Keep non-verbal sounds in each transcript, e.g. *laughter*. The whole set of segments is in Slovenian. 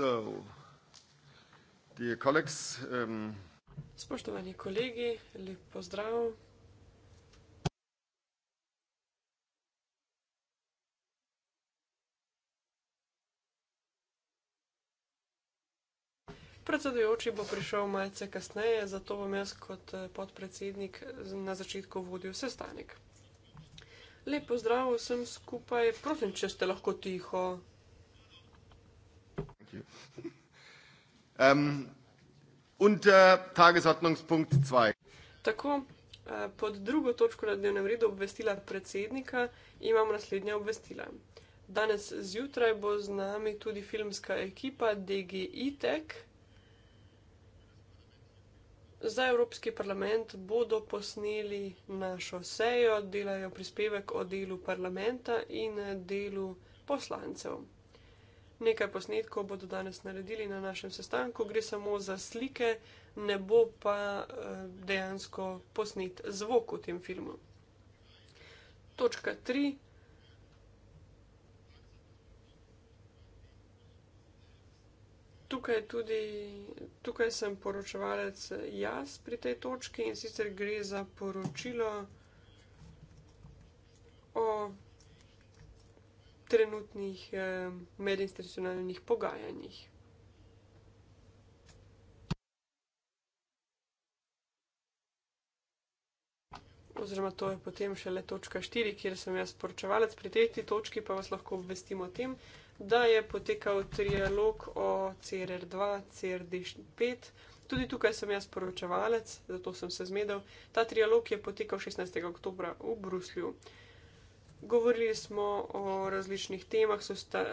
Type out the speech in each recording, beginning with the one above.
So, dear colleagues, um, Spoštovani kolegi, lep pozdrav. Predsedujoči bo prišel malce kasneje, zato bom jaz kot eh, podpredsednik na začetku vodil sestanek. Lep pozdrav vsem skupaj, prosim, če ste lahko tiho. Ähm, unter Tagesordnungspunkt 2. Äh, pod drugo točko na dnevnem redu obvestila predsednika imamo naslednja obvestila. Danes zjutraj bo z nami tudi filmska ekipa DGI-TEK. Za Evropski parlament bodo posneli našo sejo, delajo prispevek o delu parlamenta in delu poslancev. Nekaj posnetkov bodo danes naredili na našem sestanku, gre samo za slike, ne bo pa eh, dejansko posnet zvok v tem filmu. Točka tri. Tukaj, tudi, tukaj sem poročevalec jaz pri tej točki in sicer gre za poročilo o trenutnih eh, medinstitucionalnih pogajanjih. Oziroma, to je potem še le točka 4, kjer sem jaz poročevalec. Pri tej točki pa vas lahko obvestimo o tem, da je potekal trialog o CRR2, CRD5. Tudi tukaj sem jaz poročevalec, zato sem se zmedel. Ta trialog je potekal 16. oktober v Bruslju. Uh, Govorili smo o različnih temah, o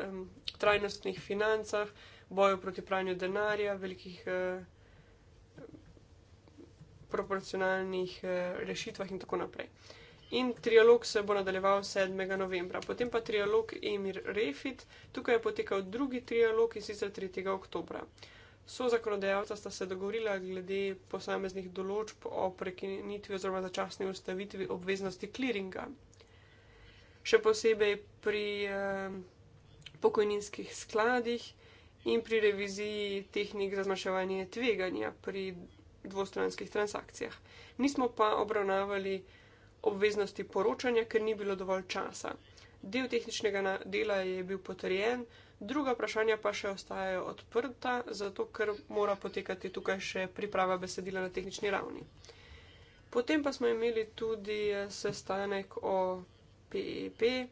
trajnostnih financah, boju proti pranju denarja, velikih eh, proporcionalnih eh, rešitvah in tako naprej. In trialog se bo nadaljeval 7. novembra. Potem pa trialog Emir Refit, tukaj je potekal drugi trialog in sicer 3. oktobra. So zakonodajalca sta se dogovorila glede posameznih določb o prekinitvi oziroma začasni ustavitvi obveznosti kliringa še posebej pri eh, pokojninskih skladih in pri reviziji tehnik za zmanjševanje tveganja pri dvostranskih transakcijah. Nismo pa obravnavali obveznosti poročanja, ker ni bilo dovolj časa. Del tehničnega dela je bil potrjen, druga vprašanja pa še ostajajo odprta, zato ker mora potekati tukaj še priprava besedila na tehnični ravni. Potem pa smo imeli tudi eh, sestanek o PEP, e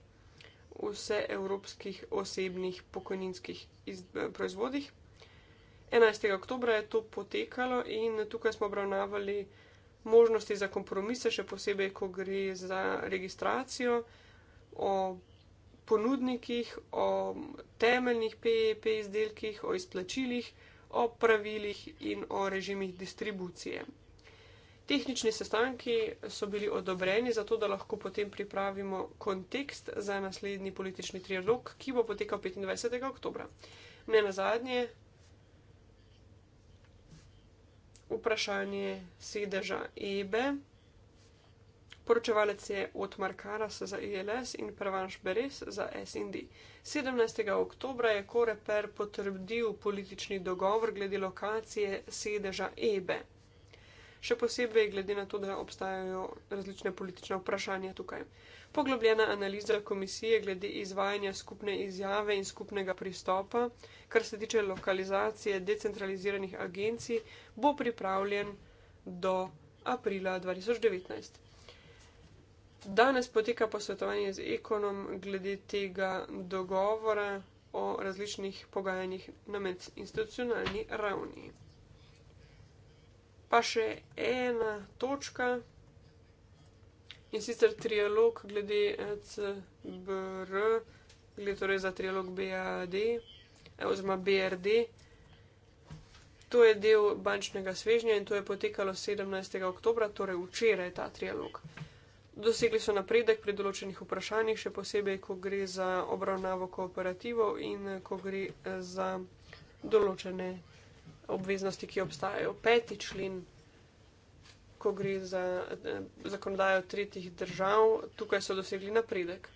vse evropskih osebnih pokojninskih iz, proizvodih. 11. oktober je to potekalo in tukaj smo obravnavali možnosti za kompromise, še posebej, ko gre za registracijo o ponudnikih, o temeljnih PEP e izdelkih, o izplačilih, o pravilih in o režimih distribucije. Tehnični sestanki so bili odobreni, zato da lahko potem pripravimo kontekst za naslednji politični trialog, ki bo potekal 25. oktober. Ne na zadnje, vprašanje sedeža EBE. Poročevalec je Otmar Karas za ILS in Prevanš Beres za SND. 17. oktober je Koreper potrdil politični dogovor glede lokacije sedeža EBE še posebej glede na to, da obstajajo različne politične vprašanja tukaj. Poglobljena analiza komisije glede izvajanja skupne izjave in skupnega pristopa, kar se tiče lokalizacije decentraliziranih agencij, bo pripravljen do aprila 2019. Danes poteka posvetovanje z ekonom glede tega dogovora o različnih pogajanjih na medinstitucionalni ravni pa še ena točka in sicer trialog glede eh, CBR, gre torej za trialog BAD eh, oziroma BRD. To je del bančnega svežnja in to je potekalo 17. oktober, torej včeraj ta trialog. Dosegli so napredek pri določenih vprašanjih, še posebej, ko gre za obravnavo kooperativov in eh, ko gre za določene obveznosti, ki obstajajo. Peti člen, ko gre za eh, zakonodajo tretjih držav, tukaj so dosegli napredek.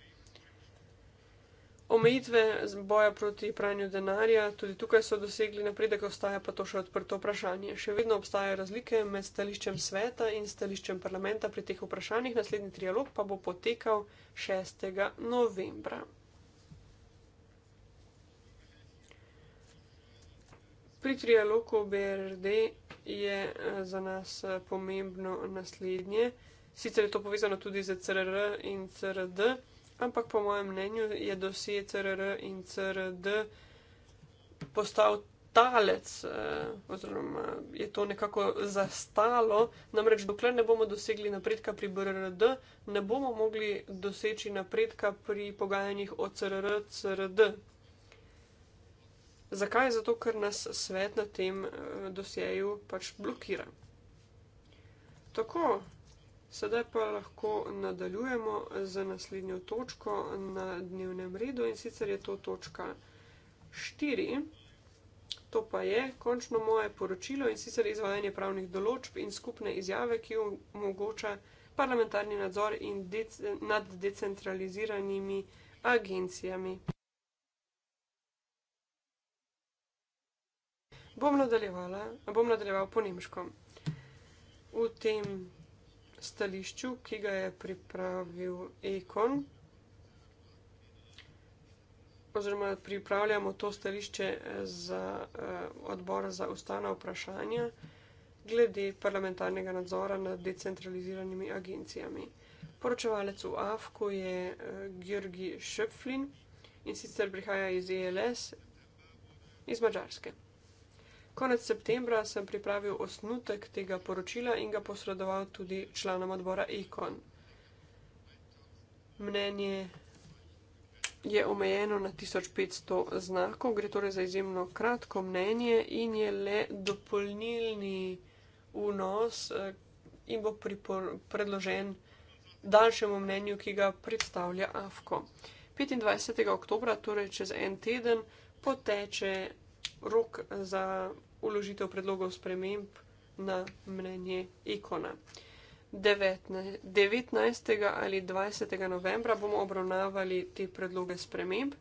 Omejitve boja proti pranju denarja, tudi tukaj so dosegli napredek, ostaja pa to še odprto vprašanje. Še vedno obstajajo razlike med stališčem sveta in stališčem parlamenta pri teh vprašanjih. Naslednji trialog pa bo potekal 6. novembra. Pri trialogu BRD je eh, za nas eh, pomembno naslednje. Sicer je to povezano tudi z CRR in CRD, ampak po mojem mnenju je dosje CRR in CRD postal talec, eh, oziroma je to nekako zastalo. Namreč, dokler ne bomo dosegli napredka pri BRD, ne bomo mogli doseči napredka pri pogajanjih o CRR-CRD. Zakaj? Zato, ker nas svet na tem uh, dosjeju pač blokira. Tako, sedaj pa lahko nadaljujemo z naslednjo točko na dnevnem redu in sicer je to točka 4. To pa je končno moje poročilo in sicer izvajanje pravnih določb in skupne izjave, ki omogoča parlamentarni nadzor dec nad decentraliziranimi agencijami. bom nadaljevala, bom nadaljeval po nemškem. V tem stališču, ki ga je pripravil Ekon, oziroma pripravljamo to stališče za eh, odbor za ustana vprašanja glede parlamentarnega nadzora nad decentraliziranimi agencijami. Poročevalec v AFK-u je eh, Georgi Šepflin in sicer prihaja iz ELS, iz Mačarske. Konec septembra sem pripravil osnutek tega poročila in ga posredoval tudi članom odbora Ikon. Mnenje je omejeno na 1500 znakov, gre torej za izjemno kratko mnenje in je le dopolnilni vnos eh, in bo pripor, predložen daljšemu mnenju, ki ga predstavlja AFKO. 25. oktobra, torej čez en teden, poteče rok za uložitev predlogov sprememb na mnenje ikona. 19. ali 20. novembra bomo obravnavali te predloge sprememb,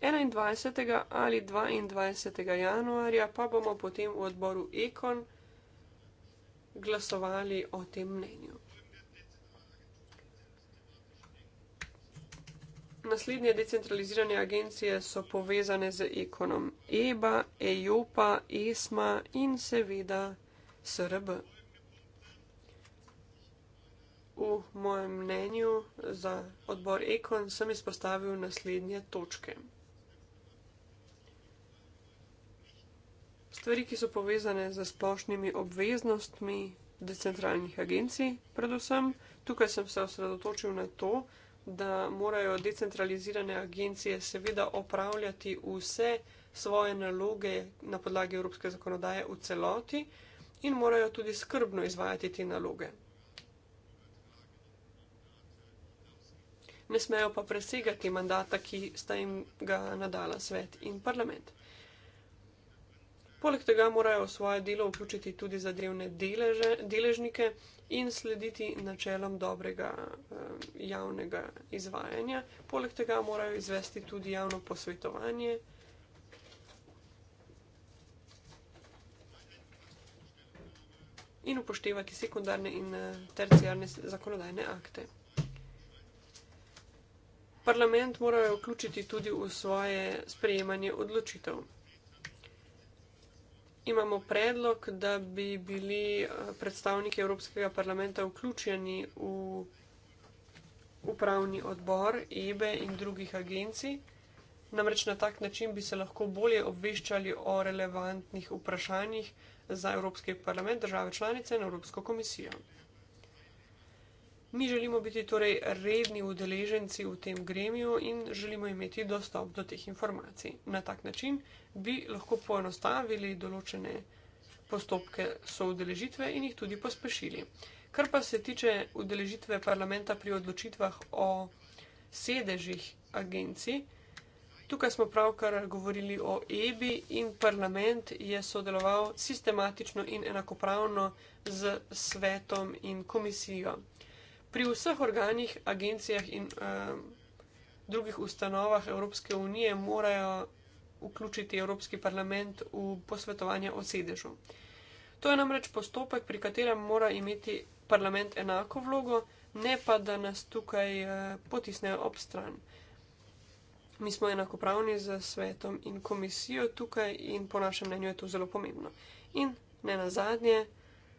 21. ali 22. januarja pa bomo potem v odboru ekon glasovali o tem mnenju. Naslednje decentralizirane agencije so povezane z ekonom EBA, EJOPA, ESMA in seveda SRB. V mojem mnenju za odbor ekon sem izpostavil naslednje točke. Stvari, ki so povezane z splošnimi obveznostmi decentralnih agencij, predvsem tukaj sem se osredotočil na to, da da morajo decentralizirane agencije seveda opravljati vse svoje naloge na podlagi evropske zakonodaje v celoti in morajo tudi skrbno izvajati te naloge. Ne smejo pa presegati mandata, ki sta jim ga nadala svet in parlament. Poleg tega morajo v svoje delo vključiti tudi zadevne deleže, deležnike in slediti načelom dobrega eh, javnega izvajanja. Poleg tega morajo izvesti tudi javno posvetovanje. In upoštevati sekundarne in eh, terciarne zakonodajne akte. Parlament morajo vključiti tudi v svoje sprejemanje odločitev imamo predlog, da bi bili eh, predstavniki Evropskega parlamenta vključeni v upravni odbor EBE e in drugih agencij. Namreč na tak način bi se lahko bolje obveščali o relevantnih vprašanjih za Evropski parlament, države članice in Evropsko komisijo. Mi želimo biti torej redni udeleženci v tem gremiju in želimo imeti dostop do teh informacij. Na tak način bi lahko poenostavili določene postopke soodeležitve in jih tudi pospešili. Kar pa se tiče udeležitve parlamenta pri odločitvah o sedežih agencij, tukaj smo pravkar govorili o EBI in parlament je sodeloval sistematično in enakopravno z svetom in komisijo pri vseh organih, agencijah in uh, drugih ustanovah Evropske unije morajo vključiti Evropski parlament v posvetovanje o sedežu. To je namreč postopek, pri katerem mora imeti parlament enako vlogo, ne pa da nas tukaj uh, potisnejo ob stran. Mi smo enakopravni z svetom in komisijo tukaj in po našem mnenju je to zelo pomembno. In ne na zadnje,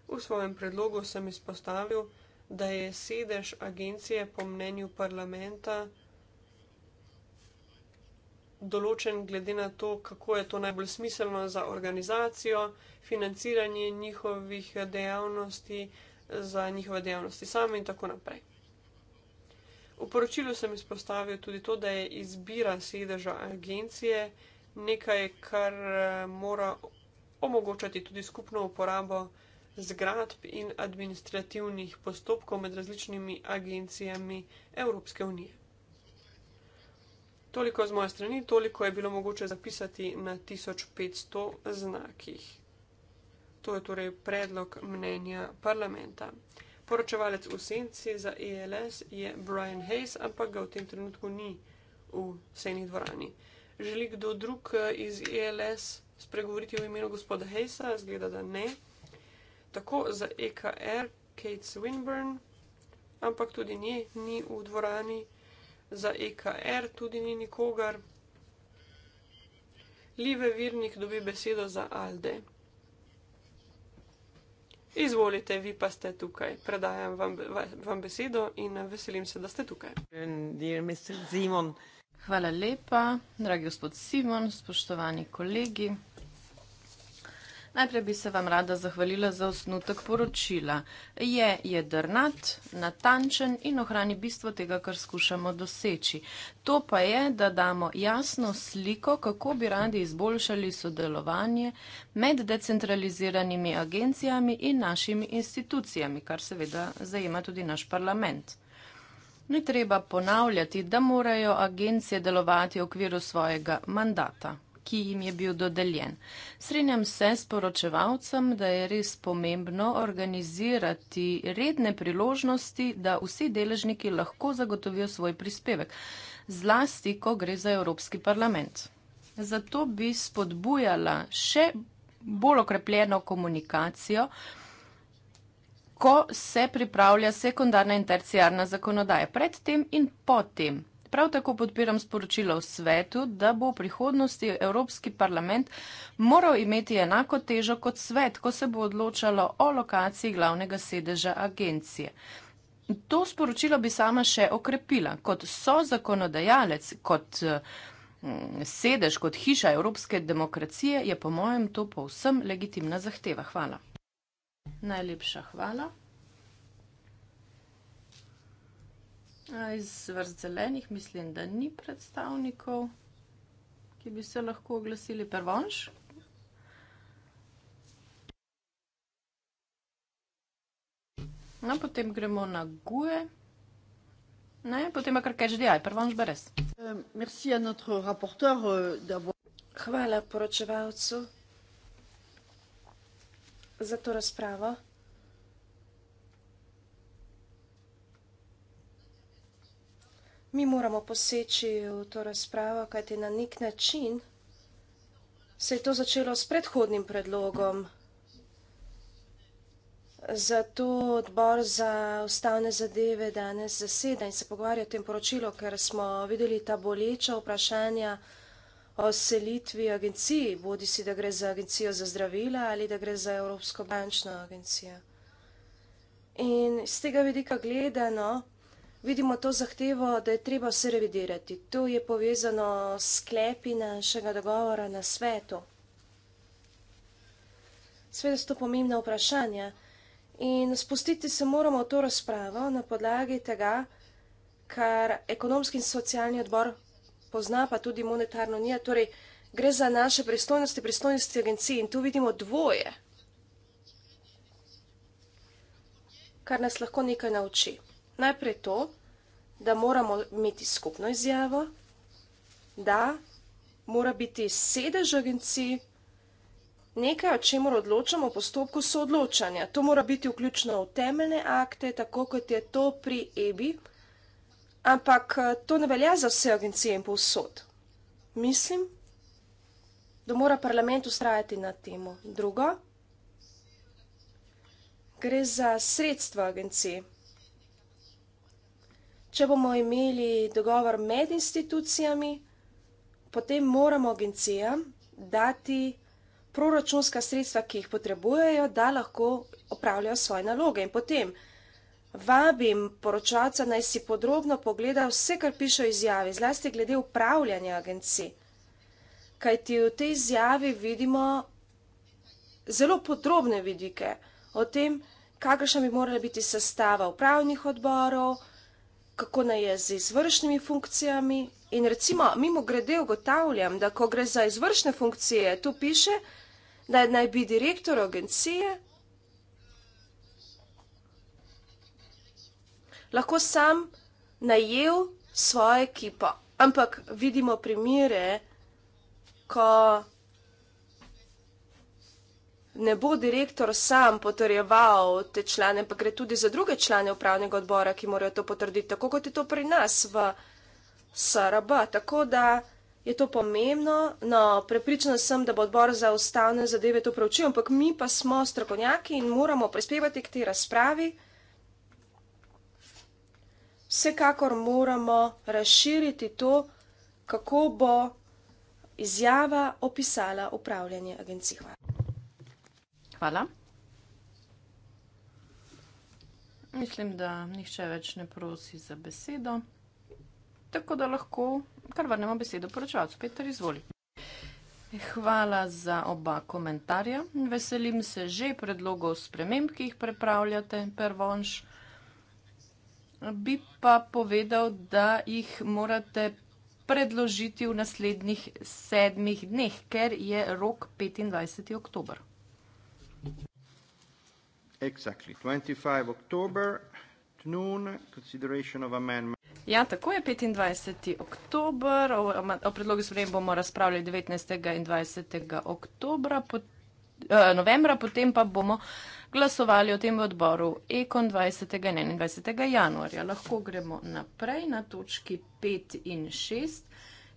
v svojem predlogu sem izpostavil, da je sedež agencije po mnenju parlamenta določen glede na to, kako je to najbolj smiselno za organizacijo, financiranje njihovih dejavnosti, za njihove dejavnosti sami in tako naprej. V poročilu sem izpostavil tudi to, da je izbira sedeža agencije nekaj, kar eh, mora omogočati tudi skupno uporabo zgradb in administrativnih postopkov med različnimi agencijami Evropske unije. Toliko z moje strani, toliko je bilo mogoče zapisati na 1500 znakih. To je torej predlog mnenja parlamenta. Poročevalec v senci za ELS je Brian Hayes, ampak ga v tem trenutku ni v seni dvorani. Želi kdo drug eh, iz ELS spregovoriti v imenu gospoda Hayesa? Zgleda, da ne tako za EKR, Kate Swinburn, ampak tudi nje ni v dvorani, za EKR tudi ni nikogar. Live Virnik dobi besedo za Alde. Izvolite, vi pa ste tukaj. Predajam vam, vam besedo in veselim se, da ste tukaj. Hvala lepa, dragi gospod Simon, spoštovani kolegi. Najprej bi se vam rada zahvalila za osnutek poročila. Je jedrnat, natančen in ohrani bistvo tega, kar skušamo doseči. To pa je, da damo jasno sliko, kako bi radi izboljšali sodelovanje med decentraliziranimi agencijami in našimi institucijami, kar seveda zajema tudi naš parlament. Ni treba ponavljati, da morajo agencije delovati v okviru svojega mandata ki jim je bil dodeljen. Srinjam se s poročevalcem, da je res pomembno organizirati redne priložnosti, da vsi deležniki lahko zagotovijo svoj prispevek, zlasti, ko gre za Evropski parlament. Zato bi spodbujala še bolj okrepljeno komunikacijo, ko se pripravlja sekundarna in terciarna zakonodaja predtem in potem. Prav tako podpiram sporočilo v svetu, da bo v prihodnosti Evropski parlament moral imeti enako težo kot svet, ko se bo odločalo o lokaciji glavnega sedeža agencije. To sporočilo bi sama še okrepila kot so zakonodajalec, kot mm, sedež, kot hiša evropske demokracije, je po mojem to povsem legitimna zahteva. Hvala. Najlepša hvala. Iz vrst zelenih mislim, da ni predstavnikov, ki bi se lahko oglasili prvonš. No, potem gremo na GUE. Ne, potem pa kar kaj ŽDI, prvonš brez. Hvala poročevalcu za to razpravo. mi moramo poseči v to razpravo, kajti na nek način se je to začelo s predhodnim predlogom. Zato odbor za ustavne zadeve danes zaseda in se pogovarja o tem poročilu, ker smo videli ta boleča vprašanja o selitvi agenciji, bodi si, da gre za agencijo za zdravila ali da gre za Evropsko bančno agencijo. In z tega vidika gledano, vidimo to zahtevo, da je treba vse revidirati. To je povezano s sklepi našega dogovora na svetu. Sveda so to pomembna vprašanja in spustiti se moramo v to razpravo na podlagi tega, kar ekonomski in socialni odbor pozna, pa tudi monetarno nija. Torej, gre za naše pristojnosti, pristojnosti agencij in tu vidimo dvoje, kar nas lahko nekaj nauči najprej to, da moramo imeti skupno izjavo, da mora biti sedež agenci nekaj, o čemer odločamo v postopku soodločanja. To mora biti vključeno v temeljne akte, tako kot je to pri EBI, ampak eh, to ne velja za vse agencije in povsod. Mislim, da mora parlament ustrajati na temo. Drugo, gre za sredstva agencije. Če bomo imeli dogovor med institucijami, potem moramo agencijam dati proračunska sredstva, ki jih potrebujejo, da lahko opravljajo svoje naloge. In potem vabim poročevalca, naj si podrobno pogleda vse, kar piše v izjavi, zlasti glede upravljanja agencij. Kaj ti v tej izjavi vidimo zelo podrobne vidike o tem, kakšna bi morala biti sestava upravnih odborov, kako naj je z izvršnimi funkcijami. In recimo, mimo grede ugotavljam, da ko gre za izvršne funkcije, tu piše, da je naj bi direktor agencije lahko sam najel svojo ekipo. Ampak vidimo primere, ko ne bo direktor sam potrjeval te člane, pa gre tudi za druge člane upravnega odbora, ki morajo to potrditi, tako kot je to pri nas v SRB. Tako da je to pomembno, no prepričana sem, da bo odbor za ustavne zadeve to preučil, ampak mi pa smo strokovnjaki in moramo prispevati k tej razpravi. Vsekakor moramo razširiti to, kako bo izjava opisala upravljanje agencij. Hvala. Hvala. Mislim, da nihče več ne prosi za besedo, tako da lahko kar vrnemo besedo poročevalcu. Petar, izvoli. Hvala za oba komentarja. Veselim se že predlogov sprememb, ki jih prepravljate, prvonš. Bi pa povedal, da jih morate predložiti v naslednjih sedmih dneh, ker je rok 25. oktober. Exactly. 25. oktober, noon, consideration of amendment. Ja, tako je 25. oktober. O, o predlogu sprejem bomo razpravljali 19. in 20. oktobra, pot, eh, novembra, potem pa bomo glasovali o tem v odboru Ekon 20. in 21. januarja. Lahko gremo naprej na točki 5 in 6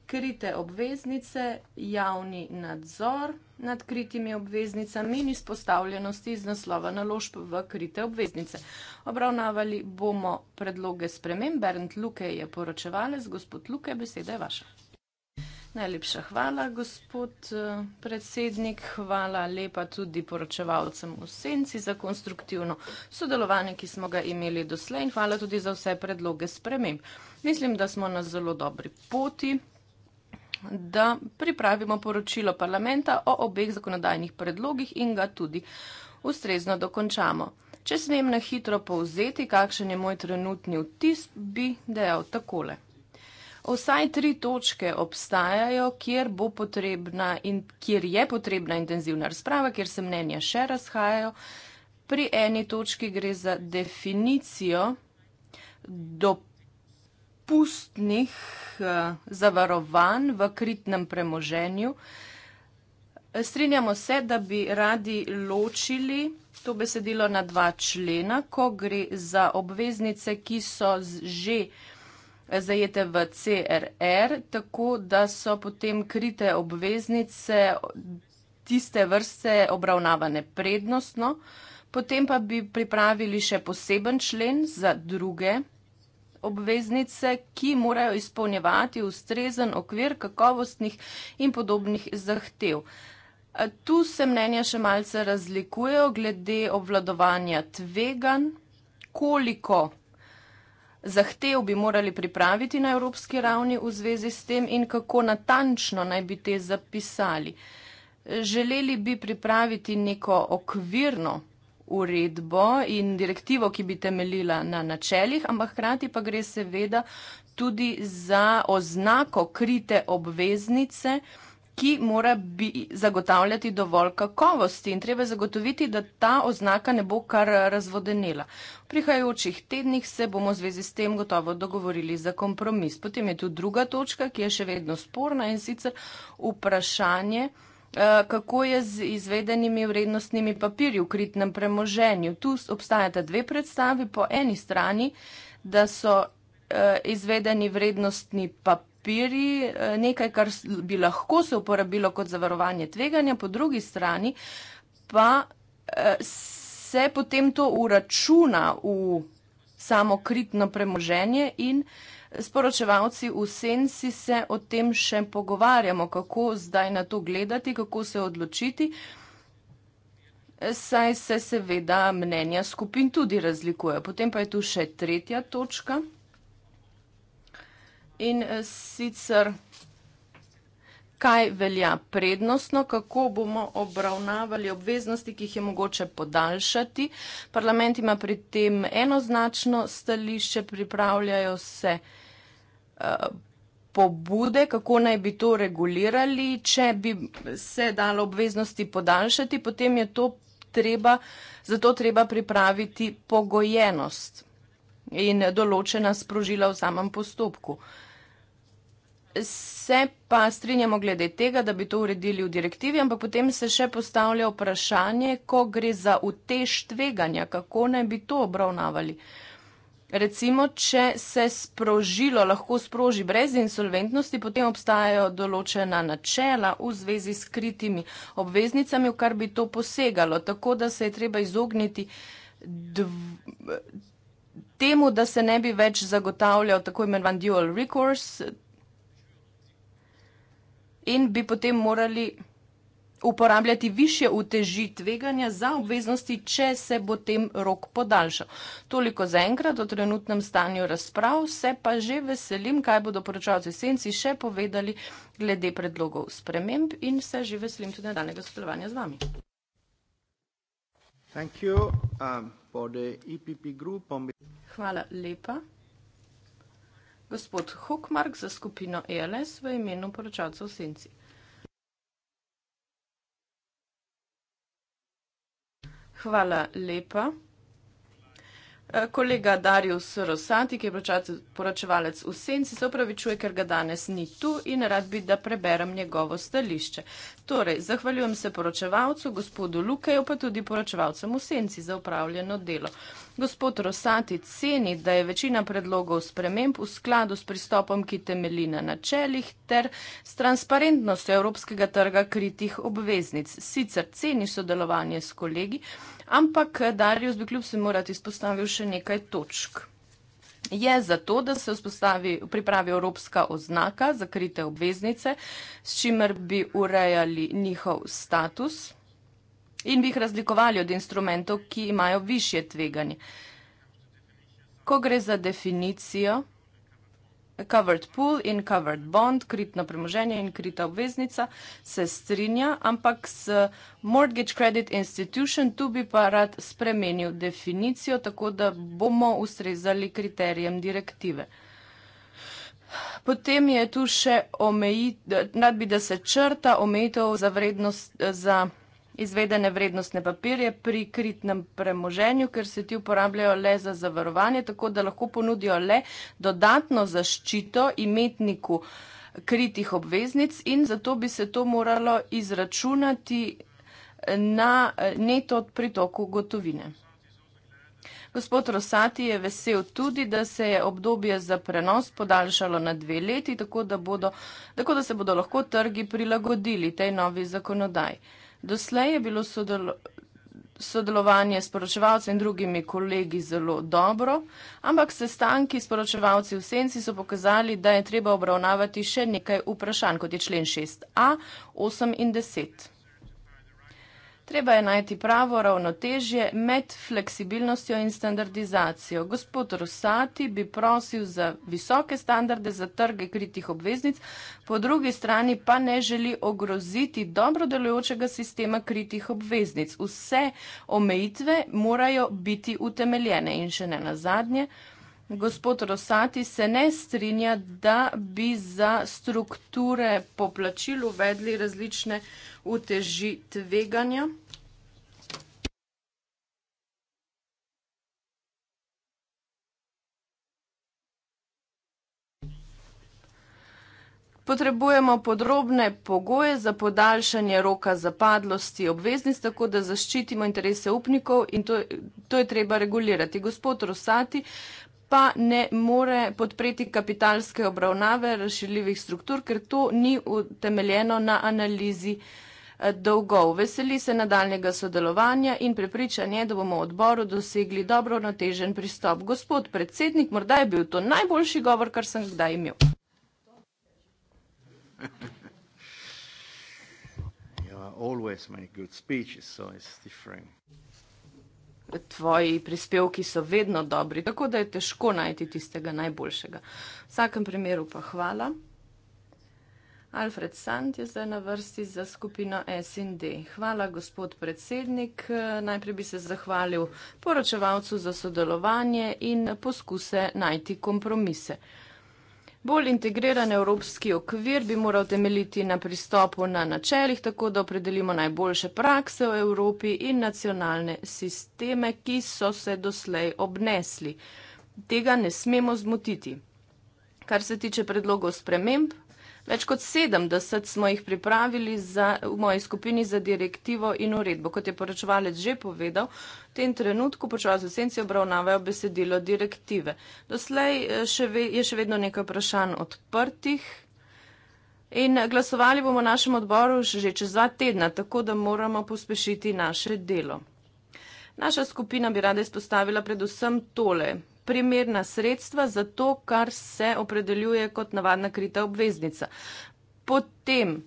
krite obveznice, javni nadzor nad kritimi obveznicami in izpostavljenosti iz naslova naložb v krite obveznice. Obravnavali bomo predloge sprememb. Bernd Luke je poročevalec. Gospod Luke, beseda je vaša. Najlepša hvala, gospod eh, predsednik. Hvala lepa tudi poročevalcem v senci za konstruktivno sodelovanje, ki smo ga imeli doslej in hvala tudi za vse predloge sprememb. Mislim, da smo na zelo dobri poti da pripravimo poročilo parlamenta o obeh zakonodajnih predlogih in ga tudi ustrezno dokončamo. Če smem na hitro povzeti, kakšen je moj trenutni vtis, bi dejal takole. Vsaj tri točke obstajajo, kjer, potrebna in, kjer je potrebna intenzivna razprava, kjer se mnenja še razhajajo. Pri eni točki gre za definicijo dopolnitev odpustnih eh, zavarovanj v kritnem premoženju. Eh, strinjamo se, da bi radi ločili to besedilo na dva člena, ko gre za obveznice, ki so že eh, zajete v CRR, tako da so potem krite obveznice tiste vrste obravnavane prednostno. Potem pa bi pripravili še poseben člen za druge obveznice, ki morajo izpolnjevati ustrezen okvir kakovostnih in podobnih zahtev. Tu se mnenja še malce razlikujejo glede obvladovanja tvegan, koliko zahtev bi morali pripraviti na evropski ravni v zvezi s tem in kako natančno naj bi te zapisali. Želeli bi pripraviti neko okvirno uredbo in direktivo, ki bi temeljila na načeljih, ampak hkrati pa gre seveda tudi za oznako krite obveznice, ki mora bi zagotavljati dovolj kakovosti in treba zagotoviti, da ta oznaka ne bo kar razvodenela. V prihajajočih tednih se bomo v zvezi s tem gotovo dogovorili za kompromis. Potem je tu druga točka, ki je še vedno sporna in sicer vprašanje, Eh, kako je z izvedenimi vrednostnimi papirji v kritnem premoženju. Tu obstajata dve predstavi. Po eni strani, da so eh, izvedeni vrednostni papirji. Eh, nekaj, kar bi lahko se uporabilo kot zavarovanje tveganja, po drugi strani pa se potem to uračuna v samo kritno premoženje in uh, Sporočevalci v senci se o tem še pogovarjamo, kako zdaj na to gledati, kako se odločiti, saj se seveda mnenja skupin tudi razlikujejo. Potem pa je tu še tretja točka in eh, sicer kaj velja prednostno, kako bomo obravnavali obveznosti, ki jih je mogoče podaljšati. Parlament ima pri tem enoznačno stališče, pripravljajo se pobude, kako naj bi to regulirali. Če bi se dalo obveznosti podaljšati, potem je to treba, zato treba pripraviti pogojenost in določena sprožila v samem postopku. Se pa strinjamo glede tega, da bi to uredili v direktivi, ampak potem se še postavlja vprašanje, ko gre za utež tveganja, kako naj bi to obravnavali. Uh, recimo, če se sprožilo lahko sproži brez insolventnosti, potem obstajajo določena načela v zvezi s kritimi obveznicami, v kar bi to posegalo. Tako da se je treba izogniti dv, temu, da se ne bi več zagotavljal tako imenovan dual recourse in bi potem morali uporabljati više uteži tveganja za obveznosti, če se bo tem rok podaljšal. Toliko za enkrat o trenutnem stanju razprav, se pa že veselim, kaj bodo poročavci senci še povedali glede predlogov sprememb in se že veselim tudi nadaljnega sodelovanja z vami. Um, e Hvala lepa. Gospod Hokmark za skupino ELS v imenu poročavcev senci. Hvala lepa. E, kolega Darius Rosati, ki je poročevalec v senci, se opravičuje, ker ga danes ni tu in rad bi, da preberem njegovo stališče. Torej, zahvaljujem se poročevalcu, gospodu Lukaju, pa tudi poročevalcem v senci za upravljeno delo. Gospod Rosati ceni, da je večina predlogov sprememb v skladu s pristopom, ki temeli na načelih ter s transparentnostjo evropskega trga kritih obveznic. Sicer ceni sodelovanje s kolegi. Ampak eh, Darius bi kljub vsemu rad izpostavil še nekaj točk. Je zato, da se pripravi evropska oznaka za krite obveznice, s čimer bi urejali njihov status in bi jih razlikovali od instrumentov, ki imajo više tveganje. Ko gre za definicijo, covered pool in covered bond, kritno premoženje in krita obveznica, se strinja, ampak s mortgage credit institution tu bi pa rad spremenil definicijo, tako da bomo ustrezali kriterijem direktive. Potem je tu še omejitev, rad bi, da se črta omejitev za vrednost za izvedene vrednostne papirje pri kritnem premoženju, ker se ti uporabljajo le za zavarovanje, tako da lahko ponudijo le dodatno zaščito imetniku kritih obveznic in zato bi se to moralo izračunati na neto pritoku gotovine. Gospod Rosati je vesel tudi, da se je obdobje za prenos podaljšalo na dve leti, tako da, bodo, tako da se bodo lahko trgi prilagodili tej novi zakonodaji. Doslej je bilo sodelo sodelovanje s poročevalci in drugimi kolegi zelo dobro, ampak sestanki s poročevalci v senci so pokazali, da je treba obravnavati še nekaj vprašanj, kot je člen 6a, 8 in 10. Treba je najti pravo ravnotežje med fleksibilnostjo in standardizacijo. Gospod Rosati bi prosil za visoke standarde za trge kritih obveznic, po drugi strani pa ne želi ogroziti dobro delujočega sistema kritih obveznic. Vse omejitve morajo biti utemeljene in še ne na zadnje. Gospod Rosati se ne strinja, da bi za strukture poplačil uvedli različne uteži tveganja. Potrebujemo podrobne pogoje za podaljšanje roka zapadlosti obveznic, tako da zaščitimo interese upnikov in to, to je treba regulirati. Gospod Rosati pa ne more podpreti kapitalske obravnave razširljivih struktur, ker to ni utemeljeno na analizi. Eh, dolgov. Veseli se nadaljnega sodelovanja in prepričanje, da bomo v odboru dosegli dobro natežen pristop. Gospod predsednik, morda je bil to najboljši govor, kar sem kdaj imel. *laughs* Tvoji prispevki so vedno dobri, tako da je težko najti tistega najboljšega. V vsakem primeru pa hvala. Alfred Sand je zdaj na vrsti za skupino SND. Hvala, gospod predsednik. Najprej bi se zahvalil poročevalcu za sodelovanje in poskuse najti kompromise. Bolj integriran evropski okvir bi moral temeljiti na pristopu na načeljih, tako da opredelimo najboljše prakse v Evropi in nacionalne sisteme, ki so se doslej obnesli. Tega ne smemo zmotiti. Kar se tiče predlogov sprememb, Več kot 70 smo jih pripravili za, v moji skupini za direktivo in uredbo. Kot je poročevalec že povedal, v tem trenutku poročevalci v senci obravnavajo besedilo direktive. Doslej eh, še ve, je še vedno nekaj vprašanj odprtih. In glasovali bomo našem odboru že čez dva tedna, tako da moramo pospešiti naše delo. Naša skupina bi rada izpostavila predvsem tole primerna sredstva za to, kar se opredeljuje kot navadna krita obveznica. Potem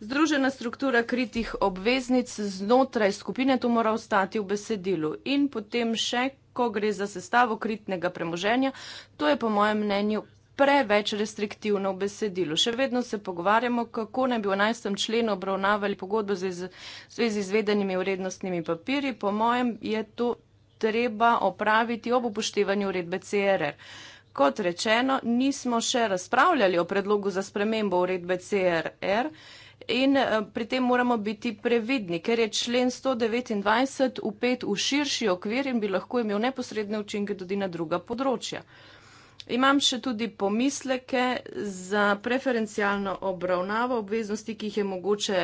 združena struktura kritih obveznic znotraj skupine, to mora ostati v besedilu. In potem še, ko gre za sestavo kritnega premoženja, to je po mojem mnenju preveč restriktivno v besedilu. Še vedno se pogovarjamo, kako naj bi v 11. členu obravnavali pogodbo z, z, z izvedenimi vrednostnimi papiri. Po mojem je to treba opraviti ob upoštevanju uredbe CRR. Kot rečeno, nismo še razpravljali o predlogu za spremembo uredbe CRR in eh, pri tem moramo biti previdni, ker je člen 129 upet v širši okvir in bi lahko imel neposredne učinke tudi na druga področja. Imam še tudi pomisleke za preferencialno obravnavo obveznosti, ki jih je mogoče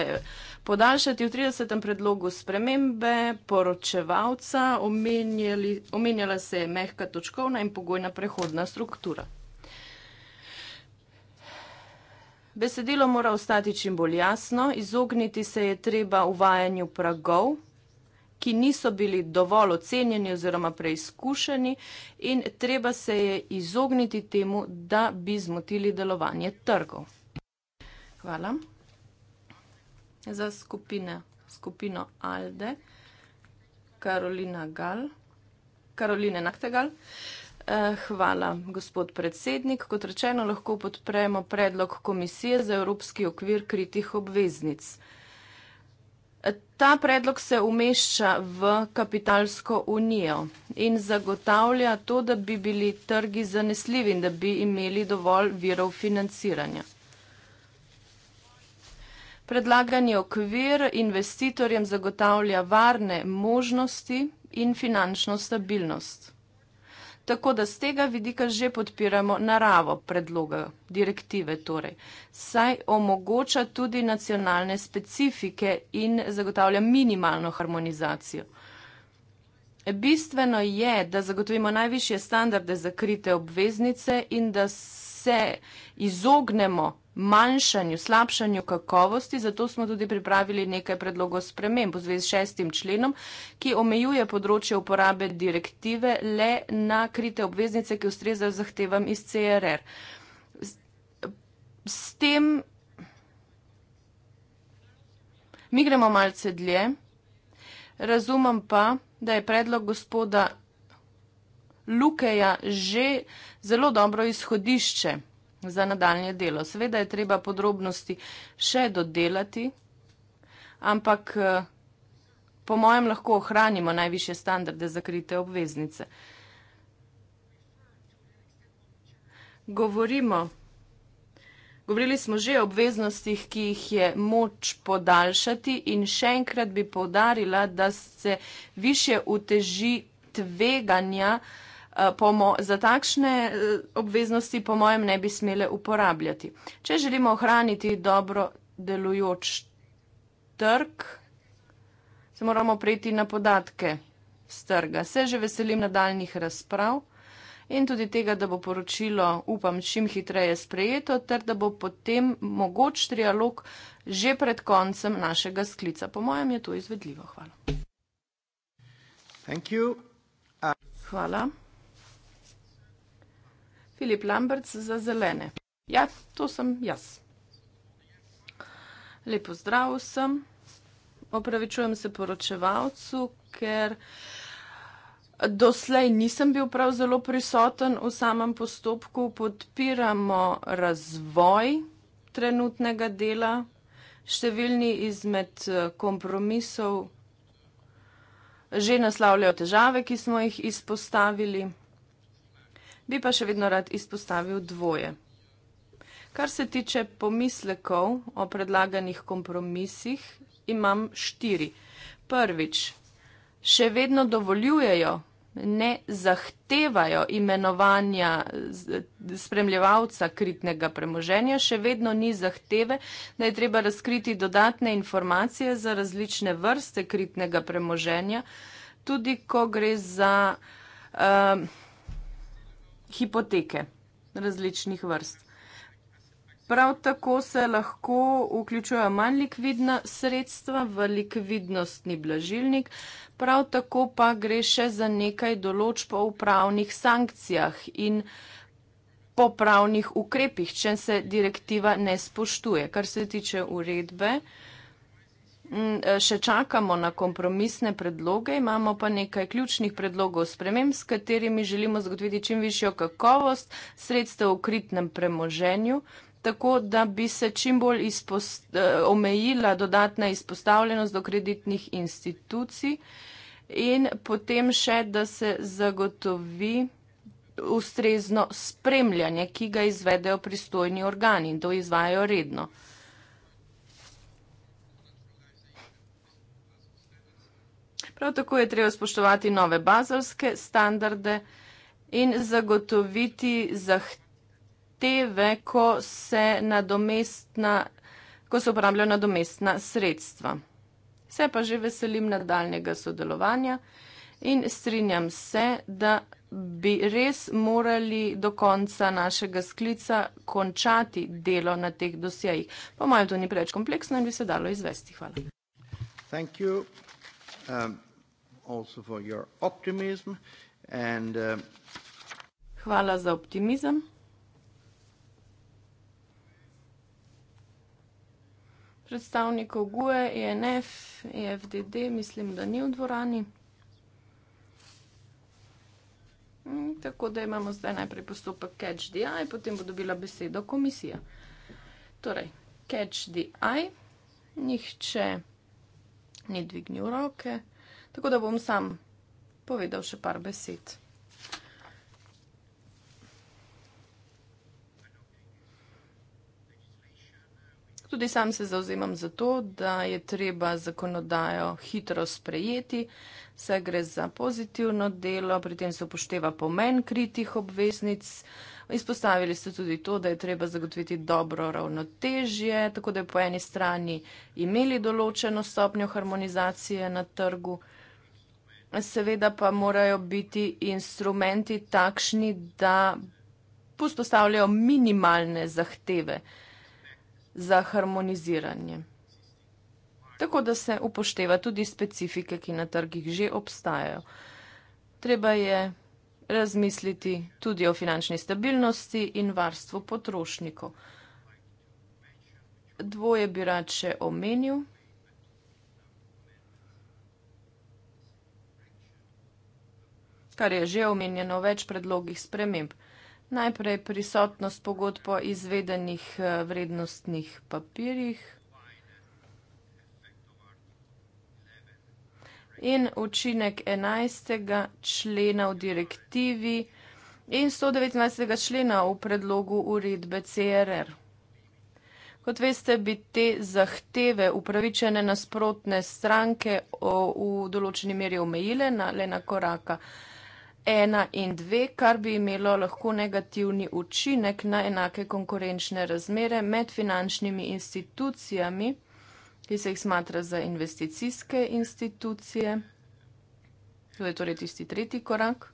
podaljšati v 30. predlogu spremembe poročevalca. Omenjali, omenjala se je mehka točkovna in pogojna prehodna struktura. Besedilo mora ostati čim bolj jasno, izogniti se je treba uvajanju pragov ki niso bili dovolj ocenjeni oziroma preizkušeni in treba se je izogniti temu, da bi zmotili delovanje trgov. Hvala. Za skupine, skupino Alde, Karolina Gal, Karoline Naktegal. Eh, hvala, gospod predsednik. Kot rečeno, lahko podpremo predlog Komisije za Evropski okvir kritih obveznic. Ta predlog se umešča v kapitalsko unijo in zagotavlja to, da bi bili trgi zanesljivi in da bi imeli dovolj virov financiranja. Predlagani okvir investitorjem zagotavlja varne možnosti in finančno stabilnost. Tako da z tega vidika že podpiramo naravo predloga direktive, torej. saj omogoča tudi nacionalne specifike in zagotavlja minimalno harmonizacijo. Bistveno je, da zagotovimo najvišje standarde za krite obveznice in da se izognemo manjšanju, slabšanju kakovosti, zato smo tudi pripravili nekaj predlogov sprememb v zvezi s šestim členom, ki omejuje področje uporabe direktive le na krite obveznice, ki ustrezajo zahtevam iz CRR. S, s tem mi gremo malce dlje, razumem pa, da je predlog gospoda Lukeja že zelo dobro izhodišče za nadaljne delo. Seveda je treba podrobnosti še dodelati, ampak eh, po mojem lahko ohranimo najviše standarde za krite obveznice. Govorimo, govorili smo že o obveznostih, ki jih je moč podaljšati in še enkrat bi povdarila, da se više uteži tveganja, Eh, pomo za takšne eh, obveznosti, po mojem, ne bi smele uporabljati. Če želimo ohraniti dobro delujoč trg, se moramo prejti na podatke z trga. Se že veselim nadaljnih razprav in tudi tega, da bo poročilo, upam, čim hitreje sprejeto, ter da bo potem mogoč trialog že pred koncem našega sklica. Po mojem je to izvedljivo. Hvala. Thank you. Uh... Hvala. Filip Lamberts za zelene. Ja, to sem jaz. Lepo zdrav sem. Opravičujem se poročevalcu, ker doslej nisem bil prav zelo prisoten v samem postopku. Podpiramo razvoj trenutnega dela. Številni izmed eh, kompromisov že naslavljajo težave, ki smo jih izpostavili bi pa še vedno rad izpostavil dvoje. Kar se tiče pomislekov o predlaganih kompromisih, imam štiri. Prvič, še vedno dovoljujejo, ne zahtevajo imenovanja spremljevalca kritnega premoženja, še vedno ni zahteve, da je treba razkriti dodatne informacije za različne vrste kritnega premoženja, tudi ko gre za. Uh, hipoteke različnih vrst. Prav tako se lahko vključujejo manj likvidna sredstva v likvidnostni blažilnik, prav tako pa gre še za nekaj določb o upravnih sankcijah in popravnih ukrepih, če se direktiva ne spoštuje. Kar se tiče uredbe, Mm, e, še čakamo na kompromisne predloge, imamo pa nekaj ključnih predlogov sprememb, s katerimi želimo zagotoviti čim višjo kakovost sredstev v kritnem premoženju, tako da bi se čim bolj e, omejila dodatna izpostavljenost do kreditnih institucij in potem še, da se zagotovi ustrezno spremljanje, ki ga izvedejo pristojni organi in to izvajo redno. Prav tako je treba spoštovati nove bazalske standarde in zagotoviti zahteve, ko se nadomestna, ko se uporabljajo nadomestna sredstva. Se pa že veselim nadaljnjega sodelovanja in strinjam se, da bi res morali do konca našega sklica končati delo na teh dosjejih. Po mojem, to ni preveč kompleksno in bi se dalo izvesti. Hvala. Thank you. Um also for your optimism and uh, Hvala za optimizem. Predstavnikov GUE, ENF, EFDD, mislim, da ni v dvorani. Mm, tako da imamo zdaj najprej postopek CATCH-DI, potem bo dobila besedo komisija. Torej, CATCH-DI, nihče ni dvignil roke. Okay. Tako da bom sam povedal še par besed. Tudi sam se zauzemam za to, da je treba zakonodajo hitro sprejeti, vse gre za pozitivno delo, pri tem se upošteva pomen kritih obveznic. Izpostavili ste tudi to, da je treba zagotoviti dobro ravnotežje, tako da je po eni strani imeli določeno stopnjo harmonizacije na trgu. Seveda pa morajo biti instrumenti takšni, da postavljajo minimalne zahteve za harmoniziranje. Tako da se upošteva tudi specifike, ki na trgih že obstajajo. Treba je razmisliti tudi o finančni stabilnosti in varstvu potrošnikov. Dvoje bi rad še omenil. kar je že omenjeno v več predlogih sprememb. Najprej prisotnost pogodb o izvedenih eh, vrednostnih papirjih in učinek 11. člena v direktivi in 119. člena v predlogu uredbe CRR. Kot veste, bi te zahteve upravičene nasprotne stranke v določeni meri omejile na le na koraka ena in dve, kar bi imelo lahko negativni učinek na enake konkurenčne razmere med finančnimi institucijami, ki se jih smatra za investicijske institucije. To je torej tisti tretji korak.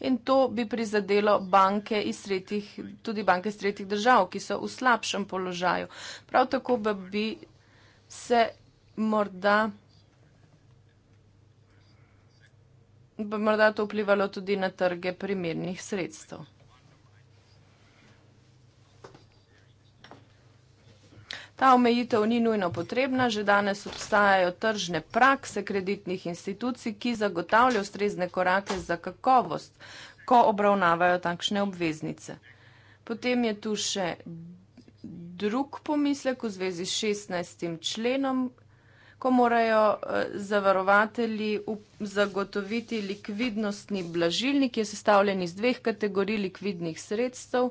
In to bi prizadelo banke iz tretjih, tudi banke iz tretjih držav, ki so v slabšem položaju. Prav tako bi se morda bi morda to vplivalo tudi na trge primernih sredstev. Ta omejitev ni nujno potrebna, že danes obstajajo tržne prakse kreditnih institucij, ki zagotavljajo ustrezne korake za kakovost, ko obravnavajo takšne obveznice. Potem je tu še drug pomislek v zvezi s 16. členom, ko morajo eh, zavarovateli zagotoviti likvidnostni blažilnik, ki je sestavljen iz dveh kategorij likvidnih sredstev.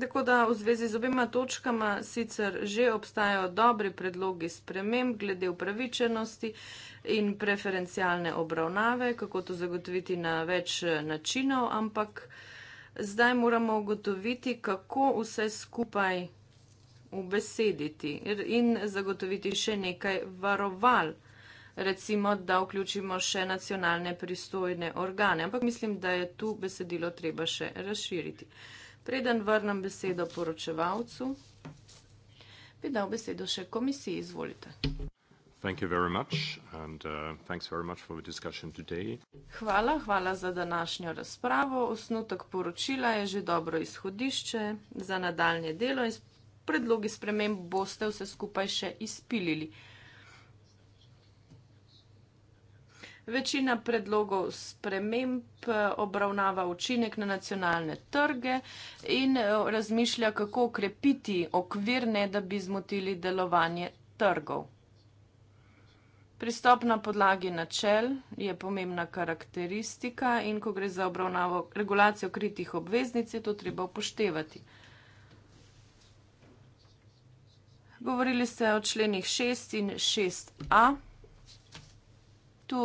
Tako da v zvezi z obima točkama sicer že obstajajo dobri predlogi sprememb glede upravičenosti in preferencialne obravnave, kako to zagotoviti na več eh, načinov, ampak uh, zdaj moramo ugotoviti, kako vse skupaj ubesediti in zagotoviti še nekaj varoval. Recimo, da vključimo še nacionalne pristojne organe. Ampak mislim, da je tu besedilo treba še razširiti. Preden vrnem besedo poročevalcu, bi dal besedo še komisiji. Izvolite. Thank you very much and uh, thanks very much for the discussion today. Hvala, hvala za današnjo razpravo. Osnutek poročila je že dobro izhodišče za nadaljne delo in predlogi sprememb boste vse skupaj še izpilili. Večina predlogov sprememb uh, obravnava učinek na nacionalne trge in uh, razmišlja, kako okrepiti okvirne, da bi zmotili delovanje trgov. Pristop na podlagi načel je pomembna karakteristika in ko gre za obravnavo regulacijo kritih obveznic, je to treba upoštevati. Govorili ste o členih 6 in 6a. Tu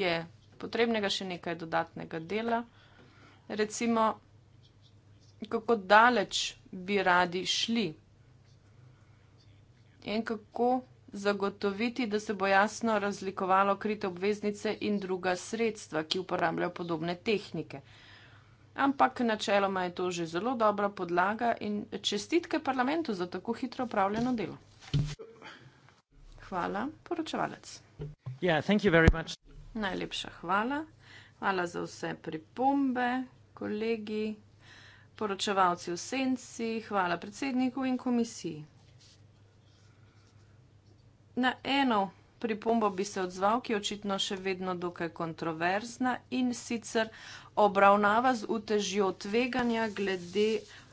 je potrebnega še nekaj dodatnega dela. Recimo, kako daleč bi radi šli in kako zagotoviti, da se bo jasno razlikovalo krite obveznice in druga sredstva, ki uporabljajo podobne tehnike. Ampak načeloma je to že zelo dobra podlaga in čestitke parlamentu za tako hitro upravljeno delo. Hvala, poročevalec. Yeah, Najlepša hvala. Hvala za vse pripombe, kolegi, poročevalci v senci, hvala predsedniku in komisiji. Na eno pripombo bi se odzval, ki je očitno še vedno dokaj kontroverzna in sicer obravnava z utežjo tveganja glede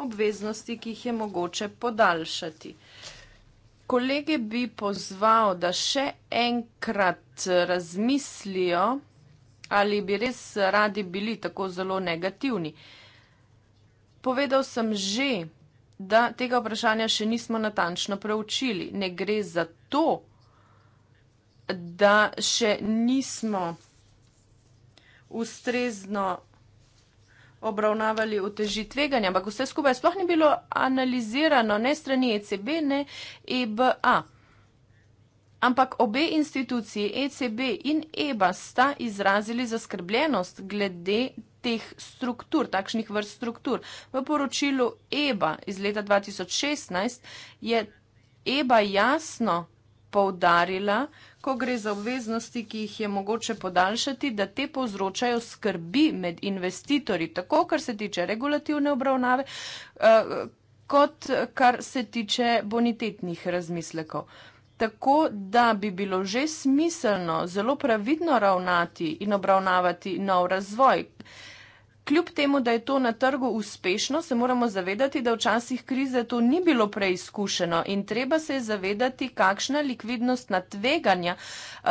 obveznosti, ki jih je mogoče podaljšati. Kolege bi pozval, da še enkrat razmislijo, ali bi res radi bili tako zelo negativni. Povedal sem že, da tega vprašanja še nismo natančno preučili. Ne gre za to, da še nismo ustrezno obravnavali uteži tveganja, ampak vse skupaj sploh ni bilo analizirano ne strani ECB, ne EBA. Ampak obe instituciji, ECB in EBA, sta izrazili zaskrbljenost glede teh struktur, takšnih vrst struktur. V poročilu EBA iz leta 2016 je EBA jasno poudarila, ko gre za obveznosti, ki jih je mogoče podaljšati, da te povzročajo skrbi med investitorji, tako kar se tiče regulativne obravnave, eh, kot kar se tiče bonitetnih razmislekov. Tako da bi bilo že smiselno zelo pravidno ravnati in obravnavati nov razvoj. Kljub temu, da je to na trgu uspešno, se moramo zavedati, da včasih krize to ni bilo preizkušeno in treba se je zavedati, kakšna likvidnost na tveganja uh,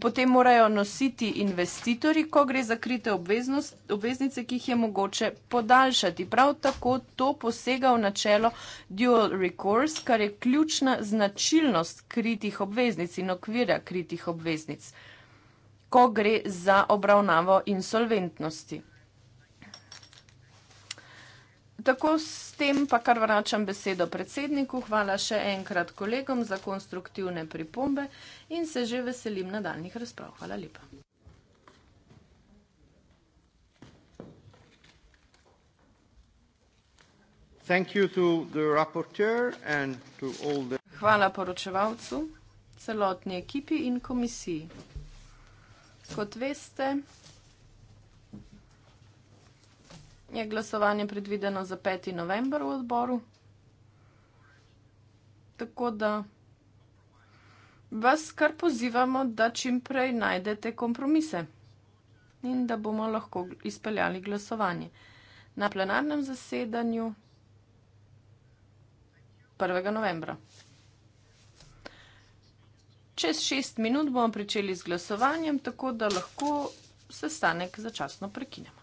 potem morajo nositi investitorji, ko gre za krite obveznice, ki jih je mogoče podaljšati. Prav tako to posega v načelo dual recourse, kar je ključna značilnost kritih obveznic in okvira kritih obveznic, ko gre za obravnavo insolventnosti tako s tem pa kar vračam besedo predsedniku. Hvala še enkrat kolegom za konstruktivne pripombe in se že veselim nadaljnih razprav. Hvala lepa. Hvala poročevalcu, celotni ekipi in komisiji. Kot veste, je glasovanje predvideno za 5. november v odboru. Tako da vas kar pozivamo, da čim prej najdete kompromise in da bomo lahko izpeljali glasovanje. Na plenarnem zasedanju 1. novembra. Čez šest minut bomo pričeli z glasovanjem, tako da lahko sestanek začasno prekinemo.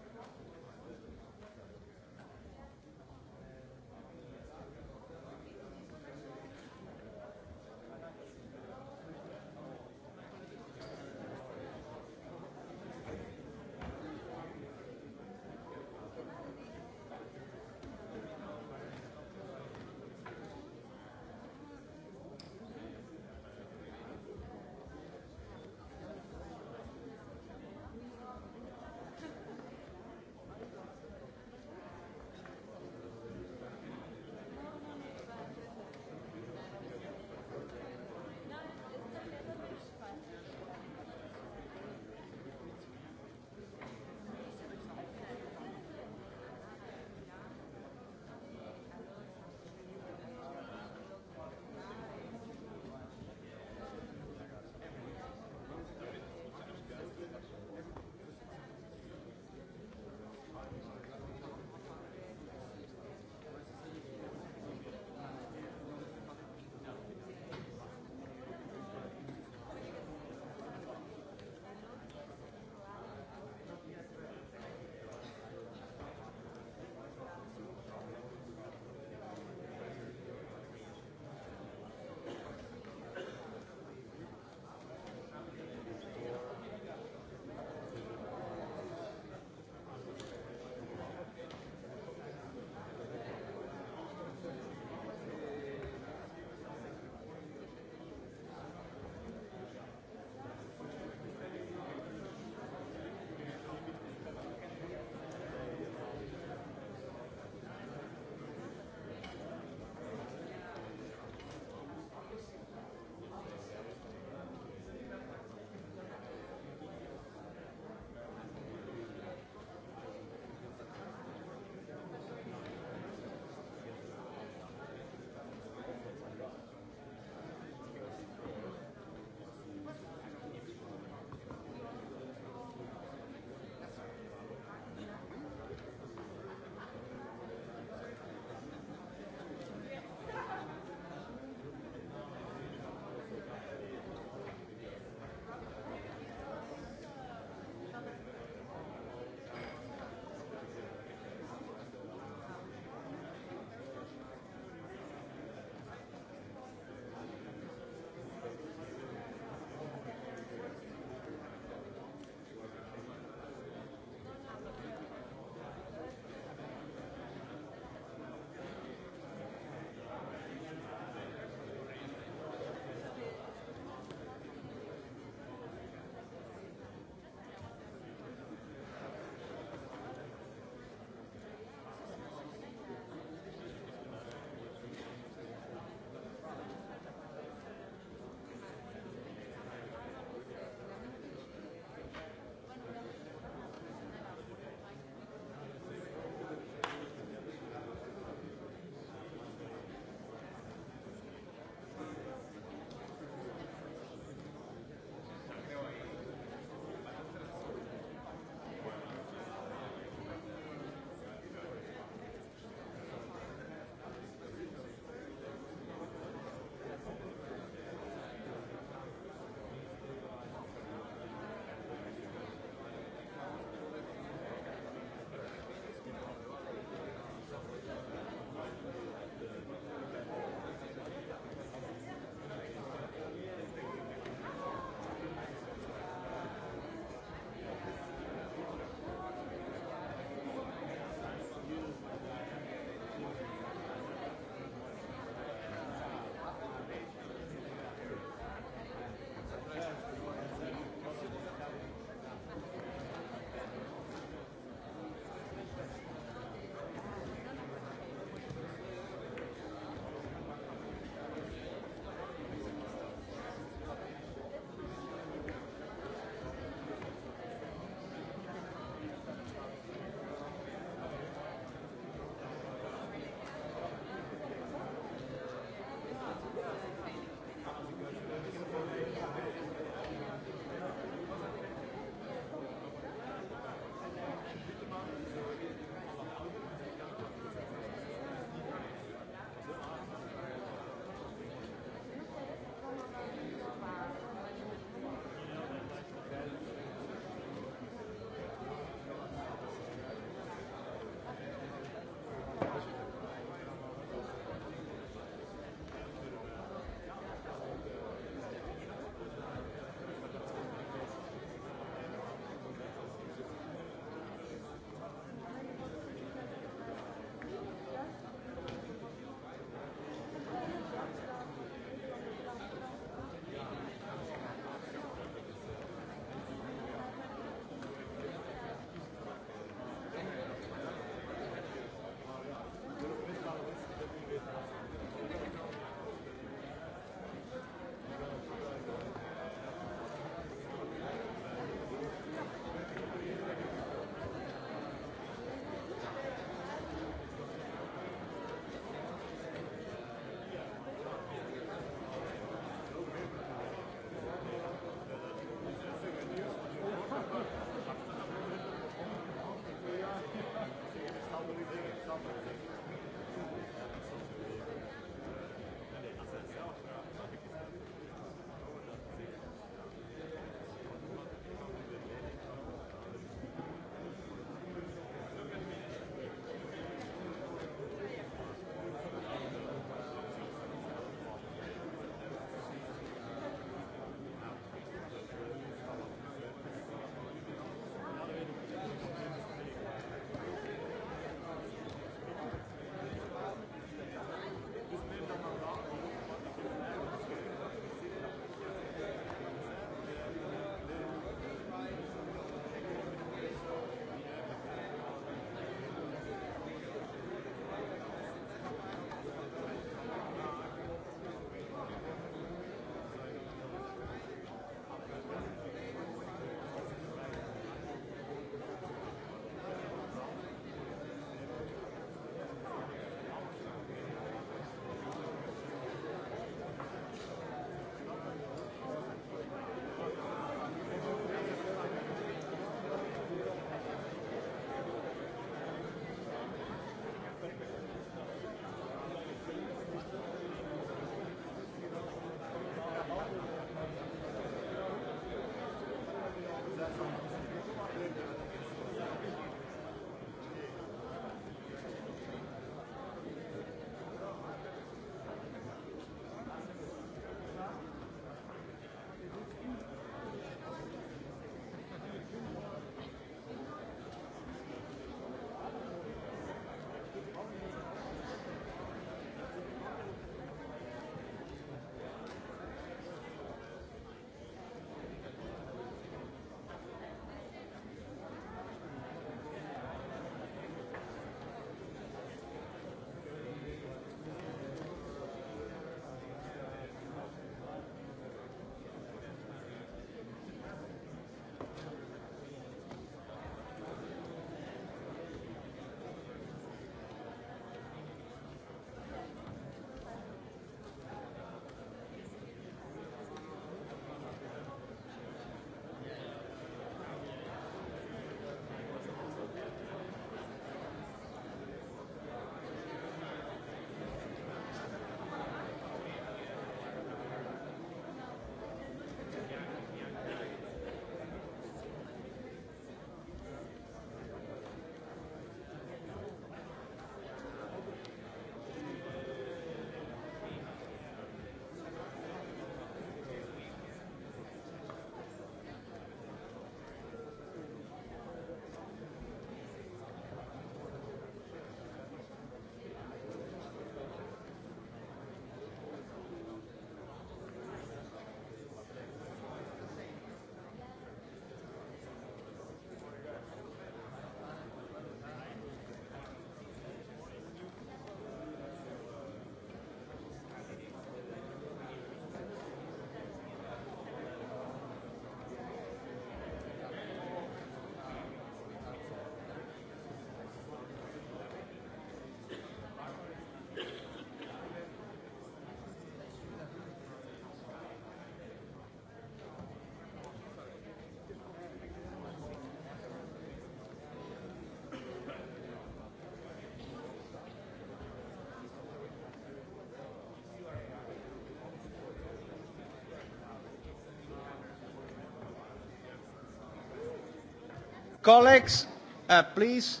Colleagues, uh, please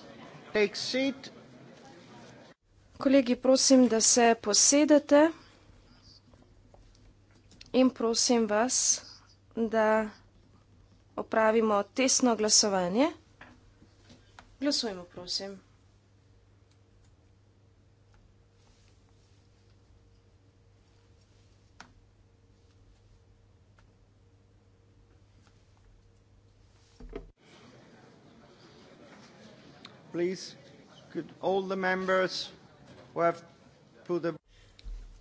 take seat. Kolegi, prosim, da se posedete in prosim vas, da opravimo tesno glasovanje. Glasujmo, prosim.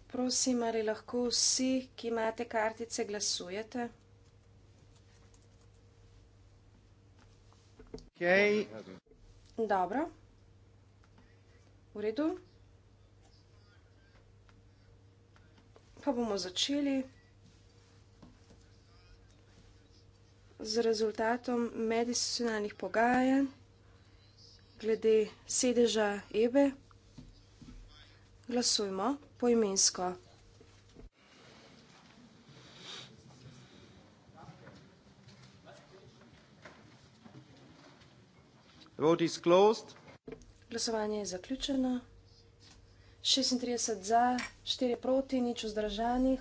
Prosim, ali lahko vsi, ki imate kartice, glasujete? Okay. Dobro. V redu. Pa bomo začeli z rezultatom medicinalnih pogajanj glede sedeža Ebe? Glasujmo poimensko. Glasovanje je zaključeno. 36 za, 4 proti, nič vzdržanih.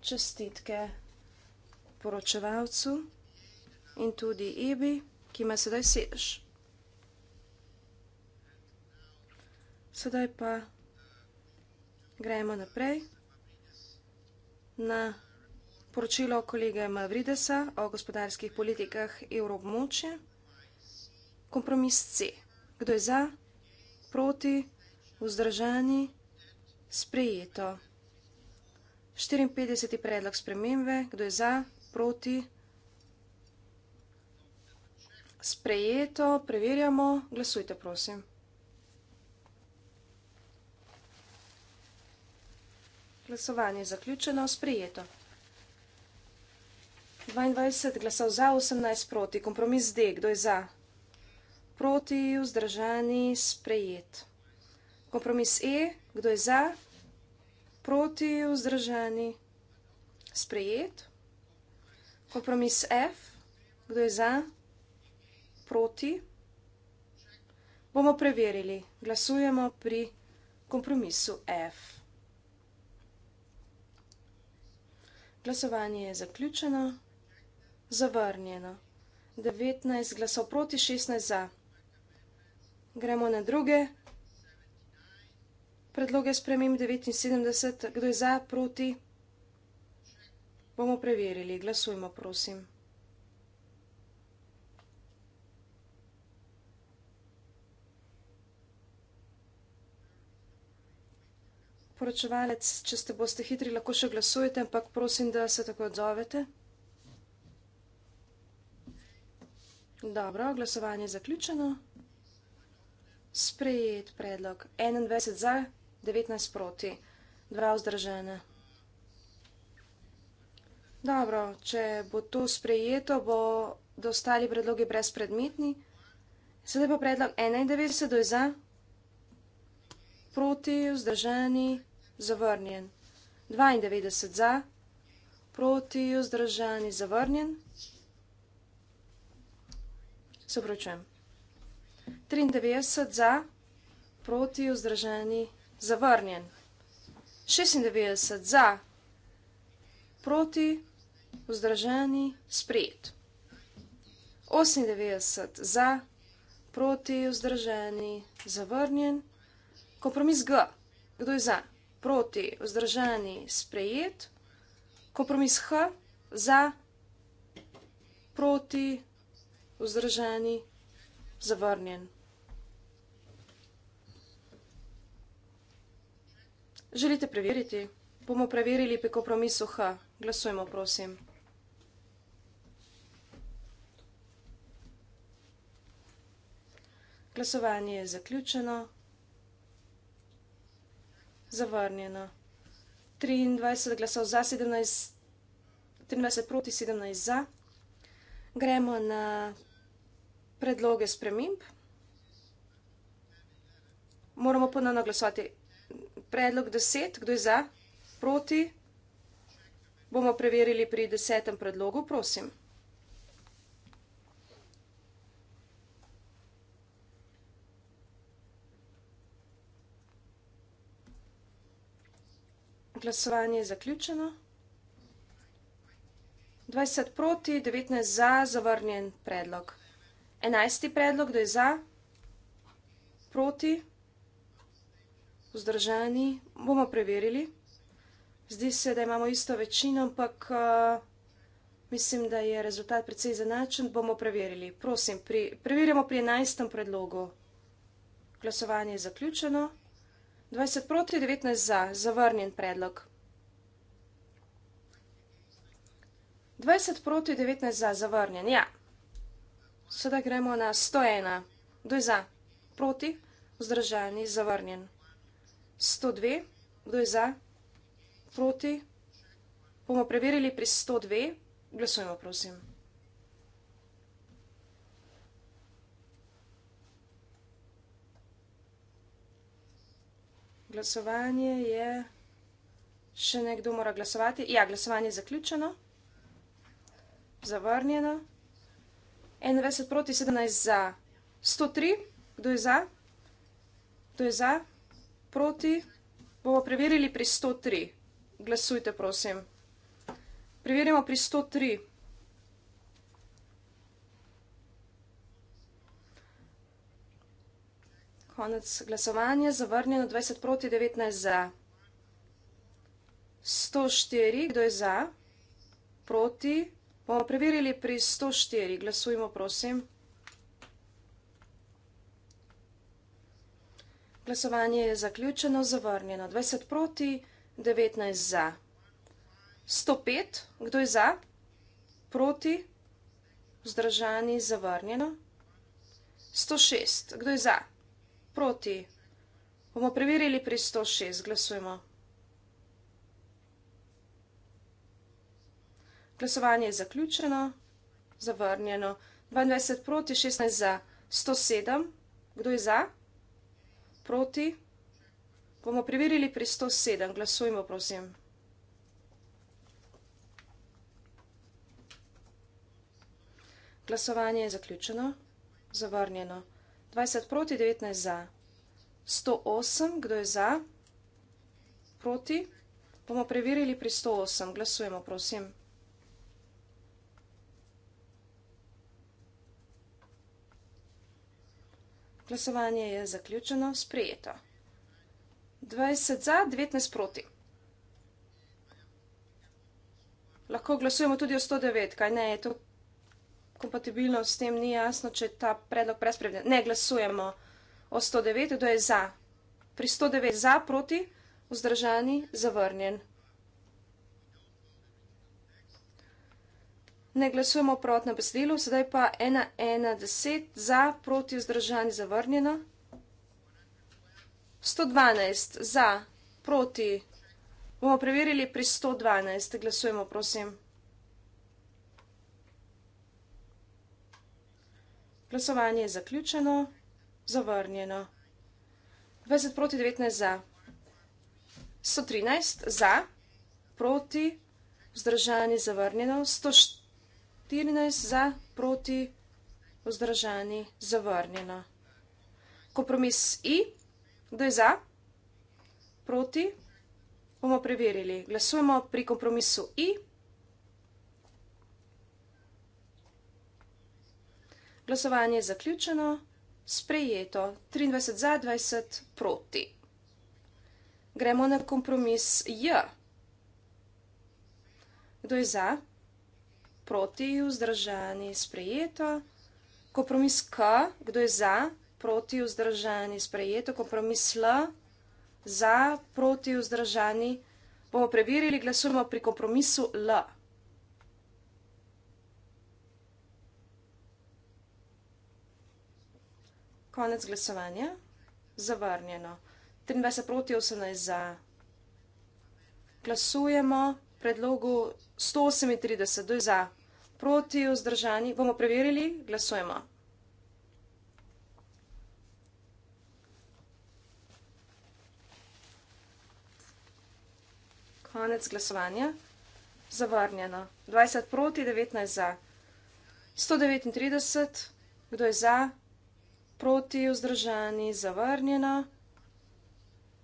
Čestitke poročevalcu in tudi Ebi, ki ima sedaj sedež. Sedaj pa gremo naprej na poročilo kolege Mavridesa o gospodarskih politikah evroobmočja. Kompromis C. Kdo je za, proti, vzdržani, sprejeto. 54. predlog spremembe. Kdo je za, proti, sprejeto. Preverjamo. Glasujte, prosim. Glasovanje je zaključeno, sprijeto. 22 glasov za, 18 proti. Kompromis D, kdo je za? Proti, vzdržani, sprejet. Kompromis E, kdo je za? Proti, vzdržani, sprejet. Kompromis F, kdo je za? Proti. Bomo preverili. Glasujemo pri kompromisu F. Glasovanje je zaključeno. Zavrnjeno. 19 glasov proti, 16 za. Gremo na druge. Predloge spremem 79. Kdo je za, proti? Bomo preverili. Glasujmo, prosim. poročevalec, če ste boste hitri, lahko še glasujete, ampak prosim, da se tako odzovete. Dobro, glasovanje je zaključeno. Sprejet predlog. 21 za, 19 proti. Dva vzdržene. Dobro, če bo to sprejeto, bo dostali predlogi brezpredmetni. Sedaj pa predlog 91 za, proti, vzdržani, zavrnjen. 92 za, proti, vzdržani, zavrnjen. Se pravičujem. 93 za, proti, vzdržani, zavrnjen. 96 za, proti, vzdržani, sprejet. 98 za, proti, vzdržani, zavrnjen. Kompromis G. Kdo je za? proti, vzdržani, sprejet, kompromis H, za, proti, vzdržani, zavrnjen. Želite preveriti? Bomo preverili pri kompromisu H. Glasujmo, prosim. Glasovanje je zaključeno zavrnjeno. 23 glasov za, 17, 23 proti 17 za. Gremo na predloge sprememb. Moramo ponovno glasovati. Predlog 10, kdo je za, proti. Bomo preverili pri desetem predlogu, prosim. glasovanje je zaključeno. 20 proti, 19 za, zavrnjen predlog. 11. predlog, da je za, proti, vzdržani, bomo preverili. Zdi se, da imamo isto večino, ampak uh, mislim, da je rezultat precej zanačen. Bomo preverili. Prosim, pri, preverjamo pri 11. predlogu. Glasovanje je zaključeno. 20 proti 19 za, zavrnjen predlog. 20 proti 19 za, zavrnjen, ja. Sedaj gremo na 101. Kdo je za? Proti, vzdržani, zavrnjen. 102. Kdo je za? Proti. Bomo preverili pri 102. Glasujemo, prosim. 102. Glasovanje je. Še nekdo mora glasovati? Ja, glasovanje je zaključeno, zavrnjeno. 21 proti 17 za 103, kdo je za? Kdo je za? Proti? Bomo preverili pri 103. Glasujte, prosim. Preverimo pri 103. Konec glasovanja, zavrnjeno 20 proti 19 za. 104, kdo je za? Proti. Bomo preverili pri 104. Glasujmo, prosim. Glasovanje je zaključeno, zavrnjeno. 20 proti, 19 za. 105, kdo je za? Proti. Vzdržani, zavrnjeno. 106, kdo je za? Proti proti. Bomo preverili pri 106. Glasujemo. Glasovanje je zaključeno, zavrnjeno. 22 proti, 16 za, 107. Kdo je za? Proti. Bomo preverili pri 107. Glasujmo, prosim. Glasovanje je zaključeno, zavrnjeno. 20 proti, 19 za. 108, kdo je za? Proti? Bomo preverili pri 108. Glasujemo, prosim. Glasovanje je zaključeno, sprejeto. 20 za, 19 proti. Lahko glasujemo tudi o 109, kaj ne je to? kompatibilno s tem ni jasno, če je ta predlog brezpredmeten. Ne glasujemo o 109, kdo je za. Pri 109 za, proti, vzdržani, zavrnjen. Ne glasujemo o protnem besedilu, sedaj pa 110 za, proti, vzdržani, zavrnjeno. 112 za, proti, bomo preverili pri 112, glasujemo, prosim. Glasovanje je zaključeno, zavrnjeno. 20 proti 19 za. 113 za, proti, vzdržani, zavrnjeno. 114 za, proti, vzdržani, zavrnjeno. Kompromis I, kdo je za, proti, bomo preverili. Glasujemo pri kompromisu I. Glasovanje je zaključeno, sprejeto 23 za 20 proti. Gremo na kompromis J. Kdo je za? Proti, vzdržani, sprejeto. Kompromis K. Kdo je za? Proti, vzdržani, sprejeto. Kompromis L. Za, proti, vzdržani. Bomo preverili, glasujemo pri kompromisu L. Konec glasovanja. Zavrnjeno. 23 proti 18 za. Glasujemo predlogu 138. Doj za. Proti vzdržani. Bomo preverili. Glasujemo. Konec glasovanja. Zavrnjeno. 20 proti 19 za. 139. Kdo je za? proti, vzdržani, zavrnjeno.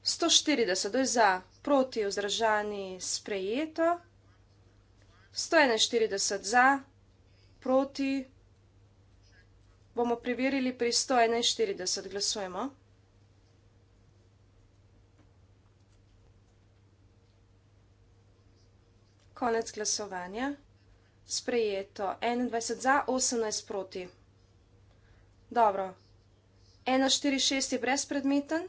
140, doj za, proti, vzdržani, sprejeto. 141 za, proti, bomo preverili pri 141, glasujemo. Konec glasovanja, sprejeto, 21 za, 18 proti. Dobro, 1, 4, 6 je brezpredmeten,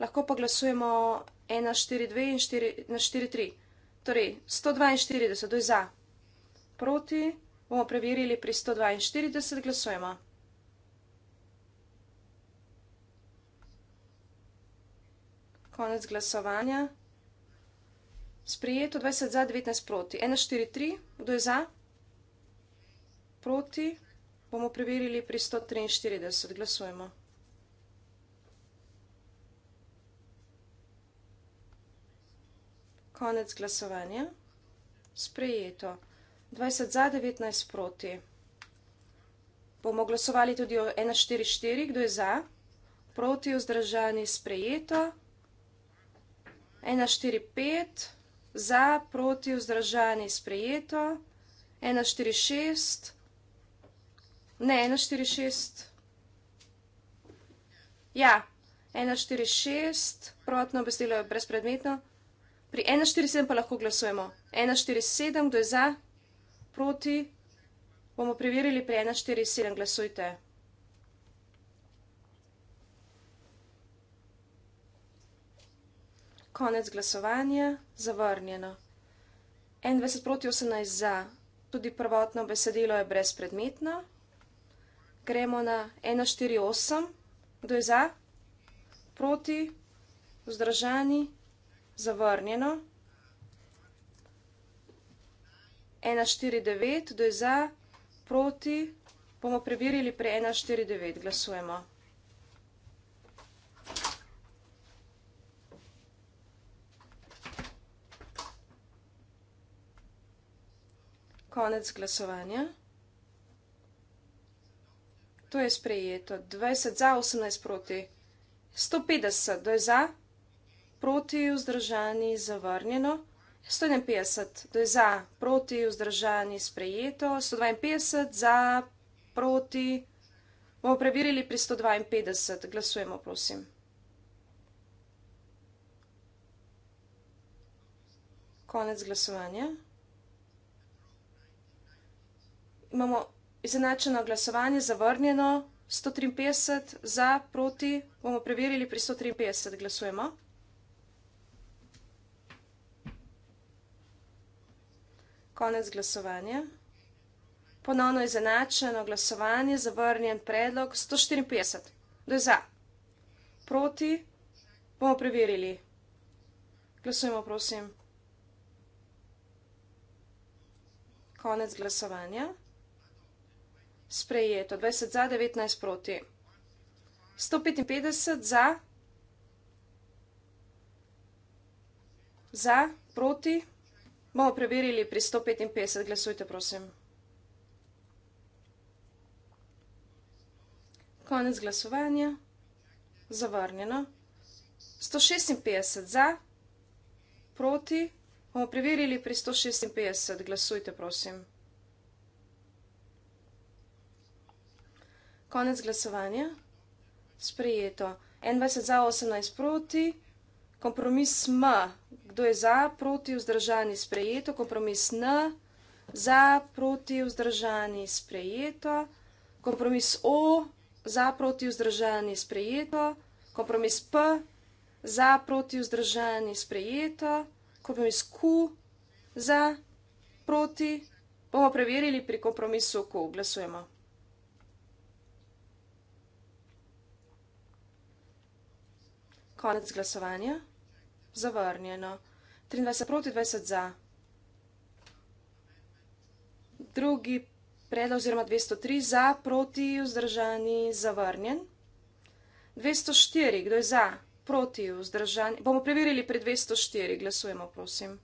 lahko pa glasujemo 1, 4, 2 in 4, na 4, 3. Torej, 142, doj za. Proti, bomo preverili pri 142, glasujemo. Konec glasovanja. Sprijeto 20 za, 19 proti. 1, 4, 3, kdo je za? Proti, bomo preverili pri 143, glasujemo. Konec glasovanja. Sprejeto. 20 za, 19 proti. Bomo glasovali tudi o 144, kdo je za. Proti, vzdržani, sprejeto. 145, za, proti, vzdržani, sprejeto. 146, ne, 146. Ja, 146, protno besedilo je brezpredmetno. Pri 41 pa lahko glasujemo. 147, kdo je za, proti, bomo preverili pri 147, glasujte. Konec glasovanja, zavrnjeno. 21 proti 18 za, tudi prvotno besedilo je brezpredmetno. Gremo na 148, kdo je za, proti, vzdržani, zavrnjeno. 1, 4, 9, kdo je za, proti, bomo preverili pre 1, 4, 9, glasujemo. Konec glasovanja. To je sprejeto. 20 za, 18 proti. 150, kdo je za? 150 proti vzdržani zavrnjeno, 151, to je za, proti vzdržani sprejeto, 152 za, proti, bomo preverili pri 152, glasujemo prosim. Konec glasovanja. Imamo izenačeno glasovanje, zavrnjeno, 153 za, proti, bomo preverili pri 153, glasujemo. Glasujemo. Konec glasovanja. Ponovno je zanačeno glasovanje, zavrnjen predlog 154. Kdo je za? Proti? Bomo preverili. Glasujemo, prosim. Konec glasovanja. Sprejeto. 20 za, 19 proti. 155 za. Za, proti. Bomo preverili pri 155. Glasujte, prosim. Konec glasovanja. Zavrnjeno. 156 za, proti. Bomo preverili pri 156. Glasujte, prosim. Konec glasovanja. Sprejeto. 21 za, 18 proti. Kompromis M, kdo je za, proti, vzdržani, sprejeto. Kompromis N, za, proti, vzdržani, sprejeto. Kompromis O, za, proti, vzdržani, sprejeto. Kompromis P, za, proti, vzdržani, sprejeto. Kompromis Q, za, proti. Bomo preverili pri kompromisu Q. Glasujemo. Konec glasovanja. Zavrnjeno. 23 proti 20 za. Drugi predlog oziroma 203 za, proti, vzdržani, zavrnjen. 204, kdo je za, proti, vzdržani. Bomo preverili pri 204, glasujemo, prosim.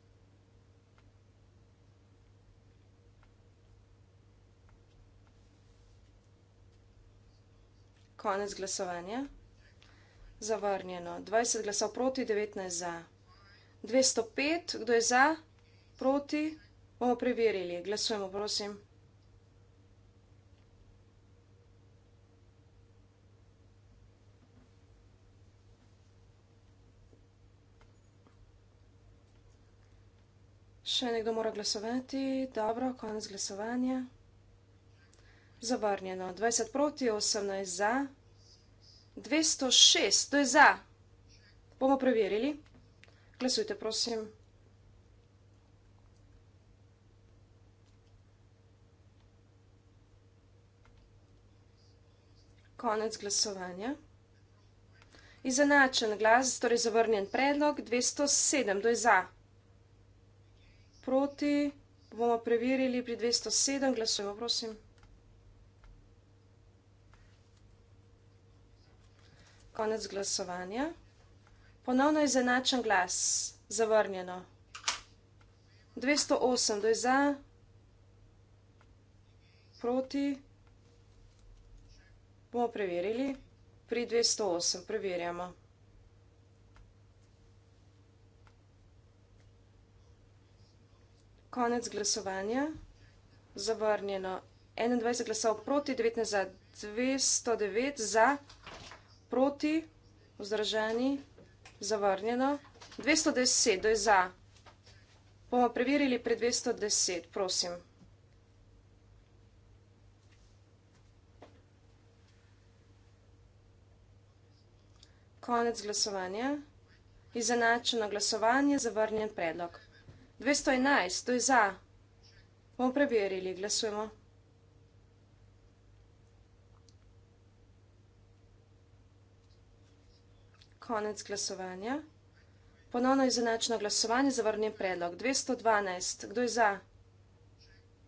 Konec glasovanja zavrnjeno. 20 glasov proti, 19 za. 205, kdo je za, proti, bomo preverili. Glasujemo, prosim. Še nekdo mora glasovati. Dobro, konec glasovanja. Zavrnjeno. 20 proti, 18 za. 206, to je za. Bomo preverili. Glasujte, prosim. Konec glasovanja. Izenačen glas, torej zavrnjen predlog, 207, to je za. Proti, bomo preverili pri 207, glasujemo, prosim. Konec glasovanja. Ponovno je zanačen glas, zavrnjeno. 208, kdo je za, proti, bomo preverili. Pri 208 preverjamo. Konec glasovanja, zavrnjeno. 21 glasov proti, 19 za, 209 za proti, vzdrženi, zavrnjeno. 210, doj za. Bomo preverili pri 210, prosim. Konec glasovanja. Izenačeno glasovanje, zavrnjen predlog. 211, doj za. Bomo preverili, glasujemo. 211. konec glasovanja. Ponovno izenačeno glasovanje, zavrnjen predlog. 212, kdo je za?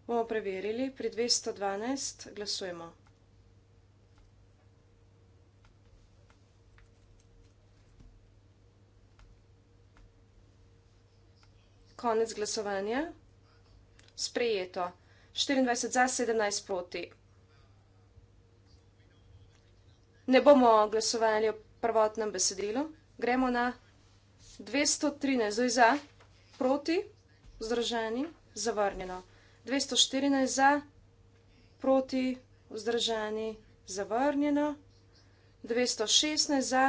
Bomo preverili, pri 212 glasujemo. Konec glasovanja. Sprejeto. 24 za, 17 proti. Ne bomo glasovali o prvotnem besedilu. Gremo na 213, zdaj za, proti, vzdrženi, zavrnjeno. 214 za, proti, vzdrženi, zavrnjeno. 216 za,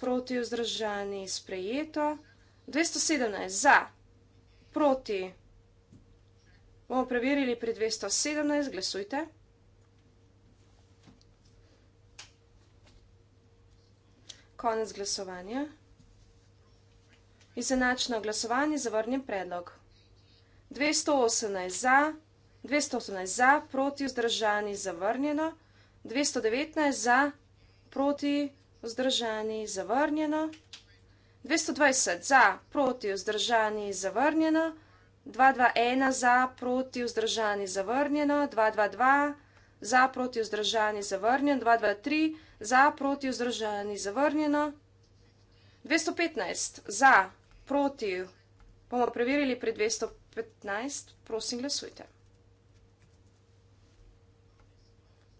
proti, vzdrženi, sprejeto. 217 za, proti, bomo preverili pri 217, glasujte. 217 za, proti, vzdrženi, sprejeto. Konec glasovanja. Izenačeno glasovanje, zavrnjen predlog. 218 za, 218 za, proti vzdržani, zavrnjeno. 219 za, proti vzdržani, zavrnjeno. 220 za, proti vzdržani, zavrnjeno. 221 za, proti vzdržani, zavrnjeno. 222 za, proti vzdržani, zavrnjeno. 223 za za, proti, vzdržani, zavrnjeno. 215, za, proti, bomo preverili pri 215, prosim glasujte.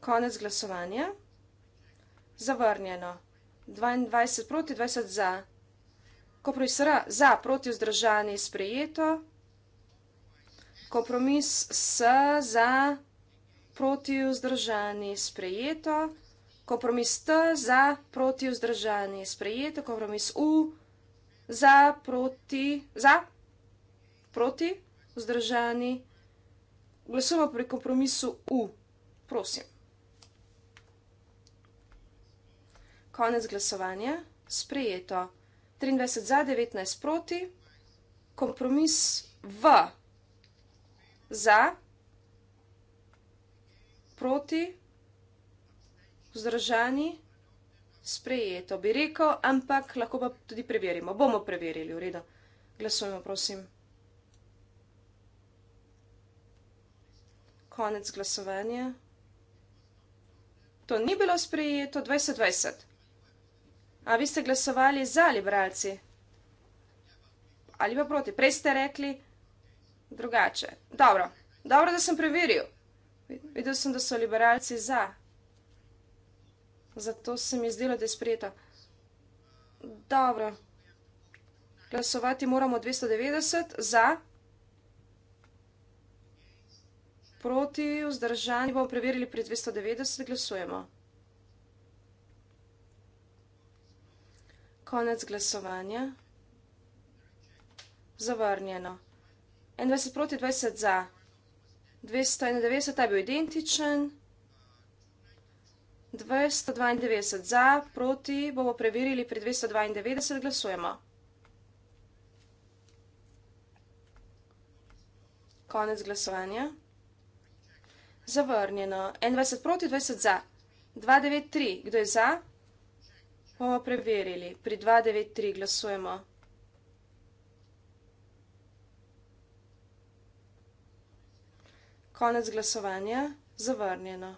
Konec glasovanja, zavrnjeno, 22 proti, 20 za, kompromis R, za, proti, vzdržani, sprejeto, kompromis S, za, proti, vzdržani, sprejeto, kompromis S, za, proti, vzdržani, sprejeto, kompromis T za proti vzdržanje sprejeto, kompromis U za proti, za proti vzdržanje. Glasujemo pri kompromisu U, prosim. Konec glasovanja, sprejeto. 23 za, 19 proti, kompromis V za proti vzdržanje vzdržani, sprejeto bi rekel, ampak lahko pa tudi preverimo. Bomo preverili, v redu. Glasujemo, prosim. Konec glasovanja. To ni bilo sprejeto, 2020. A vi ste glasovali za, liberalci? Ali pa proti? Prej ste rekli drugače. Dobro, dobro, da sem preveril. Videl sem, da so liberalci za zato se mi zdelo, da je sprejeta. Dobro. Glasovati moramo 290 za. Proti vzdržanju bomo preverili pri 290, glasujemo. Konec glasovanja. Zavrnjeno. 21 proti 20 za. 291 je bil identičen. 292 za, proti bomo preverili pri 292, glasujemo. Konec glasovanja. Zavrnjeno. 21 proti, 20 za. 293, kdo je za? Bomo preverili. Pri 293 glasujemo. Konec glasovanja. Zavrnjeno.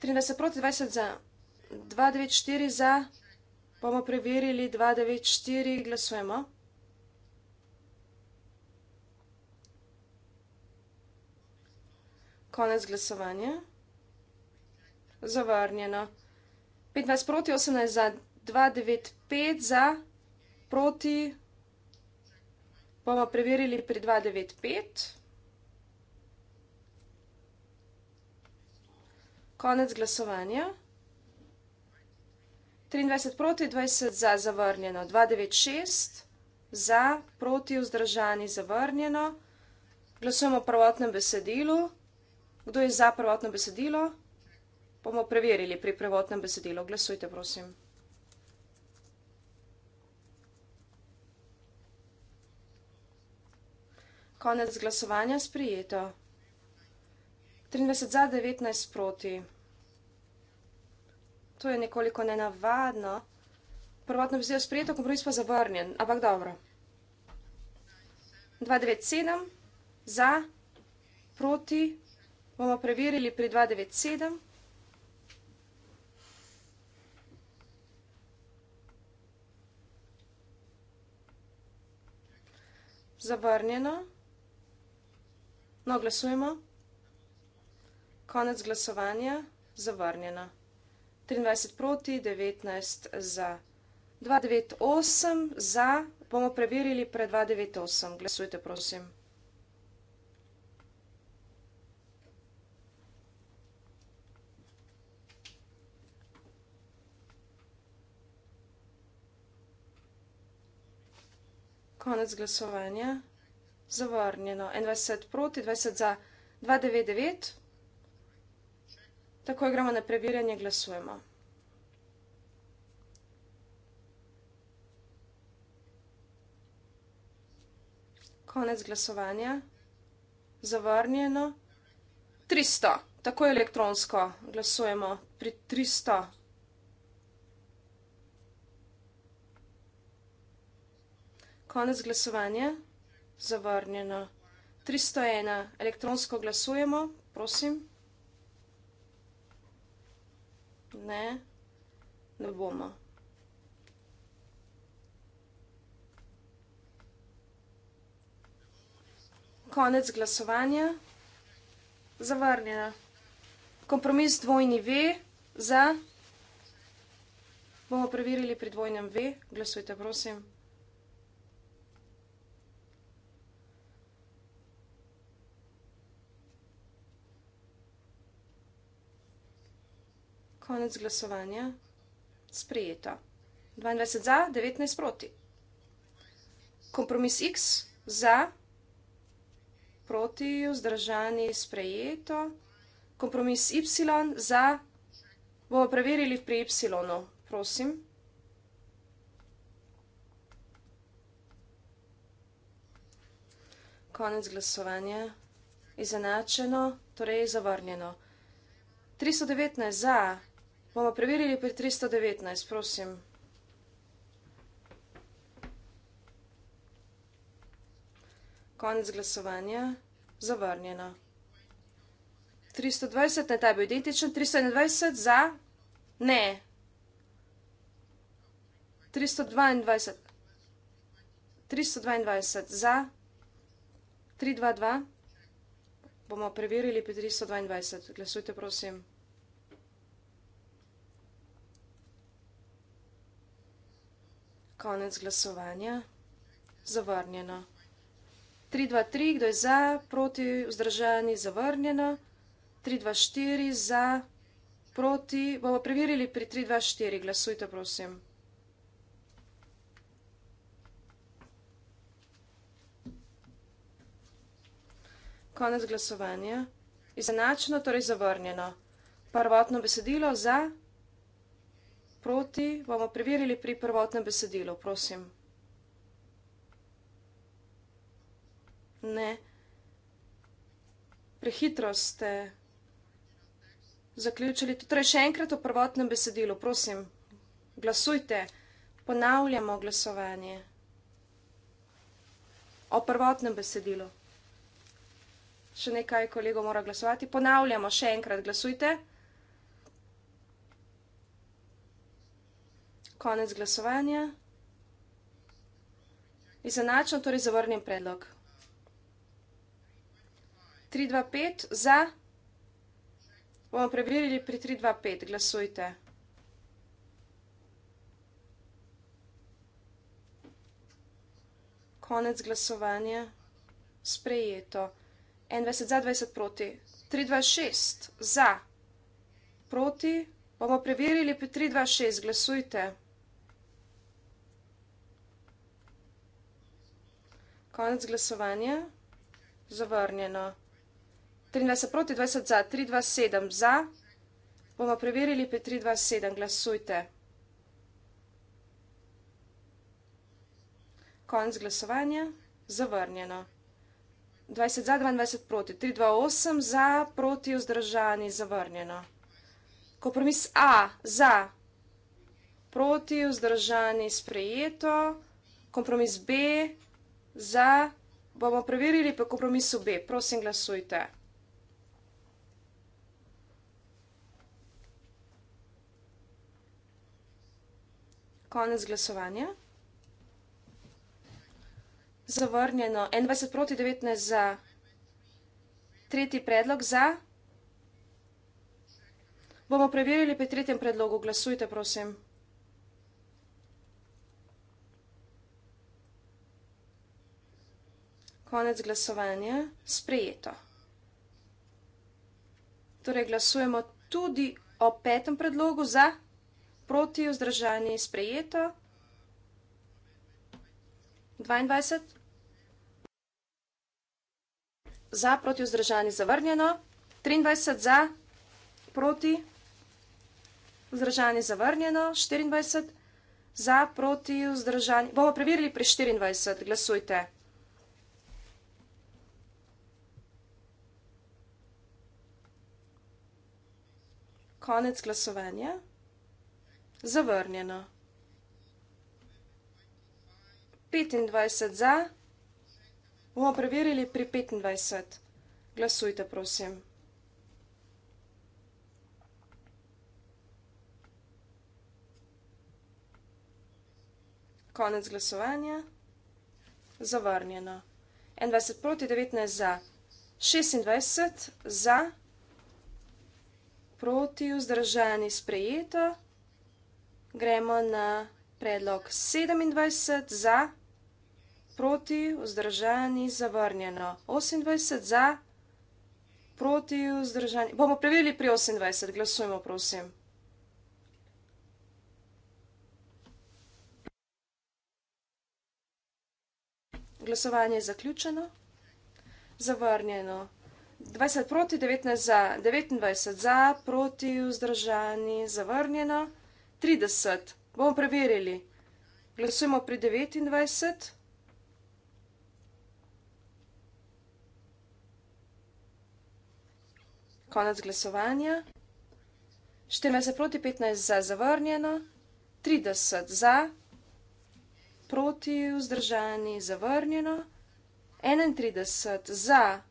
23 proti 20 za, 294 za, bomo preverili 294, glasujemo. Konec glasovanja. Zavrnjeno. 25 proti 18 za, 295 za, proti, bomo preverili pri 295. Konec glasovanja. 23 proti, 20 za, zavrnjeno. 296 za, proti, vzdržani, zavrnjeno. Glasujemo o prvotnem besedilu. Kdo je za prvotno besedilo? Bomo preverili pri prvotnem besedilu. Glasujte, prosim. Konec glasovanja sprijeto. 23 za 19 proti. To je nekoliko nenavadno. Prvotno bi se jo sprejeto, kompromis pa zavrnjen. Ampak dobro. 297 za proti. Bomo preverili pri 297. Zavrnjeno. No, glasujemo. Konec glasovanja zavrnjeno. 23 proti, 19 za. 298 za, bomo preverili pre 298. Glasujte, prosim. Konec glasovanja, zavrnjeno. 21 proti, 20 za, 299. Takoj gremo na preverjanje, glasujemo. Konec glasovanja. Zavrnjeno. 300. Takoj elektronsko glasujemo pri 300. Konec glasovanja. Zavrnjeno. 301. Elektronsko glasujemo. Prosim. 301. Ne, ne bomo. Konec glasovanja. Zavrnjena. Kompromis dvojni V za. Bomo preverili pri dvojnem V. Glasujte, prosim. konec glasovanja. Sprejeto. 22 za, 19 proti. Kompromis X za, proti, vzdržani, sprejeto. Kompromis Y za, bomo preverili pri Y, prosim. Konec glasovanja. Izenačeno, torej zavrnjeno. 319 za, Bomo preverili pri 319, prosim. Konec glasovanja. Zavrnjeno. 320, ne taj bo identičen. 320 za? Ne. 322. 322 za? 322. Bomo preverili pri 322. Glasujte, prosim. Konec glasovanja. Zavrnjeno. 3, 2, 3, kdo je za, proti, vzdržani, zavrnjeno. 3, 2, 4, za, proti. Bomo preverili pri 3, 2, 4. Glasujte, prosim. Konec glasovanja. Izenačeno, torej zavrnjeno. Prvotno besedilo za proti, bomo preverili pri prvotnem besedilu, prosim. Ne. Prehitro ste zaključili. Torej, še enkrat v prvotnem besedilu, prosim. Glasujte. Ponavljamo glasovanje. O prvotnem besedilu. Še nekaj kolego mora glasovati. Ponavljamo še enkrat. Glasujte. Glasujte. konec glasovanja. Izenačno, torej zavrnjen predlog. 3, 2, 5 za. Bomo preverili pri 3, 2, 5. Glasujte. Konec glasovanja. Sprejeto. 21 za, 20 proti. 3, 2, 6 za. Proti. Bomo preverili pri 3, 2, 6. Glasujte. Konec glasovanja. Zavrnjeno. 13 proti 20 za, 327 za. Bomo preverili 5327. Glasujte. Konec glasovanja. Zavrnjeno. 20 za, 22 proti, 328 za, proti, vzdržani, zavrnjeno. Kompromis A za, proti, vzdržani, sprejeto. Kompromis B. Za bomo preverili pa kompromis B. Prosim, glasujte. Konec glasovanja. Zavrnjeno. 21 proti 19 za. Tretji predlog za. Bomo preverili pri tretjem predlogu. Glasujte, prosim. Konec glasovanja, sprejeto. Torej, glasujemo tudi o petem predlogu za, proti, vzdržanje, sprejeto. 22. Za, proti, vzdržanje, zavrnjeno. 23. Za, proti, vzdržanje, zavrnjeno. 24. Za, proti, vzdržanje. Bomo preverili pri 24. Glasujte. 24. Konec glasovanja. Zavrnjeno. 25 za. Bomo preverili pri 25. Glasujte, prosim. Konec glasovanja. Zavrnjeno. 21 proti 19 za. 26 za proti, vzdržani, sprejeto. Gremo na predlog 27 za, proti, vzdržani, zavrnjeno. 28 za, proti, vzdržani. Bomo preverili pri 28. Glasujmo, prosim. Glasovanje je zaključeno. Zavrnjeno. 20 proti, 19 za, 29 za, proti, vzdržani, zavrnjeno. 30. Bomo preverili. Glasujemo pri 29. Konec glasovanja. 14 proti, 15 za, zavrnjeno. 30 za, proti, vzdržani, zavrnjeno. 31 za, vzdržani.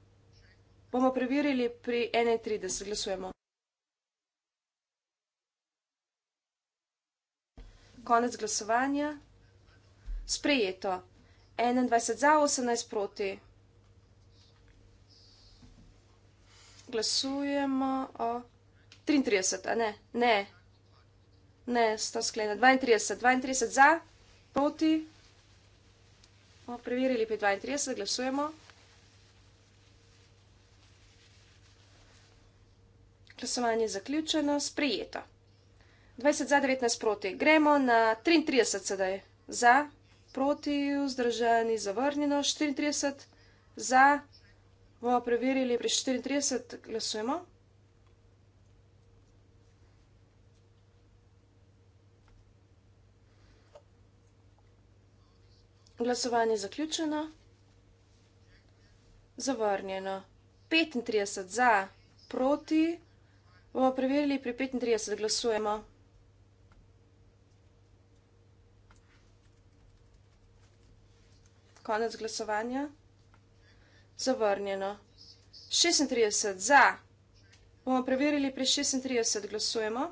Bomo preverili pri 31, glasujemo. Konec glasovanja. Sprejeto. 21 za, 18 proti. Glasujemo o 33, a ne, ne, ne, sta sklena. 32, 32 za, proti. Bomo preverili pri 32, glasujemo. Glasovanje je zaključeno, sprejeto. 20 za, 19 proti. Gremo na 33 sedaj. Za, proti, vzdržani, zavrnjeno. 34 za, bomo preverili, pri 34 glasujemo. Glasovanje je zaključeno, zavrnjeno. 35 za, proti, vzdržani, zavrnjeno. Bomo preverili pri 35, glasujemo. Konec glasovanja. Zavrnjeno. 36, za. Bomo preverili pri 36, glasujemo.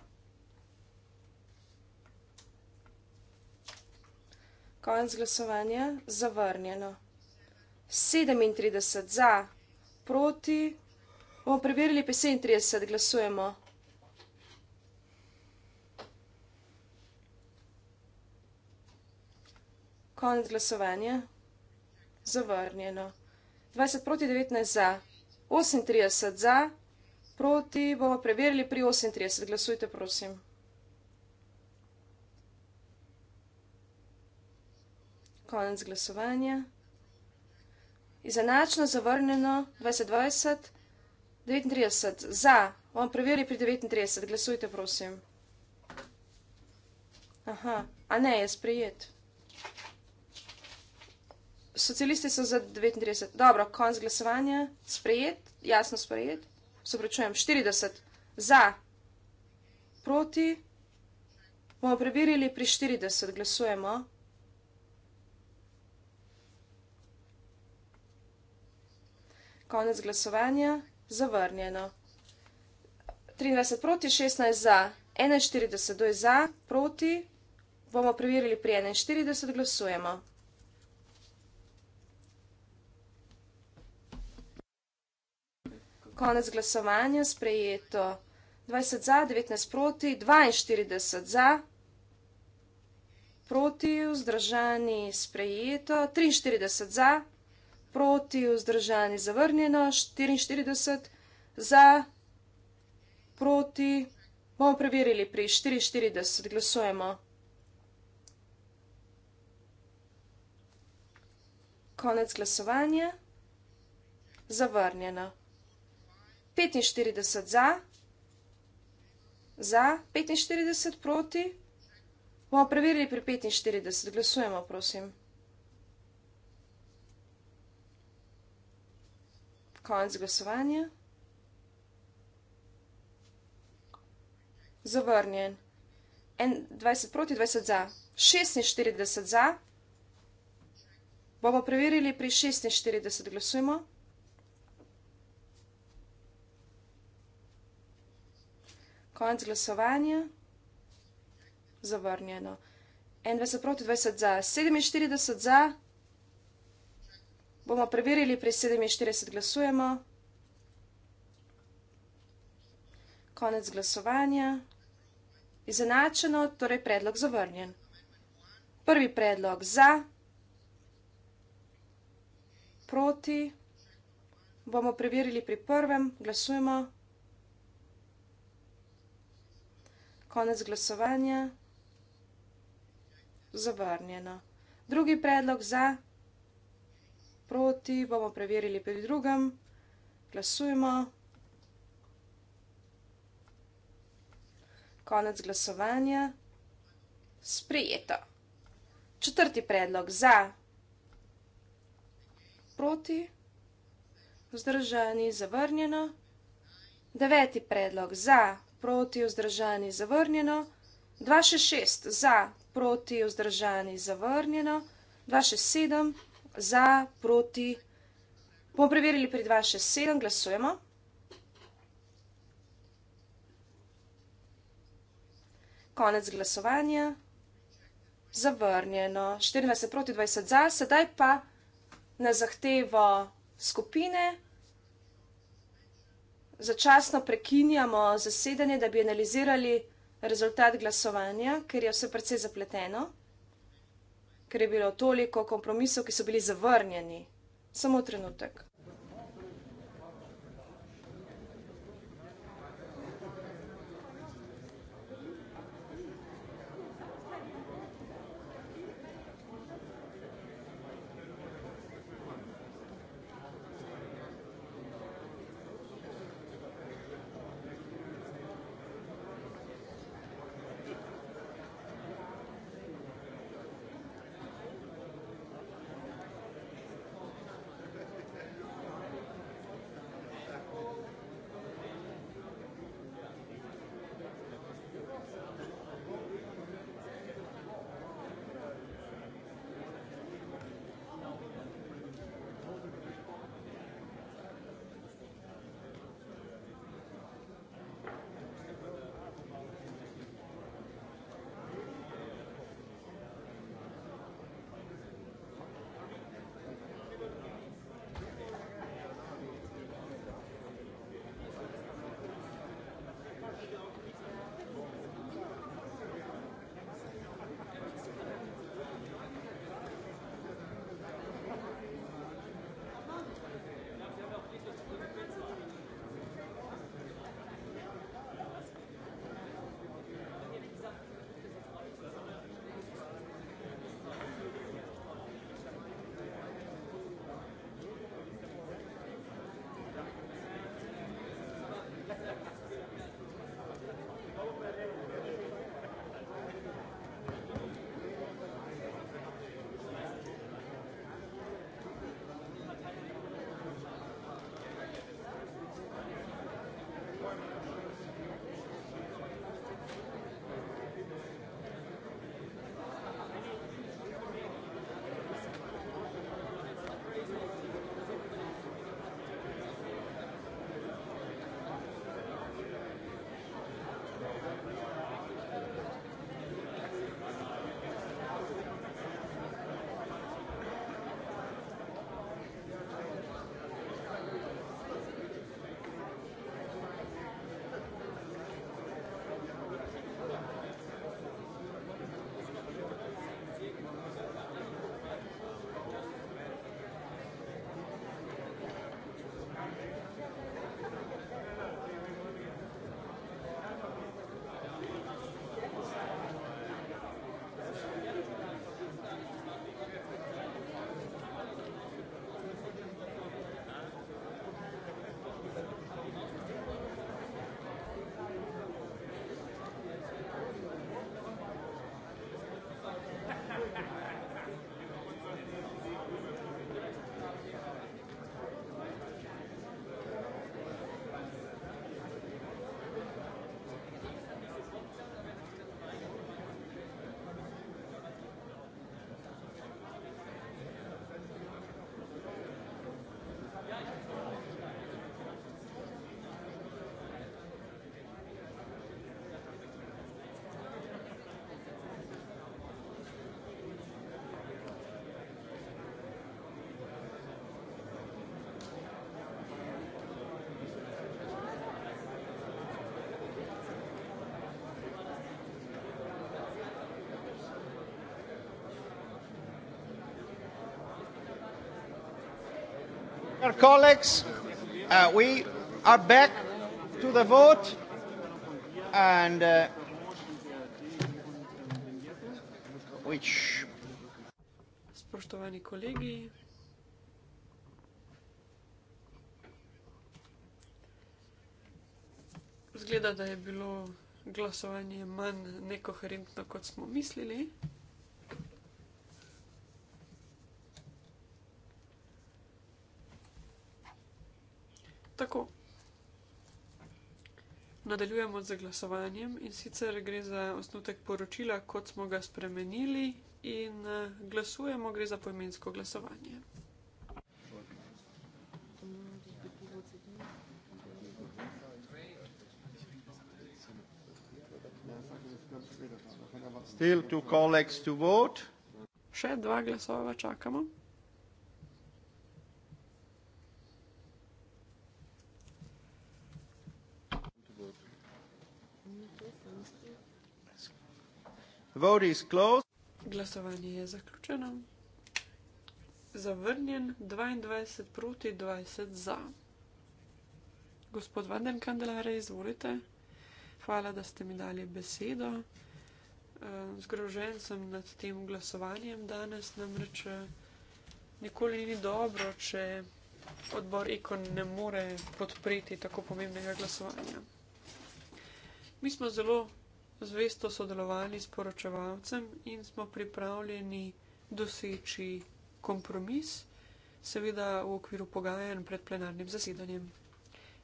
Konec glasovanja. Zavrnjeno. 37, za. Proti. Bomo preverili 35, glasujemo. Konec glasovanja. Zavrnjeno. 20 proti 19 za. 38 za. Proti bomo preverili pri 38. Glasujte, prosim. Konec glasovanja. Izenačno zavrnjeno. 2020. 20. 39 za, on preveri pri 39, glasujte, prosim. Aha, a ne, je sprejet. Socialisti so za 39, dobro, konc glasovanja, sprejet, jasno sprejet, soprečujem, 40 za, proti, bomo preverili pri 40, glasujemo. Konec glasovanja, zavrnjeno. 13 proti 16 za, 41 doj za, proti bomo preverili pri 41, glasujemo. Konec glasovanja, sprejeto 20 za, 19 proti, 42 za, proti, vzdržani, sprejeto 43 za, proti, vzdržani, zavrnjeno, 44 za, proti, bomo preverili pri 44, glasujemo. Konec glasovanja, zavrnjeno. 45 za, za, 45 proti, bomo preverili pri 45, glasujemo, prosim. 45. konc glasovanja. Zavrnjen. 20 proti 20 za, 46 za. Bomo preverili pri 46 glasujemo. Konc glasovanja. Zavrnjeno. 21 proti 20 za, 47 za. Bomo preverili, pri 47 glasujemo. Konec glasovanja. Izenačeno, torej predlog zavrnjen. Prvi predlog za, proti, bomo preverili pri prvem, glasujemo. Konec glasovanja, zavrnjeno. Drugi predlog za, proti proti, bomo preverili pri drugem, glasujmo. Konec glasovanja. Sprijeto. Četrti predlog za, proti, vzdržani, zavrnjeno. Deveti predlog za, proti, vzdržani, zavrnjeno. Dva še šest za, proti, vzdržani, zavrnjeno. Dva še sedem za za, proti. Bomo preverili pred vas še sedem, glasujemo. Konec glasovanja. Zavrnjeno. 24 proti 20 za, sedaj pa na zahtevo skupine. Začasno prekinjamo zasedanje, da bi analizirali rezultat glasovanja, ker je vse precej zapleteno ker je bilo toliko kompromisov, ki so bili zavrnjeni. Samo trenutek. our colleagues, uh, we are back to the vote and uh, which Spoštovani kolegi, zgleda, da je bilo glasovanje manj nekoherentno, kot smo mislili. nadaljujemo z glasovanjem in sicer gre za osnutek poročila, kot smo ga spremenili in glasujemo, gre za poimensko glasovanje. Še dva glasova čakamo. vote is closed. Glasovanje je zaključeno. Zavrnjen 22 proti 20 za. Gospod Vanden Kandelare, izvolite. Hvala, da ste mi dali besedo. Eh, zgrožen sem nad tem glasovanjem danes, namreč eh, nikoli ni dobro, če odbor ekon ne more podpreti tako pomembnega glasovanja. Mi smo zelo zvesto sodelovali s poročevalcem in smo pripravljeni doseči kompromis, seveda v okviru pogajanj pred plenarnim zasedanjem.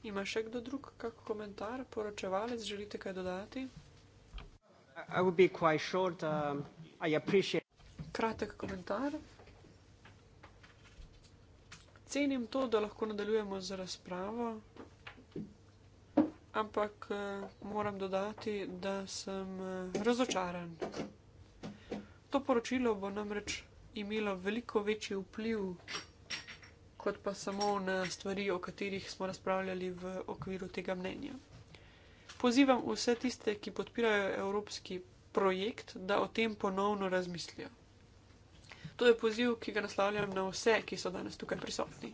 Ima še kdo drug kak komentar, poročevalec, želite kaj dodati? Short, uh, Kratek komentar. Cenim to, da lahko nadaljujemo z razpravo ampak eh, moram dodati, da sem eh, razočaran. To poročilo bo namreč imelo veliko večji vpliv, kot pa samo na stvari, o katerih smo razpravljali v okviru tega mnenja. Pozivam vse tiste, ki podpirajo evropski projekt, da o tem ponovno razmislijo. To je poziv, ki ga naslavljam na vse, ki so danes tukaj prisotni.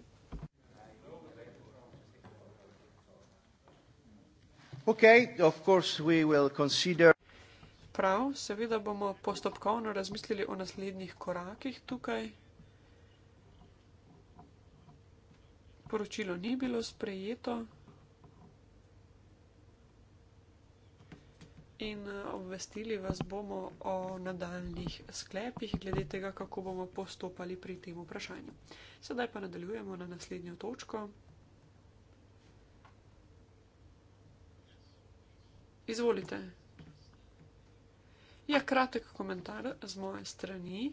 Okay, of course we will consider. Prav, seveda bomo postopkovno razmislili o naslednjih korakih tukaj. Poročilo ni bilo sprejeto in eh, obvestili vas bomo o nadaljnih sklepih glede tega, kako bomo postopali pri tem vprašanju. Sedaj pa nadaljujemo na naslednjo točko. Izvolite. Ja, kratek komentar z moje strani.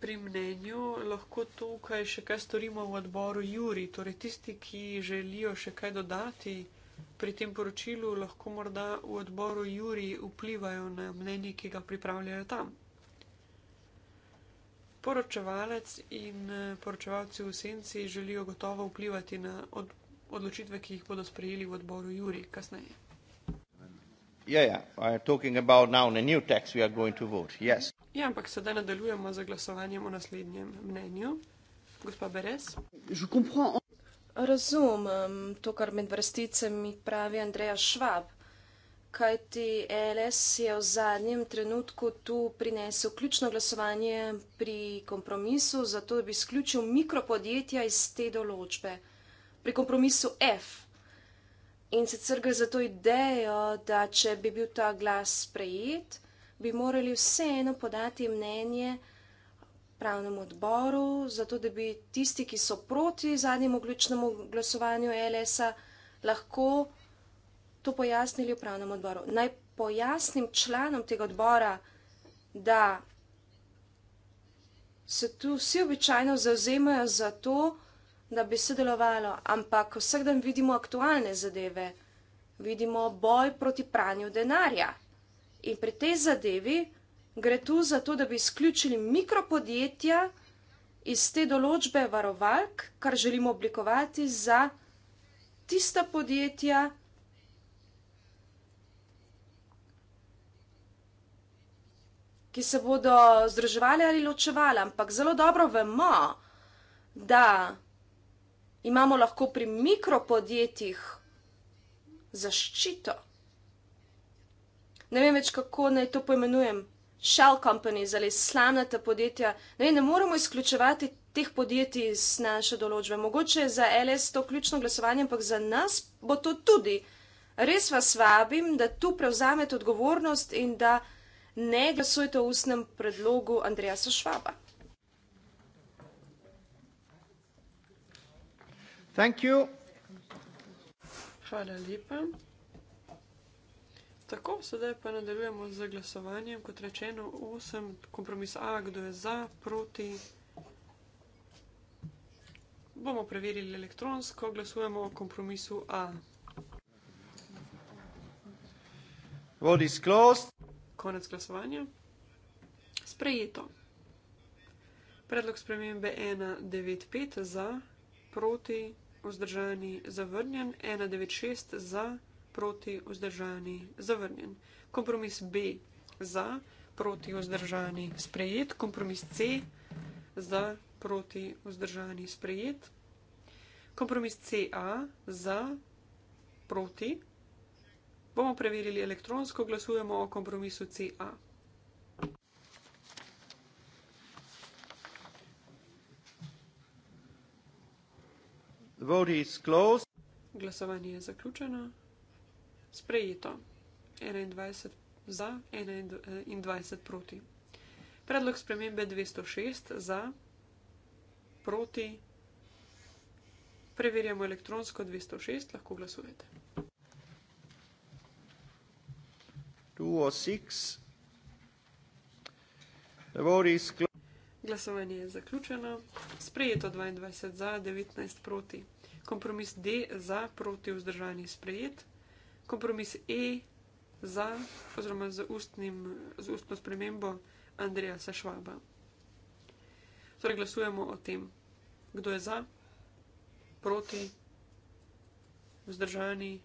Pri mnenju lahko tukaj še kaj storimo v odboru Juri. Torej, tisti, ki želijo še kaj dodati pri tem poročilu, lahko morda v odboru Juri vplivajo na mnenje, ki ga pripravljajo tam poročevalec in eh, poročevalci v senci želijo gotovo vplivati na od, odločitve, ki jih bodo sprejeli v odboru Juri kasneje. Ja, yeah, yeah. yes. yeah, ja, ampak sedaj nadaljujemo z glasovanjem o naslednjem mnenju. Gospa Beres. Razumem to, kar med vrsticami pravi Andreja Švab kajti e LS je v zadnjem trenutku tu prinesel ključno glasovanje pri kompromisu, zato da bi izključil mikropodjetja iz te določbe. Pri kompromisu F. In sicer gre za to idejo, da če bi bil ta glas sprejet, bi morali vseeno podati mnenje pravnemu odboru, zato da bi tisti, ki so proti zadnjemu ključnemu glasovanju e LS-a, lahko to pojasnili upravnemu odboru. Naj pojasnim članom tega odbora, da se tu vsi običajno zauzemajo za to, da bi se delovalo, ampak vsak dan vidimo aktualne zadeve, vidimo boj proti pranju denarja. In pri tej zadevi gre tu za to, da bi izključili mikropodjetja iz te določbe varovalk, kar želimo oblikovati za tista podjetja, ki. ki se bodo združevali ali ločevali, ampak zelo dobro vemo, da imamo lahko pri mikropodjetjih zaščito. Ne vem več, kako naj to poimenujem, shell companies ali slamnata podjetja. Ne, vem, ne moremo izključevati teh podjetij iz naše določbe. Mogoče je za LS to ključno glasovanje, ampak za nas bo to tudi. Res vas vabim, da tu prevzamete odgovornost in da ne glasujte o ustnem predlogu Andreja Sašvaba. Hvala lepa. Tako, sedaj pa nadaljujemo z glasovanjem. Kot rečeno, osem kompromis A, kdo je za, proti. Bomo preverili elektronsko, glasujemo o kompromisu A. Vote is closed konec glasovanja. Sprejeto. Predlog spremembe 1.9.5 za, proti, vzdržani, zavrnjen, 1.9.6 za, proti, vzdržani, zavrnjen. Kompromis B za, proti, vzdržani, sprejet, kompromis C za, proti, vzdržani, sprejet, kompromis CA za, proti, vzdržani, sprejet. Bomo preverili elektronsko, glasujemo o kompromisu CA. Glasovanje je zaključeno. Sprejeto. 21 za, 21 eh, proti. Predlog spremembe 206 za, proti. Preverjamo elektronsko 206, lahko glasujete. 2 or 6. The vote is Glasovanje je zaključeno. Sprejeto 22 za, 19 proti. Kompromis D za, proti vzdržanje sprejet. Kompromis E za, oziroma z, ustnim, z ustno spremembo Andreja Sešvaba. Torej glasujemo o tem, kdo je za, proti, vzdržanje.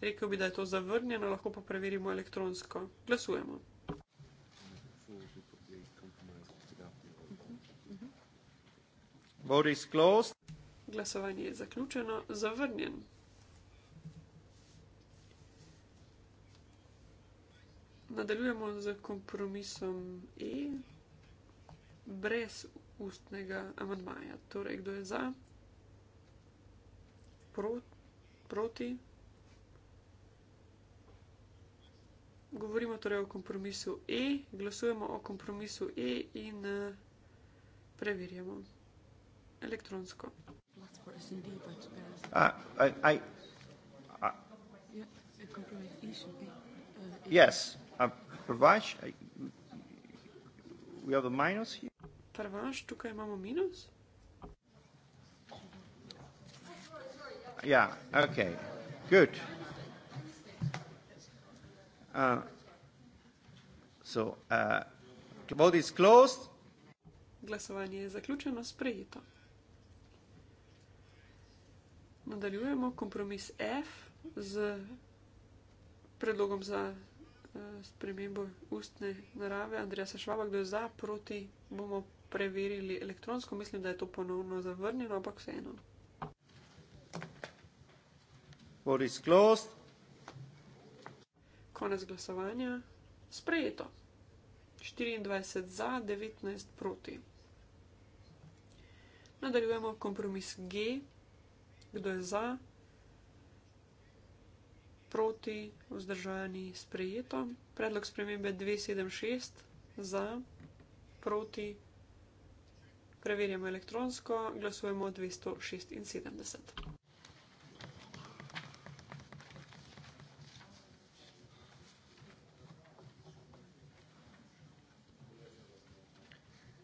Rekel bi, da je to zavrnjeno, lahko pa preverimo elektronsko. Glasujemo. Vote is closed. Glasovanje je zaključeno, zavrnjen. Nadaljujemo z kompromisom E, brez ustnega amandmaja. Torej, kdo je za? Pro, proti? Proti? govorimo torej o kompromisu E, glasujemo o kompromisu E in eh, preverjamo elektronsko. Prvaš, uh, uh, tukaj imamo minus. Ja, ok, good. Uh, so, uh, vote is closed. Glasovanje je zaključeno, sprejeto. Nadaljujemo kompromis F z predlogom za uh, spremembo ustne narave. Andreja Sašvaba, kdo je za, proti, bomo preverili elektronsko. Mislim, da je to ponovno zavrnjeno, ampak vseeno. Vote is closed konec glasovanja sprejeto. 24 za, 19 proti. Nadaljujemo kompromis G, kdo je za, proti, vzdržani, sprejeto. Predlog spremembe 276 za, proti, preverjamo elektronsko, glasujemo 276.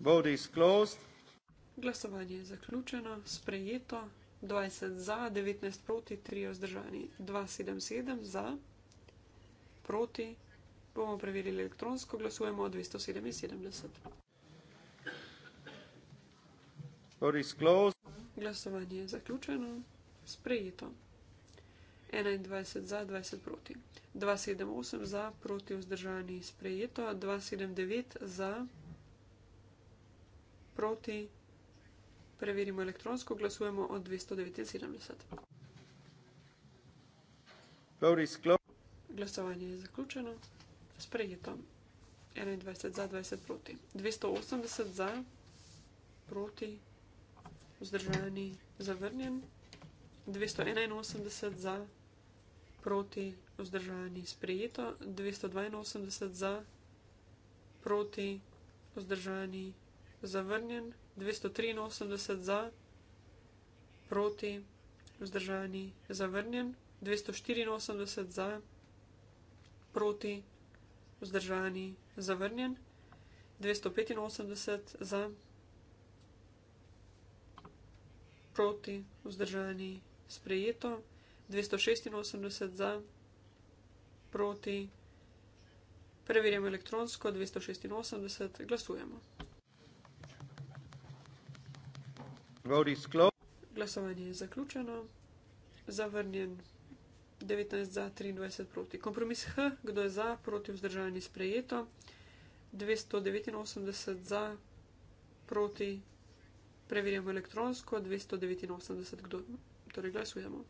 Vote is closed. Glasovanje je zaključeno, sprejeto. 20 za, 19 proti, 3 vzdržani, 277 za, proti. Bomo preverili elektronsko, glasujemo 277. Glasovanje je zaključeno, sprejeto. 21 za, 20 proti. 278 za, proti vzdržani, sprejeto. 279 za proti. Preverimo elektronsko, glasujemo od 279. Glasovanje je zaključeno, sprejeto. 21 za, 20 proti. 280 za, proti, vzdržani, zavrnjen. 281 za, proti, vzdržani, sprejeto. 282 za, proti, vzdržani, zavrnjen, 283 za, proti, vzdržani, zavrnjen, 284 za, proti, vzdržani, zavrnjen, 285 za, proti, vzdržani, sprejeto, 286 za, proti, preverjamo elektronsko, 286, glasujemo. Vote is closed. Glasovanje je zaključeno. Zavrnjen 19 za 23 proti. Kompromis H, kdo je za, proti vzdržanje sprejeto. 289 za, proti. Preverjamo elektronsko. 289, kdo. Torej glasujemo.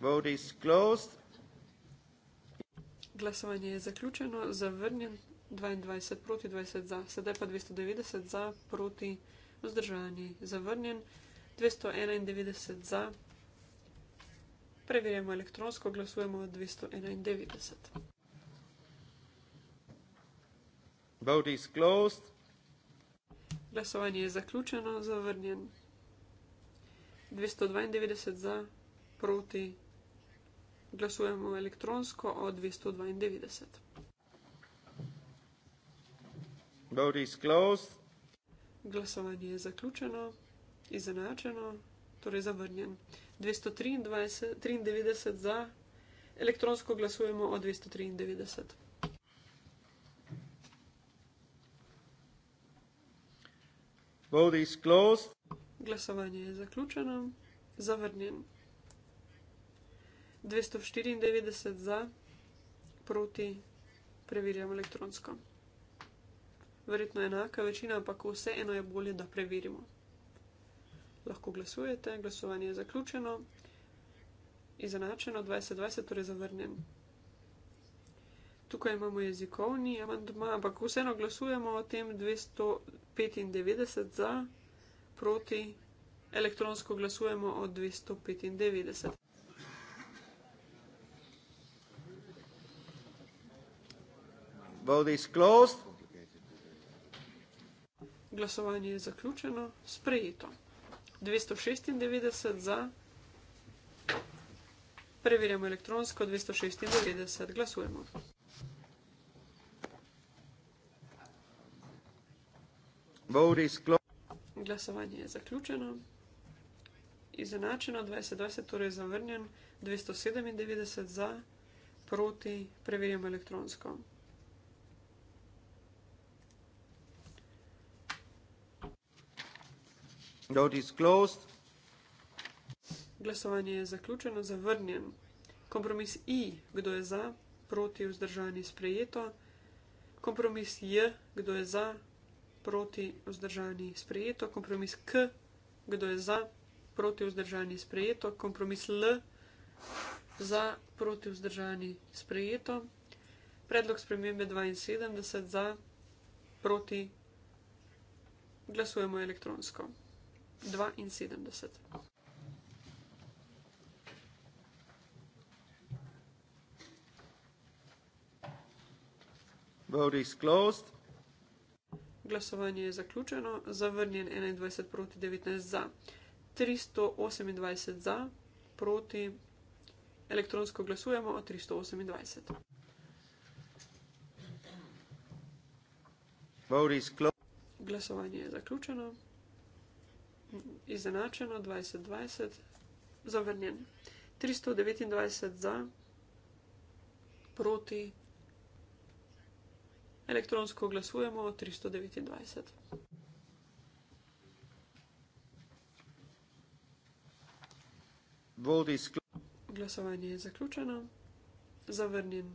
Vote is closed. Glasovanje je zaključeno, zavrnjen 22 proti 20 za, sedaj pa 290 za, proti vzdržani zavrnjen, 291 za. Preverjamo elektronsko, glasujemo 291. Vote is closed. Glasovanje je zaključeno, zavrnjen. 292 za, proti. Glasujemo elektronsko o 292. Vote is closed. Glasovanje je zaključeno, izenačeno, torej zavrnjen. 293 93 za, elektronsko glasujemo o 293. Vote is closed. Glasovanje je zaključeno, zavrnjen. 294 za, proti, preverjamo elektronsko verjetno enaka večina, ampak vseeno je bolje, da preverimo. Lahko glasujete, glasovanje je zaključeno, izenačeno 2020, torej zavrnjen. Tukaj imamo jezikovni amandma, ampak vseeno glasujemo o tem 295 za, proti, elektronsko glasujemo o 295. Vote is closed. Glasovanje je zaključeno, sprejeto. 296 za, preverjamo elektronsko, 296 glasujemo. Glasovanje je zaključeno, izenačeno, 2020 torej zavrnjen, 297 za, proti, preverjamo elektronsko. Vote is closed. Glasovanje je zaključeno, zavrnjen. Kompromis I, kdo je za, proti vzdržani sprejeto. Kompromis J, kdo je za, proti vzdržani sprejeto. Kompromis K, kdo je za, proti vzdržani sprejeto. Kompromis L, za, proti vzdržani sprejeto. Predlog spremembe 72 za, proti. Glasujemo elektronsko. 72. Vote is closed. Glasovanje je zaključeno, zavrnjen 21 proti 19 za, 328 za proti, elektronsko glasujemo o 328. Vote is closed. Glasovanje je zaključeno izenačeno, 2020, zavrnjen. 329 za, proti, elektronsko glasujemo 329. Glasovanje je zaključeno, zavrnjen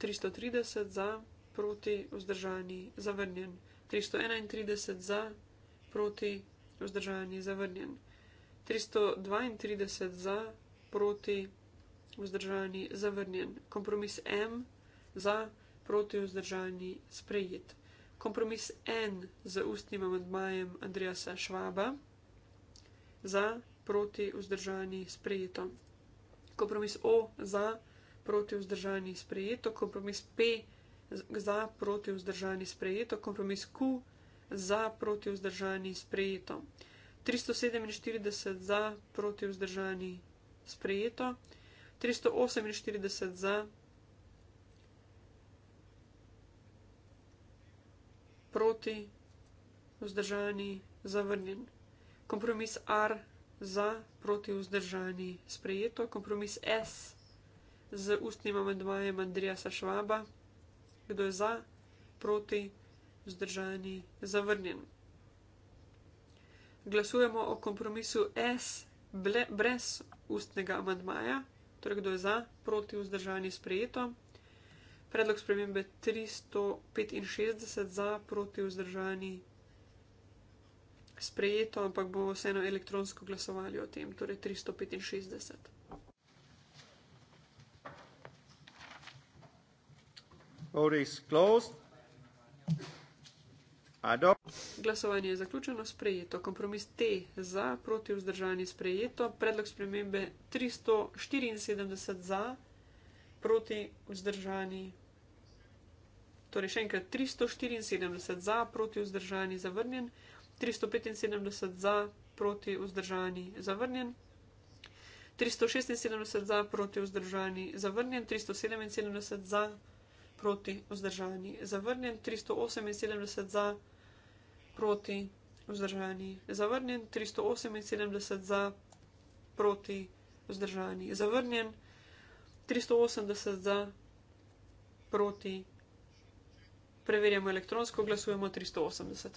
330 za, proti vzdržani, zavrnjen 331 za, proti vzdržan je zavrnjen. 332 za, proti, vzdržan je zavrnjen. Kompromis M za, proti, vzdržan je sprejet. Kompromis N z ustnim amantmajem Andreasa Švaba za, proti, vzdržan je sprejeto. Kompromis O za, proti, vzdržan je sprejeto. Kompromis P za, proti, vzdržan je sprejeto. Kompromis Q za, proti, vzdržan je sprejeto za proti vzdržani sprejeto. 347 za proti vzdržani sprejeto. 348 za proti vzdržani zavrnjen. Kompromis R za proti vzdržani sprejeto. Kompromis S z ustnim amendmajem Andrija Sašvaba. Kdo je za? Proti vzdržani vzdržani, zavrnjen. Glasujemo o kompromisu S ble, brez ustnega amantmaja, torej kdo je za, proti vzdržani, sprejeto. Predlog spremembe 365 za, proti vzdržani, sprejeto, ampak bomo vseeno elektronsko glasovali o tem, torej 365. Vote is closed. Ado. Glasovanje je zaključeno, sprejeto. Kompromis T za, proti vzdržanju sprejeto. Predlog spremembe 374 za, proti vzdržanju. Torej, še enkrat 374 za, proti vzdržanju zavrnjen, 375 za, proti vzdržanju zavrnjen. 376 za proti vzdržani zavrnjen, 377 za proti, vzdržani, zavrnjen, 378 za, proti, vzdržani, zavrnjen, 378 za, proti, vzdržani, zavrnjen, 380 za, proti, preverjamo elektronsko, glasujemo 380.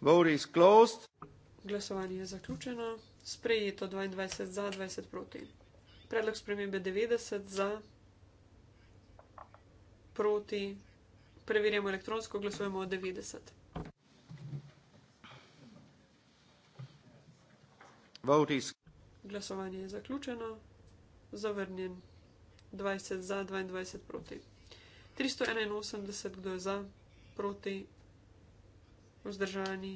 Vote is closed. Glasovanje je zaključeno. Sprejeto 22 za 20 proti predlog spremembe 90 za, proti, preverjamo elektronsko, glasujemo o 90. Glasovanje je zaključeno, zavrnjen 20 za, 22 proti. 381, kdo je za, proti, vzdržani,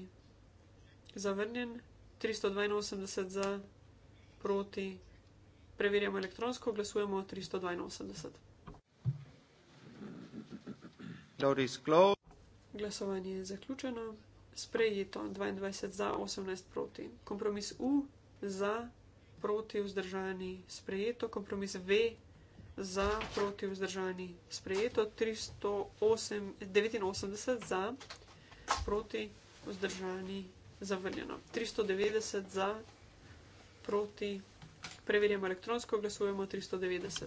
zavrnjen 382 za, proti preverjamo elektronsko, glasujemo 382. Glasovanje je zaključeno. Sprejeto 22 za, 18 proti. Kompromis U za, proti vzdržani sprejeto. Kompromis V za, proti vzdržani sprejeto. 389 za, proti vzdržani zavrljeno. 390 za, proti vzdržani. Preverjamo elektronsko, glasujemo 390.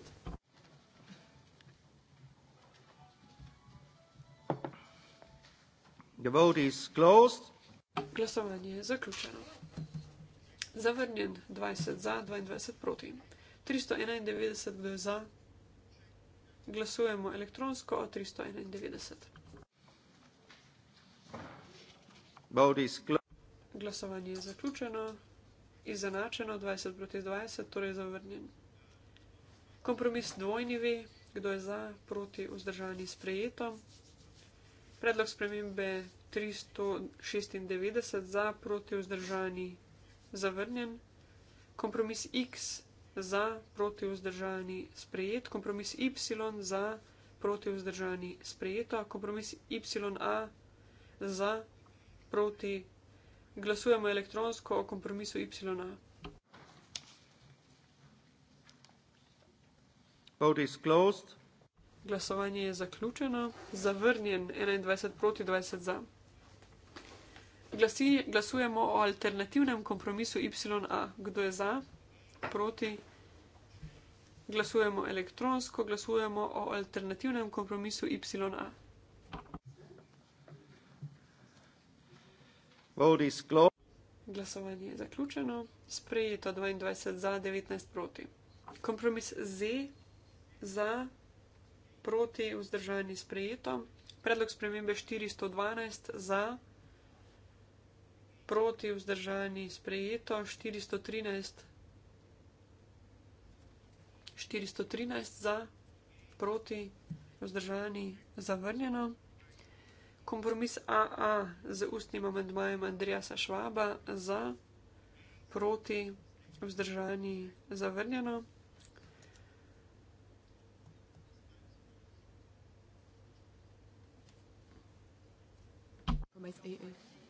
Glasovanje je zaključeno. Zavrnjen 20 za, 22 proti. 391 kdo je za. Glasujemo elektronsko o 391. Glasovanje je zaključeno izenačeno 20 proti 20, torej zavrnjen. Kompromis dvojni ve, kdo je za, proti vzdržani sprejeto. Predlog spremembe 396 za, proti vzdržani zavrnjen. Kompromis X za, proti vzdržani sprejet. Kompromis Y za, proti vzdržani sprejeto. Kompromis YA za, proti vzdržani sprejeto. Glasujemo elektronsko o kompromisu Y. Vote is closed. Glasovanje je zaključeno. Zavrnjen 21 proti 20 za. Glasi, glasujemo o alternativnem kompromisu YA. Kdo je za? Proti. Glasujemo elektronsko, glasujemo o alternativnem kompromisu YA. Glasovanje je zaključeno, sprejeto 22 za, 19 proti. Kompromis Z za, proti, vzdržanje sprejeto. Predlog spremembe 412 za, proti, vzdržanje sprejeto. 413, 413 za, proti, vzdržanje zavrnjeno kompromis AA z ustnim amendmajem Andrijasa Švaba za, proti, vzdržani, zavrnjeno.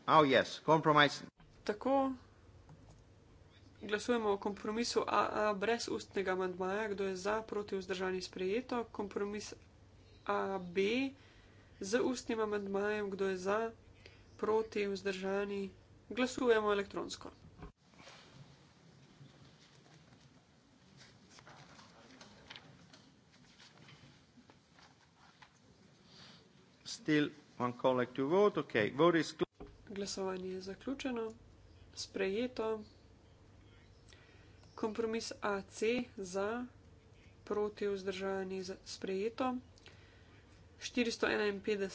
Oh, yes. Tako glasujemo o kompromisu AA brez ustnega amendmaja, kdo je za, proti, vzdržani, sprejeto. Kompromis AB z ustnim amendmajem, kdo je za, proti, vzdržani, glasujemo elektronsko. Still one collective vote, okay. Vote is Glasovanje je zaključeno, sprejeto. Kompromis AC za, proti vzdržanje sprejeto. 451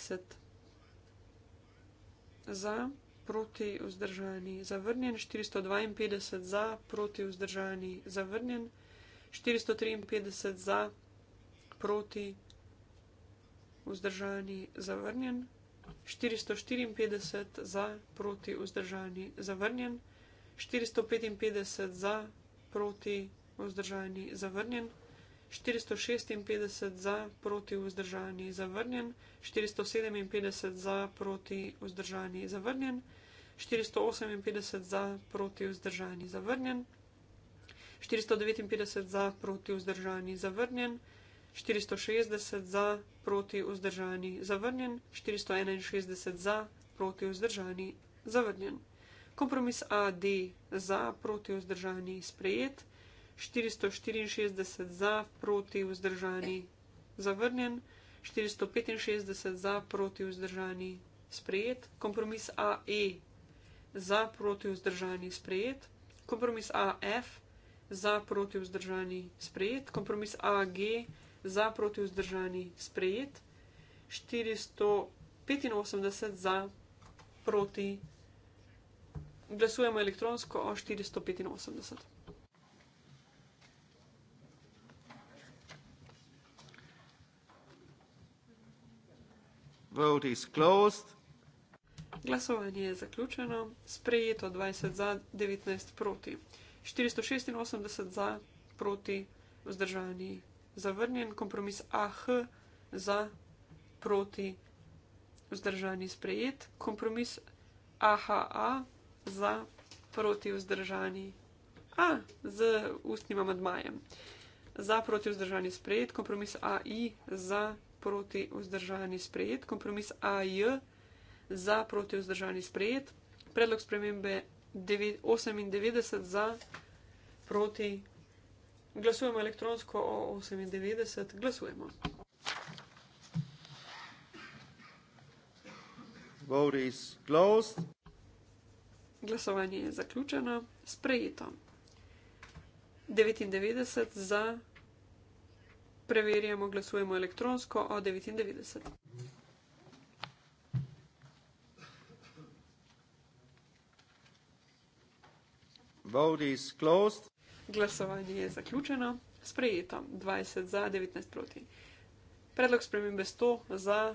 za, proti vzdržani, zavrnjen, 452 za, proti vzdržani, zavrnjen, 453 za, proti vzdržani, zavrnjen, 454 za, proti vzdržani, zavrnjen, 455 za, proti vzdržani, zavrnjen. 455 za, proti vzdržani, zavrnjen. 456 za, proti vzdržani, zavrnjen, 457 za, proti vzdržani, zavrnjen, 458 za, proti vzdržani, zavrnjen, 459 za, proti vzdržani, zavrnjen, 460 za, proti vzdržani, zavrnjen, 461 za, proti vzdržani, zavrnjen. Kompromis AD za, proti vzdržani, sprejet. 464 za, proti vzdržani, zavrnjen, 465 za, proti vzdržani, sprejet, kompromis AE za, proti vzdržani, sprejet, kompromis AF za, proti vzdržani, sprejet, kompromis AG za, proti vzdržani, sprejet, 485 za, proti. Glasujemo elektronsko o 485. Vote is closed. Glasovanje je zaključeno. Sprejeto 20 za, 19 proti. 486 za, proti, vzdržani. Zavrnjen kompromis AH za, proti, vzdržani sprejet. Kompromis AHA za, proti, vzdržani. A z ustnim amadmajem. Za, proti, vzdržani sprejet. Kompromis AI za, proti proti vzdržani sprejet, kompromis AJ za proti vzdržani sprejet, predlog spremembe 98 za proti. Glasujemo elektronsko o 98, glasujemo. Glasovanje je zaključeno, sprejeto. 99 za preverjamo, glasujemo elektronsko o 99. Vote is closed. Glasovanje je zaključeno, sprejeto 20 za 19 proti. Predlog spremembe 100 za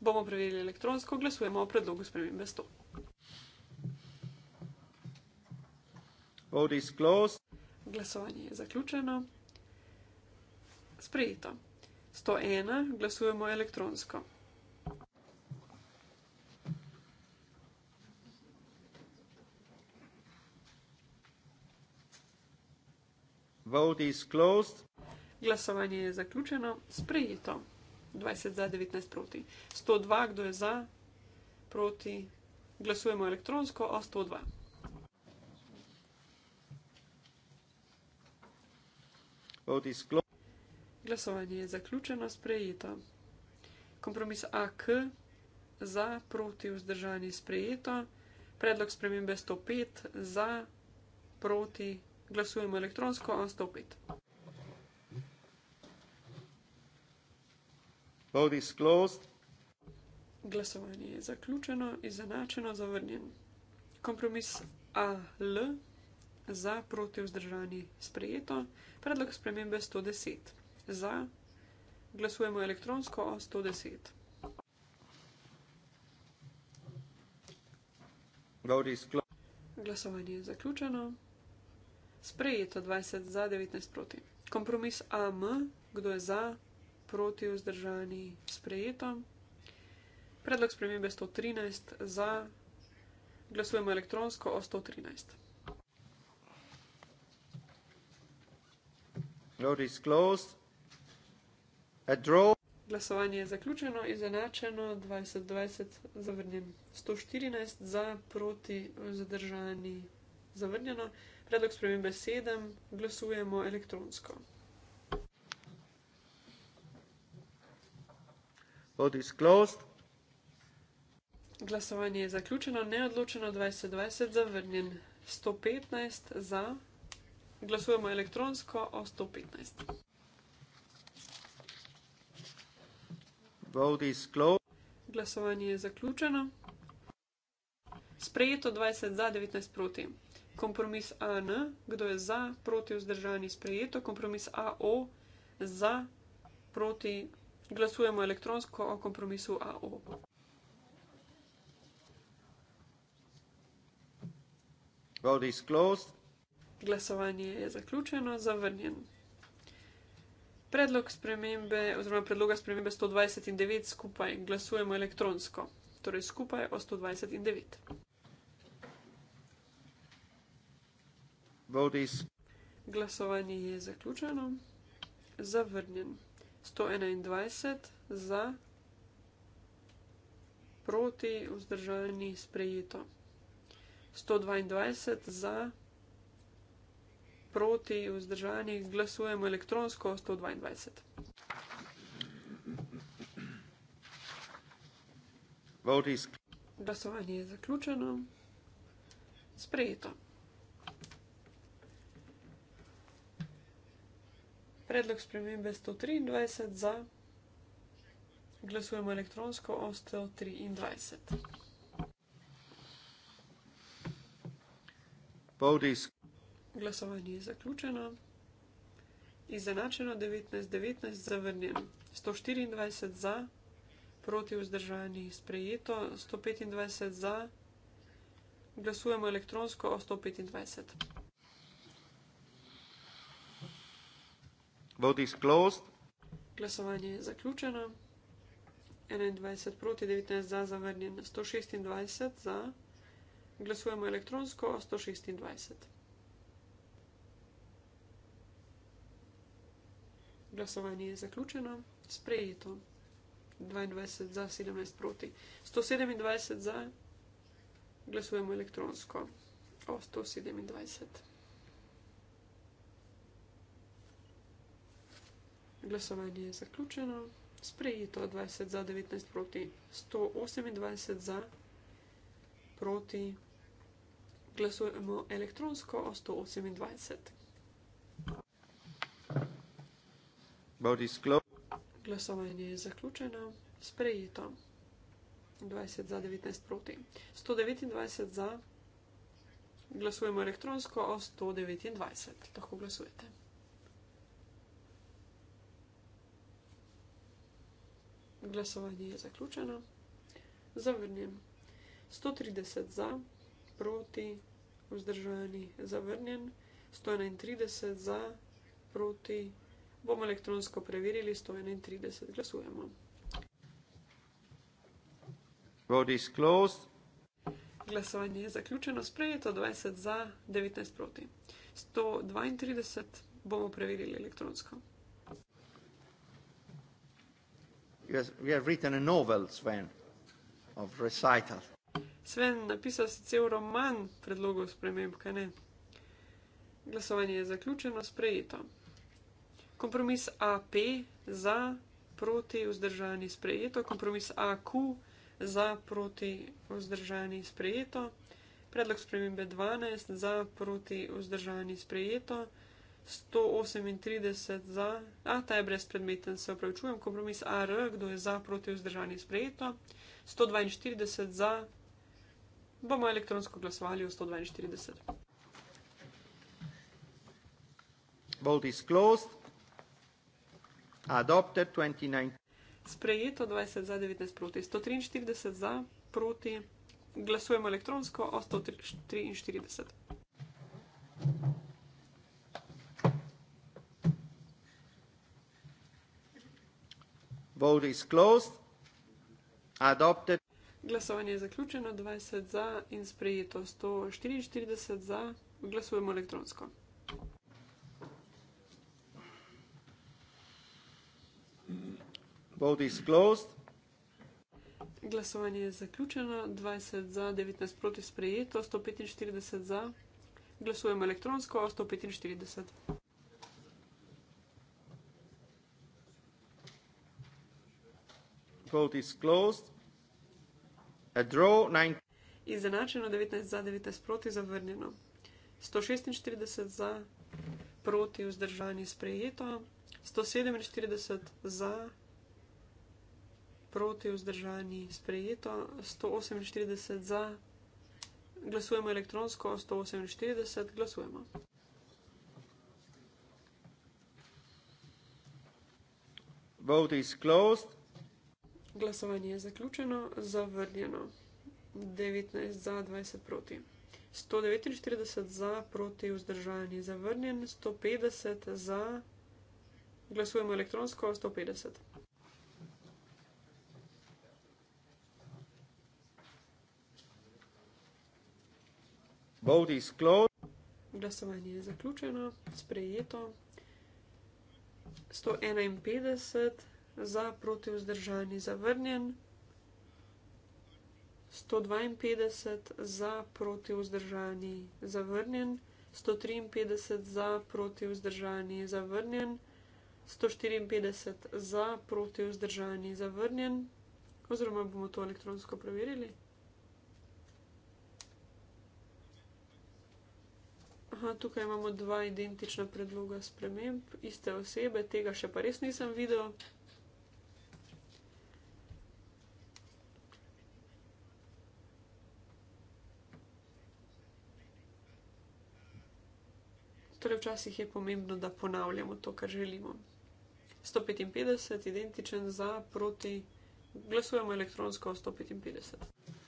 bomo preverili elektronsko, glasujemo o predlogu spremembe 100. Vote is closed. Glasovanje je zaključeno sprejeto. 101. Glasujemo elektronsko. Glasovanje je zaključeno, sprejeto. 20 za, 19 proti. 102, kdo je za, proti. Glasujemo elektronsko o 102. Vote is closed. Glasovanje je zaključeno, sprejeto. Kompromis AK za, proti vzdržanje sprejeto. Predlog spremembe 105 za, proti glasujemo elektronsko, on 105. Glasovanje je zaključeno, izenačeno, zavrnjen. Kompromis AL za, proti vzdržanje sprejeto. Predlog spremembe 110 za za, glasujemo elektronsko 110. Glasovanje je zaključeno. Sprejeto 20 za, 19 proti. Kompromis AM, kdo je za, proti vzdržani, sprejeto. Predlog spremembe 113 za, glasujemo elektronsko o 113. Vote is closed. Glasovanje je zaključeno, izenačeno, 2020 zavrnjen. 114 za, proti, zadržani, zavrnjeno. Predlog spremembe 7, glasujemo elektronsko. Glasovanje je zaključeno, neodločeno, 2020 zavrnjen. 115 za, glasujemo elektronsko o 115. vote is closed. Glasovanje je zaključeno. Sprejeto 20 za 19 proti. Kompromis AN, kdo je za, proti vzdržani sprejeto. Kompromis AO, za, proti. Glasujemo elektronsko o kompromisu AO. Vote is closed. Glasovanje je zaključeno, zavrnjen predlog spremembe, oziroma predloga spremembe 120 in 9 skupaj glasujemo elektronsko. Torej skupaj o 120 in 9. Votis. Glasovanje je zaključeno. Zavrnjen. 121 za, proti, vzdržani, sprejeto. 122 za proti vzdržanih glasujemo elektronsko 122. Glasovanje je zaključeno. Sprejeto. Predlog spremembe 123 za. Glasujemo elektronsko 123. Bodisk. Glasovanje je zaključeno. Izenačeno 19-19 zavrnjeno, 124 za, proti vzdržani sprejeto, 125 za, glasujemo elektronsko o 125. Vote is closed. Glasovanje je zaključeno. 21 proti 19 za zavrnjen, 126 za. Glasujemo elektronsko o 126. glasovanje je zaključeno, sprejeto. 22 za, 17 proti. 127 za, glasujemo elektronsko. O, 127. Glasovanje je zaključeno, sprejeto 20 za, 19 proti, 128 za, proti, glasujemo elektronsko o 128. Glasovanje je zaključeno, sprejeto. 20 za, 19 proti. 129 za, glasujemo elektronsko o 129, lahko glasujete. Glasovanje je zaključeno, zavrnjen. 130 za, proti, vzdržani, zavrnjen. 131 za, proti, bomo elektronsko preverili 131. Glasujemo. Glasovanje je zaključeno, sprejeto 20 za 19 proti. 132 bomo preverili elektronsko. Novel, Sven napisal si cel roman predlogov sprememb, kaj ne? Glasovanje je zaključeno, sprejeto kompromis AP za, proti, vzdržani, sprejeto, kompromis AQ za, proti, vzdržani, sprejeto, predlog spremembe 12 za, proti, vzdržani, sprejeto, 138 za, a ta je brezpredmeten, se upravičujem, kompromis AR, kdo je za, proti, vzdržani, sprejeto, 142 za, bomo elektronsko glasovali v 142. Vote is closed adopted 2019. Sprejeto 20 za 19 proti 143 za proti. Glasujemo elektronsko o 143. Vote is closed. Adopted. Glasovanje je zaključeno 20 za in sprejeto 144 za. Glasujemo elektronsko. Vote is closed. Glasovanje je zaključeno. 20 za, 19 proti sprejeto, 145 za. Glasujemo elektronsko, 145. Vote is closed. A draw, 19. Izenačeno, 19 za, 19 proti, zavrnjeno. 146 za, proti, vzdržani, sprejeto. 147 za, proti, vzdržani, sprejeto, 148 za, glasujemo elektronsko, 148 glasujemo. Vote is closed. Glasovanje je zaključeno, zavrnjeno. 19 za, 20 proti. 149 za, proti, vzdržani, zavrnjen. 150 za, glasujemo elektronsko, 150. Vote is closed. Glasovanje je zaključeno, sprejeto. 151 za, proti vzdržani, zavrnjen. 152 za, proti vzdržani, zavrnjen. 153 za, proti vzdržani, zavrnjen. 154 za, proti vzdržani, zavrnjen. Oziroma bomo to elektronsko preverili. Aha, tukaj imamo dva identična predloga sprememb, iste osebe, tega še pa res nisem videl. Torej, včasih je pomembno, da ponavljamo to, kar želimo. 155, identičen za, proti, glasujemo elektronsko 155.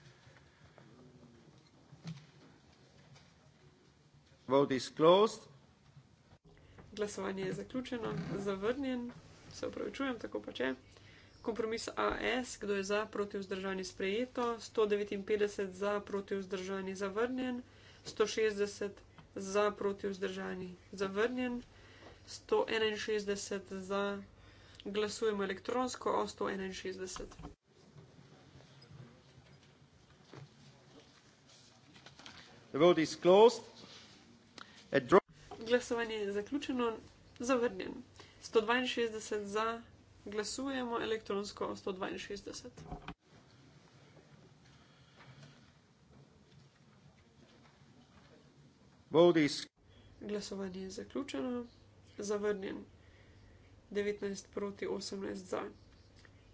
Vote is closed. Glasovanje je zaključeno, zavrnjen, se upravičujem, tako pa če. Kompromis AS, kdo je za, proti vzdržanju sprejeto, 159 za, proti vzdržanju zavrnjen, 160 za, proti vzdržanju zavrnjen, 161 za, glasujemo elektronsko, o 161. The vote is closed. Dro Glasovanje je zaključeno, zavrnjen. 162 za, glasujemo elektronsko 162. Glasovanje je zaključeno, zavrnjen. 19 proti 18 za.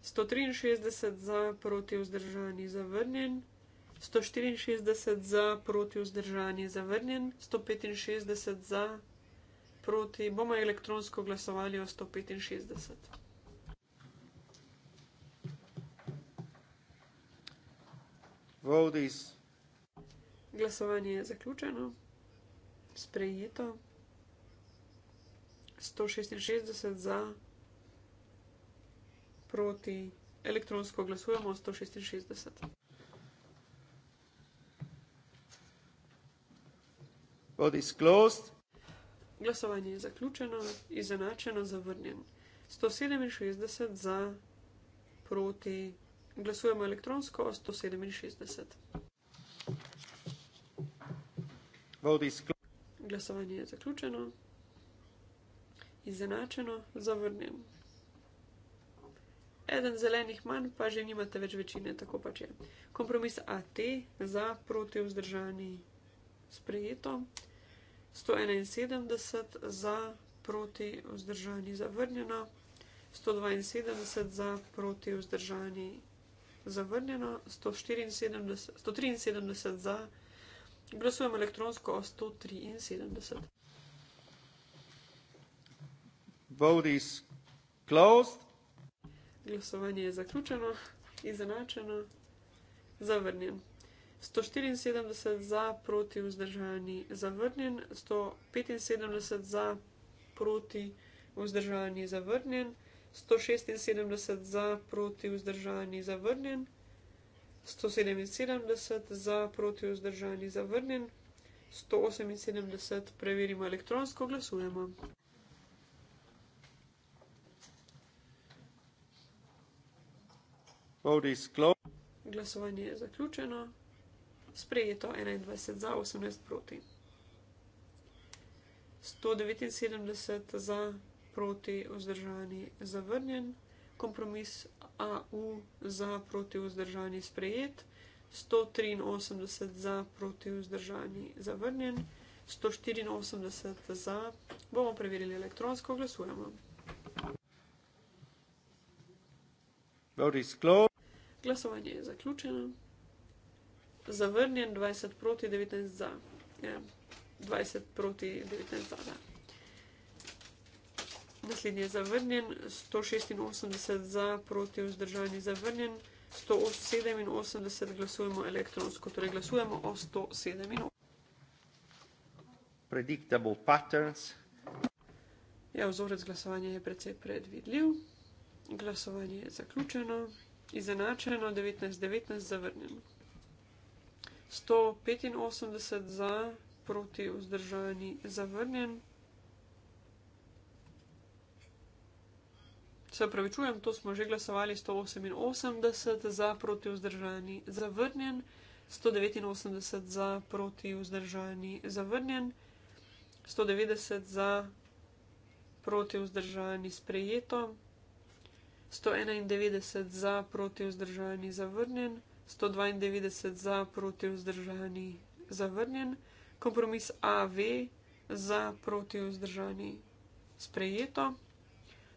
163 za, proti vzdržani, zavrnjen. 164 za, proti vzdržanje zavrnjen, 165 za, proti bomo elektronsko glasovali o 165. Vodis. Glasovanje je zaključeno, sprejeto. 166 za, proti elektronsko glasujemo 166. Glasovanje je zaključeno, izenačeno, zavrnjen. 167 za, proti. Glasujemo elektronsko 167. Glasovanje je zaključeno, izenačeno, zavrnjen. Eden zelenih manj, pa že nimate več večine, tako pač je. Kompromis AT za proti vzdržani sprejeto, 171 za, proti, vzdržani, zavrnjeno, 172 za, proti, vzdržani, zavrnjeno, 174, 173 za, glasujem elektronsko o 173. Vote is closed. Glasovanje je zaključeno, izenačeno, zavrnjeno. 174 za, proti vzdržani, zavrnjen, 175 za, proti vzdržani, zavrnjen, 176 za, proti vzdržani, zavrnjen, 177 za, proti vzdržani, zavrnjen, 178 preverimo elektronsko, glasujemo. Glasovanje je zaključeno sprejeto 21 za 18 proti. 179 za proti vzdržani zavrnjen, kompromis AU za proti vzdržani sprejet, 183 za proti vzdržani zavrnjen, 184 za. Bomo preverili elektronsko, glasujemo. Glasovanje je zaključeno zavrnjen, 20 proti 19 za. Ja, 20 proti 19 za. Da. Naslednji je zavrnjen, 186 za, proti vzdržanji zavrnjen, 187 glasujemo elektronsko, torej glasujemo o 107. Predictable patterns. Ja, vzorec glasovanja je precej predvidljiv. Glasovanje je zaključeno, izenačeno, 19-19 zavrnjeno. 185 za, proti vzdržani zavrnjen. Se upravičujem, to smo že glasovali 188 za, proti vzdržani zavrnjen, 189 za, proti vzdržani zavrnjen, 190 za, proti vzdržani sprejeto, 191 za, proti vzdržani zavrnjen. 192 za, proti vzdržani, zavrnjen. Kompromis AV za, proti vzdržani, sprejeto.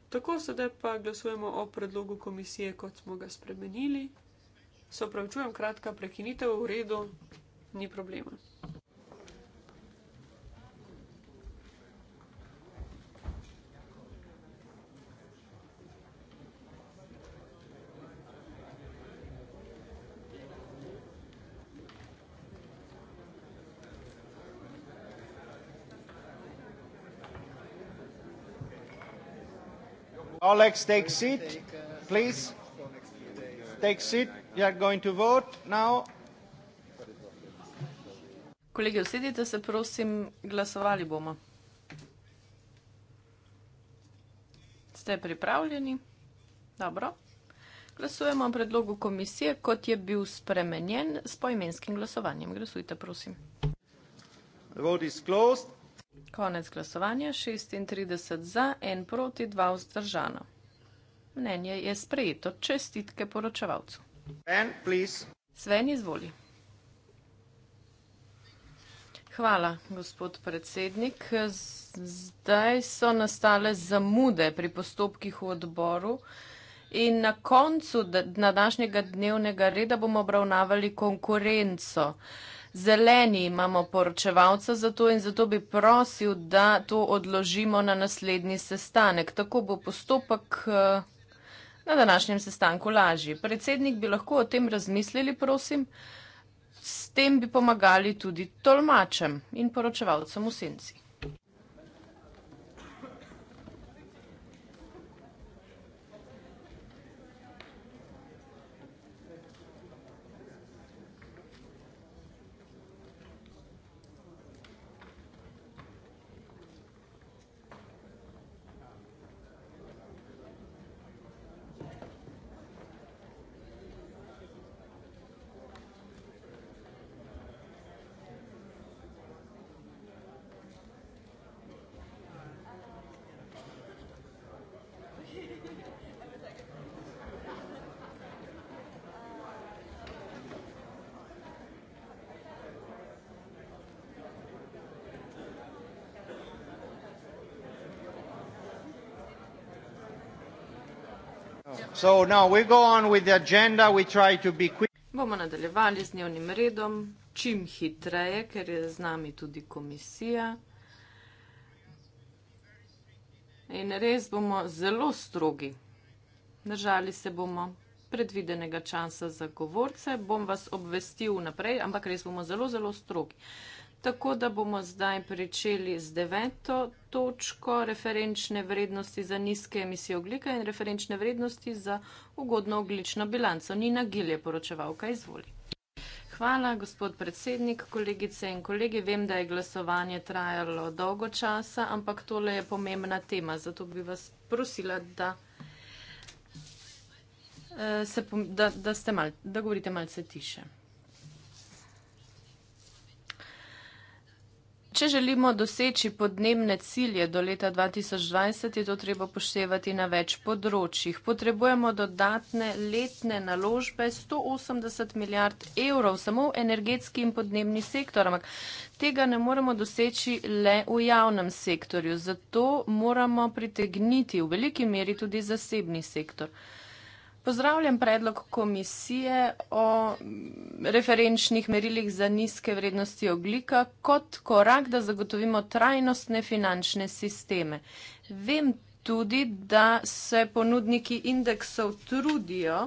Tako sedaj pa glasujemo o predlogu komisije, kot smo ga spremenili. Se opravičujem, kratka prekinitev v redu, ni problema. Oleg, take seat, please. Take seat. We are going to vote now. Kolegi, usedite se, prosim, glasovali bomo. Ste pripravljeni? Dobro. Glasujemo o predlogu komisije, kot je bil spremenjen s poimenskim glasovanjem. Glasujte, prosim. The vote is closed. Konec glasovanja, 36 za, 1 proti, 2 vzdržana. Mnenje je sprejeto. Čestitke poročevalcu. Sven, Sven izvoli. Hvala, gospod predsednik. Zdaj so nastale zamude pri postopkih v odboru in na koncu današnjega dnevnega reda bomo obravnavali konkurenco. Zeleni imamo poročevalca za to in zato bi prosil, da to odložimo na naslednji sestanek. Tako bo postopek eh, na današnjem sestanku lažji. Predsednik bi lahko o tem razmislili, prosim. S tem bi pomagali tudi tolmačem in poročevalcem v senci. No, bomo nadaljevali z dnevnim redom, čim hitreje, ker je z nami tudi komisija. In res bomo zelo strogi. Držali se bomo predvidenega časa za govorce. Bom vas obvestil naprej, ampak res bomo zelo, zelo strogi. Tako da bomo zdaj pričeli z deveto točko referenčne vrednosti za nizke emisije oglika in referenčne vrednosti za ugodno oglično bilanco. Nina Gil je poročevalka, izvoli. Hvala, gospod predsednik, kolegice in kolege. Vem, da je glasovanje trajalo dolgo časa, ampak tole je pomembna tema, zato bi vas prosila, da, eh, se, da, da, ste mal, da govorite malce tiše. Če želimo doseči podnebne cilje do leta 2020, je to treba poštevati na več področjih. Potrebujemo dodatne letne naložbe 180 milijard evrov samo v energetski in podnebni sektor, ampak tega ne moremo doseči le v javnem sektorju. Zato moramo pritegniti v veliki meri tudi zasebni sektor. Pozdravljam predlog komisije o referenčnih merilih za nizke vrednosti oglika kot korak, da zagotovimo trajnostne finančne sisteme. Vem tudi, da se ponudniki indeksov trudijo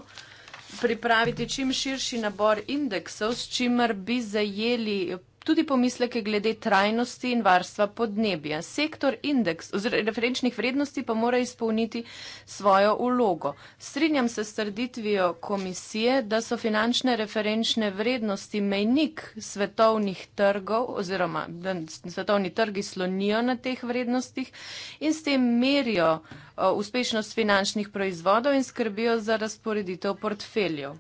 pripraviti čim širši nabor indeksov, s čimer bi zajeli tudi pomisleke glede trajnosti in varstva podnebja. Sektor indeks oziroma referenčnih vrednosti pa mora izpolniti svojo ulogo. Strinjam se s trditvijo komisije, da so finančne referenčne vrednosti mejnik svetovnih trgov oziroma da svetovni trgi slonijo na teh vrednostih in s tem merijo uspešnost finančnih proizvodov in skrbijo za razporeditev portfeljev.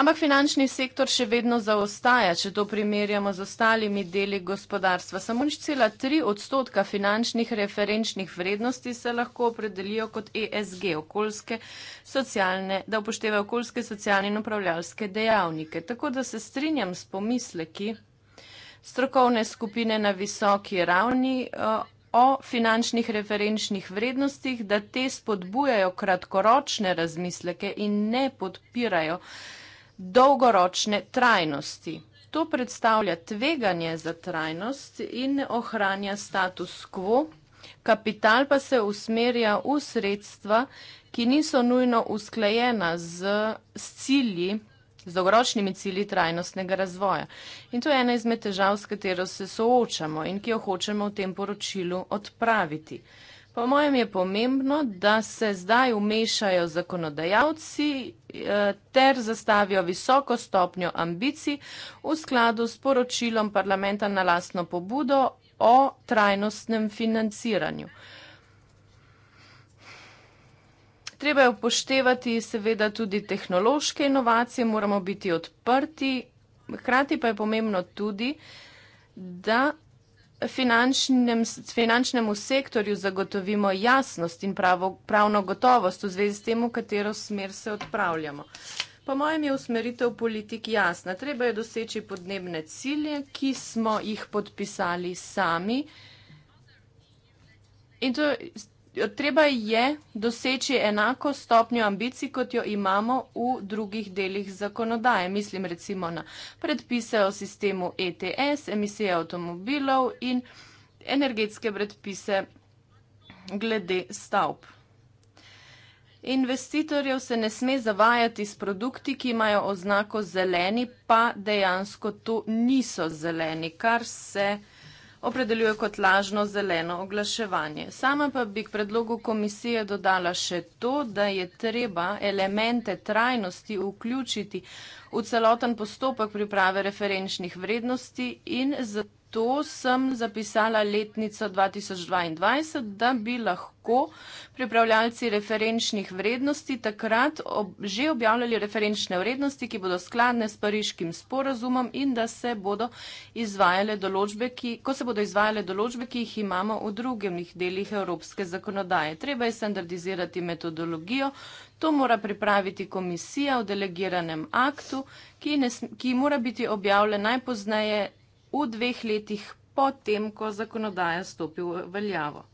Ampak finančni sektor še vedno zaostaja, če to primerjamo z ostalimi deli gospodarstva. Samo 0,3 odstotka finančnih referenčnih vrednosti se lahko opredelijo kot ESG, okoljske, socialne, da upoštevajo okoljske, socialne in upravljalske dejavnike. Tako da se strinjam s pomisleki strokovne skupine na visoki ravni eh, o finančnih referenčnih vrednostih, da te spodbujajo kratkoročne razmisleke in ne podpirajo dolgoročne trajnosti. To predstavlja tveganje za trajnost in ohranja status quo, kapital pa se usmerja v sredstva, ki niso nujno usklajena z, z cilji, z dolgoročnimi cilji trajnostnega razvoja. In to je ena izmed težav, s katero se soočamo in ki jo hočemo v tem poročilu odpraviti. Po mojem je pomembno, da se zdaj umešajo zakonodajalci eh, ter zastavijo visoko stopnjo ambicij v skladu s poročilom parlamenta na lastno pobudo o trajnostnem financiranju. Treba je upoštevati seveda tudi tehnološke inovacije, moramo biti odprti, hkrati pa je pomembno tudi, da finančnem, finančnemu sektorju zagotovimo jasnost in pravo, pravno gotovost v zvezi s tem, v katero smer se odpravljamo. Po mojem je usmeritev politik jasna. Treba je doseči podnebne cilje, ki smo jih podpisali sami. In to, treba je doseči enako stopnjo ambicij, kot jo imamo v drugih delih zakonodaje. Mislim recimo na predpise o sistemu ETS, emisije avtomobilov in energetske predpise glede stavb. Investitorjev se ne sme zavajati s produkti, ki imajo oznako zeleni, pa dejansko to niso zeleni, kar se opredeljuje kot lažno zeleno oglaševanje. Sama pa bi k predlogu komisije dodala še to, da je treba elemente trajnosti vključiti v celoten postopek priprave referenčnih vrednosti in zato to sem zapisala letnico 2022, da bi lahko pripravljalci referenčnih vrednosti takrat ob, že objavljali referenčne vrednosti, ki bodo skladne s pariškim sporazumom in da se bodo izvajale določbe, ki, ko se bodo izvajale določbe, ki jih imamo v drugih delih evropske zakonodaje. Treba je standardizirati metodologijo. To mora pripraviti komisija v delegiranem aktu, ki, ne, ki mora biti objavljen najpozneje v dveh letih potem, ko zakonodaja stopi v veljavo.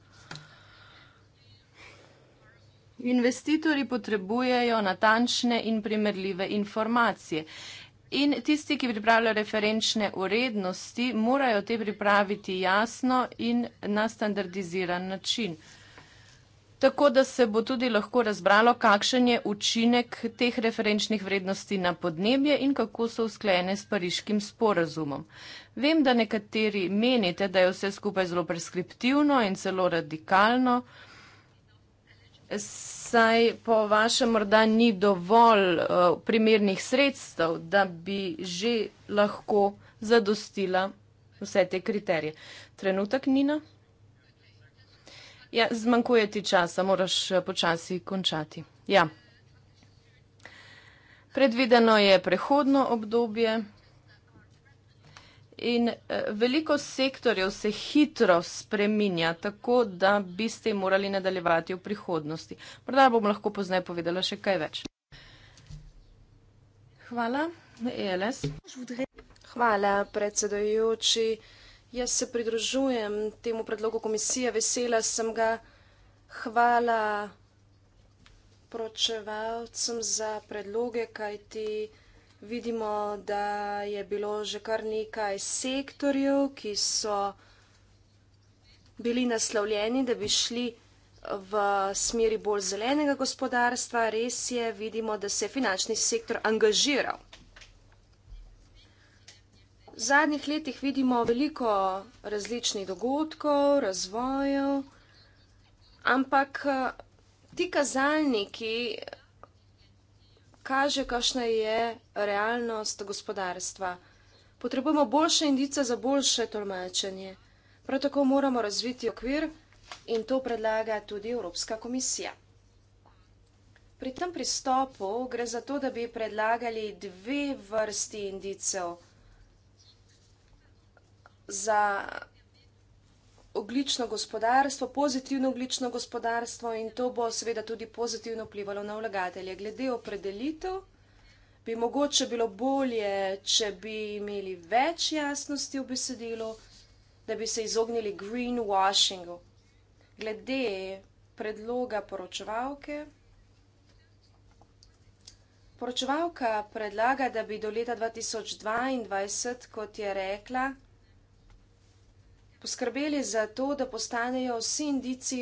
Investitori potrebujejo natančne in primerljive informacije. In tisti, ki pripravljajo referenčne urednosti, morajo te pripraviti jasno in na standardiziran način tako da se bo tudi lahko razbralo, kakšen je učinek teh referenčnih vrednosti na podnebje in kako so usklejene s pariškim sporazumom. Vem, da nekateri menite, da je vse skupaj zelo preskriptivno in celo radikalno, saj po vašem morda ni dovolj eh, primernih sredstev, da bi že lahko zadostila vse te kriterije. Trenutek, Nina? Ja, zmanjkuje ti časa, moraš eh, počasi končati. Ja. Predvideno je prehodno obdobje in eh, veliko sektorjev se hitro spreminja, tako da bi ste morali nadaljevati v prihodnosti. Morda bom lahko pozneje povedala še kaj več. Hvala, ELS. Hvala, predsedujoči. Jaz se pridružujem temu predlogu komisije, vesela sem ga. Hvala pročevalcem za predloge, kajti vidimo, da je bilo že kar nekaj sektorjev, ki so bili naslovljeni, da bi šli v smeri bolj zelenega gospodarstva. Res je, vidimo, da se je finančni sektor angažiral. V zadnjih letih vidimo veliko različnih dogodkov, razvojev, ampak eh, ti kazalniki kaže, kakšna je realnost gospodarstva. Potrebujemo boljše indice za boljše tolmačenje. Prav tako moramo razviti okvir in to predlaga tudi Evropska komisija. Pri tem pristopu gre za to, da bi predlagali dve vrsti indicev za oglično gospodarstvo, pozitivno oglično gospodarstvo in to bo seveda tudi pozitivno vplivalo na vlagatelje. Glede opredelitev bi mogoče bilo bolje, če bi imeli več jasnosti v besedilu, da bi se izognili greenwashingu. Glede predloga poročevalke. Poročevalka predlaga, da bi do leta 2022, kot je rekla, poskrbeli za to, da postanejo vsi indici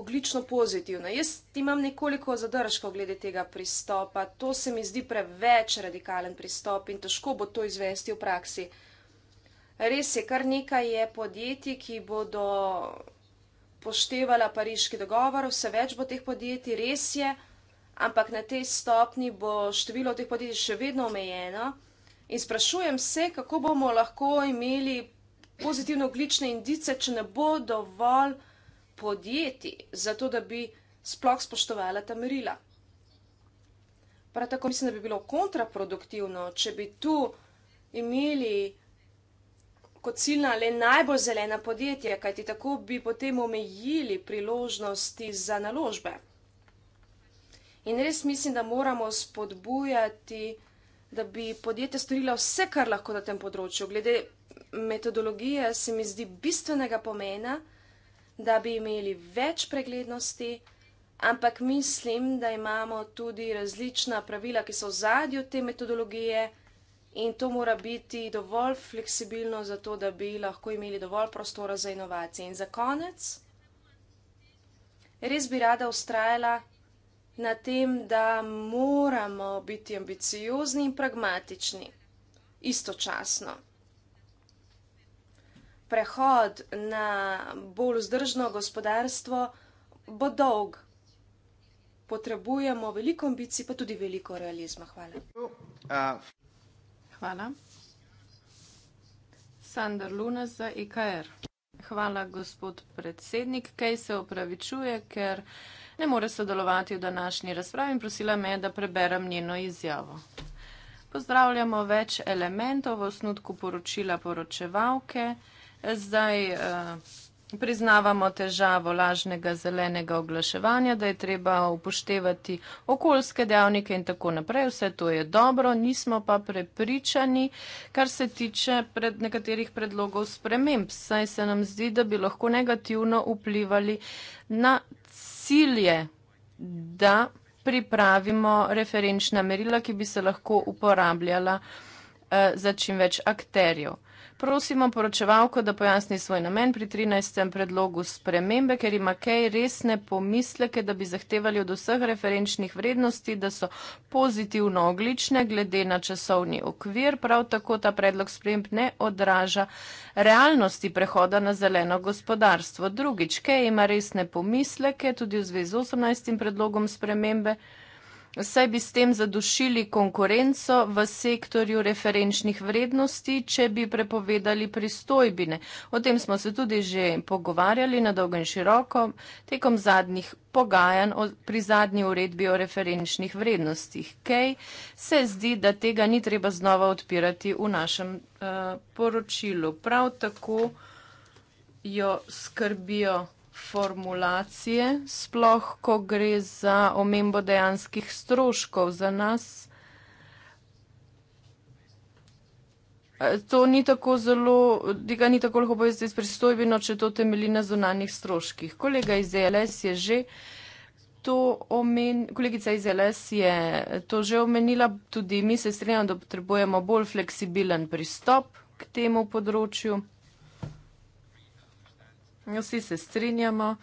oglično pozitivni. Jaz imam nekoliko zadržkov glede tega pristopa. To se mi zdi preveč radikalen pristop in težko bo to izvesti v praksi. Res je, kar nekaj je podjetij, ki bodo poštevala pariški dogovor, vse več bo teh podjetij, res je, ampak na tej stopni bo število teh podjetij še vedno omejeno. In sprašujem se, kako bomo lahko imeli pozitivne oglične indice, če ne bo dovolj podjetij, zato da bi sploh spoštovala ta merila. Prav tako mislim, da bi bilo kontraproduktivno, če bi tu imeli kot ciljna le najbolj zelena podjetja, kajti tako bi potem omejili priložnosti za naložbe. In res mislim, da moramo spodbujati, da bi podjetje storilo vse, kar lahko na tem področju, glede metodologija se mi zdi bistvenega pomena, da bi imeli več preglednosti, ampak mislim, da imamo tudi različna pravila, ki so v zadju te metodologije in to mora biti dovolj fleksibilno za to, da bi lahko imeli dovolj prostora za inovacije. In za konec, res bi rada ustrajala. Na tem, da moramo biti ambiciozni in pragmatični istočasno prehod na bolj vzdržno gospodarstvo bo dolg. Potrebujemo veliko ambicij, pa tudi veliko realizma. Hvala. Hvala. Sandr Luna za IKR. E Hvala, gospod predsednik. Kaj se opravičuje, ker ne more sodelovati v današnji razpravi in prosila me, da preberem njeno izjavo. Pozdravljamo več elementov v osnutku poročila poročevalke zdaj eh, priznavamo težavo lažnega zelenega oglaševanja, da je treba upoštevati okoljske dejavnike in tako naprej. Vse to je dobro, nismo pa prepričani, kar se tiče pred nekaterih predlogov sprememb. Saj se nam zdi, da bi lahko negativno vplivali na cilje, da pripravimo referenčna merila, ki bi se lahko uporabljala eh, za čim več akterjev prosimo poročevalko, da pojasni svoj namen pri 13. predlogu spremembe, ker ima kaj resne pomisleke, da bi zahtevali od vseh referenčnih vrednosti, da so pozitivno oglične glede na časovni okvir. Prav tako ta predlog sprememb ne odraža realnosti prehoda na zeleno gospodarstvo. Drugič, kaj ima resne pomisleke tudi v zvezi z 18. predlogom spremembe saj bi s tem zadušili konkurenco v sektorju referenčnih vrednosti, če bi prepovedali pristojbine. O tem smo se tudi že pogovarjali na dolgo in široko tekom zadnjih pogajanj pri zadnji uredbi o referenčnih vrednostih. Kaj se zdi, da tega ni treba znova odpirati v našem uh, poročilu? Prav tako jo skrbijo formulacije, sploh ko gre za omembo dejanskih stroškov za nas. E, to ni tako zelo, tega ni tako lahko povedati s pristojbino, če to temelji na zunanjih stroških. Kolega iz e LS je že to omen, kolegica iz e LS je to že omenila, tudi mi se strinjamo, da potrebujemo bolj fleksibilen pristop k temu področju. Vsi se strinjamo,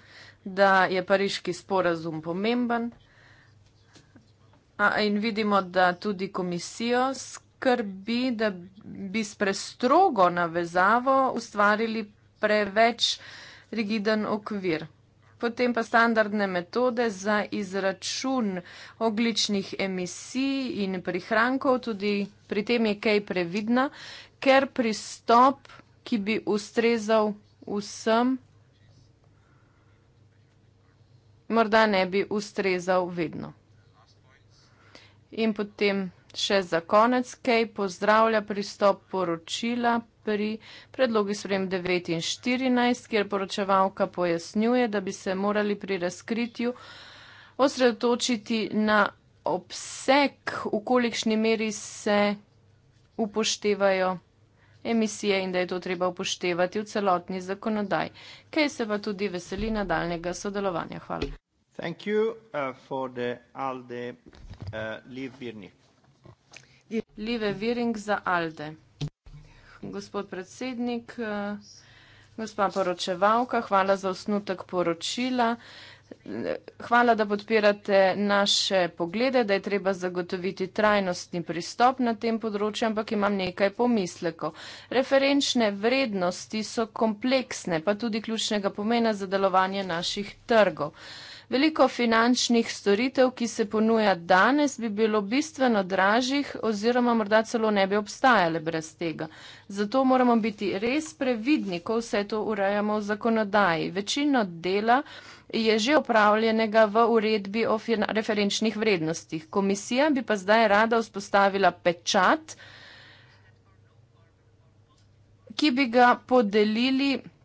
da je pariški sporazum pomemben A, in vidimo, da tudi komisijo skrbi, da bi s prestrogo navezavo ustvarili preveč rigiden okvir. Potem pa standardne metode za izračun ogličnih emisij in prihrankov, tudi pri tem je kaj previdna, ker pristop, ki bi ustrezal vsem, morda ne bi ustrezal vedno. In potem še za konec, kaj pozdravlja pristop poročila pri predlogi sprem 9 in 14, kjer poročevalka pojasnjuje, da bi se morali pri razkritju osredotočiti na obseg, v kolikšni meri se upoštevajo emisije in da je to treba upoštevati v celotni zakonodaj, kaj se pa tudi veseli nadaljnega sodelovanja. Hvala. Thank you uh, for the ALDE uh, Liv Virnik. Live Viring za ALDE. Gospod predsednik, uh, gospa poročevalka, hvala za osnutek poročila. Uh, Hvala, da podpirate naše poglede, da je treba zagotoviti trajnostni pristop na tem področju, ampak imam nekaj pomislekov. Referenčne vrednosti so kompleksne, pa tudi ključnega pomena za delovanje naših trgov. Veliko finančnih storitev, ki se ponuja danes, bi bilo bistveno dražjih oziroma morda celo ne bi obstajale brez tega. Zato moramo biti res previdni, ko vse to urejamo v zakonodaji. Večino dela je že opravljenega v uredbi o referenčnih vrednostih. Komisija bi pa zdaj rada vzpostavila pečat, ki bi ga podelili vsega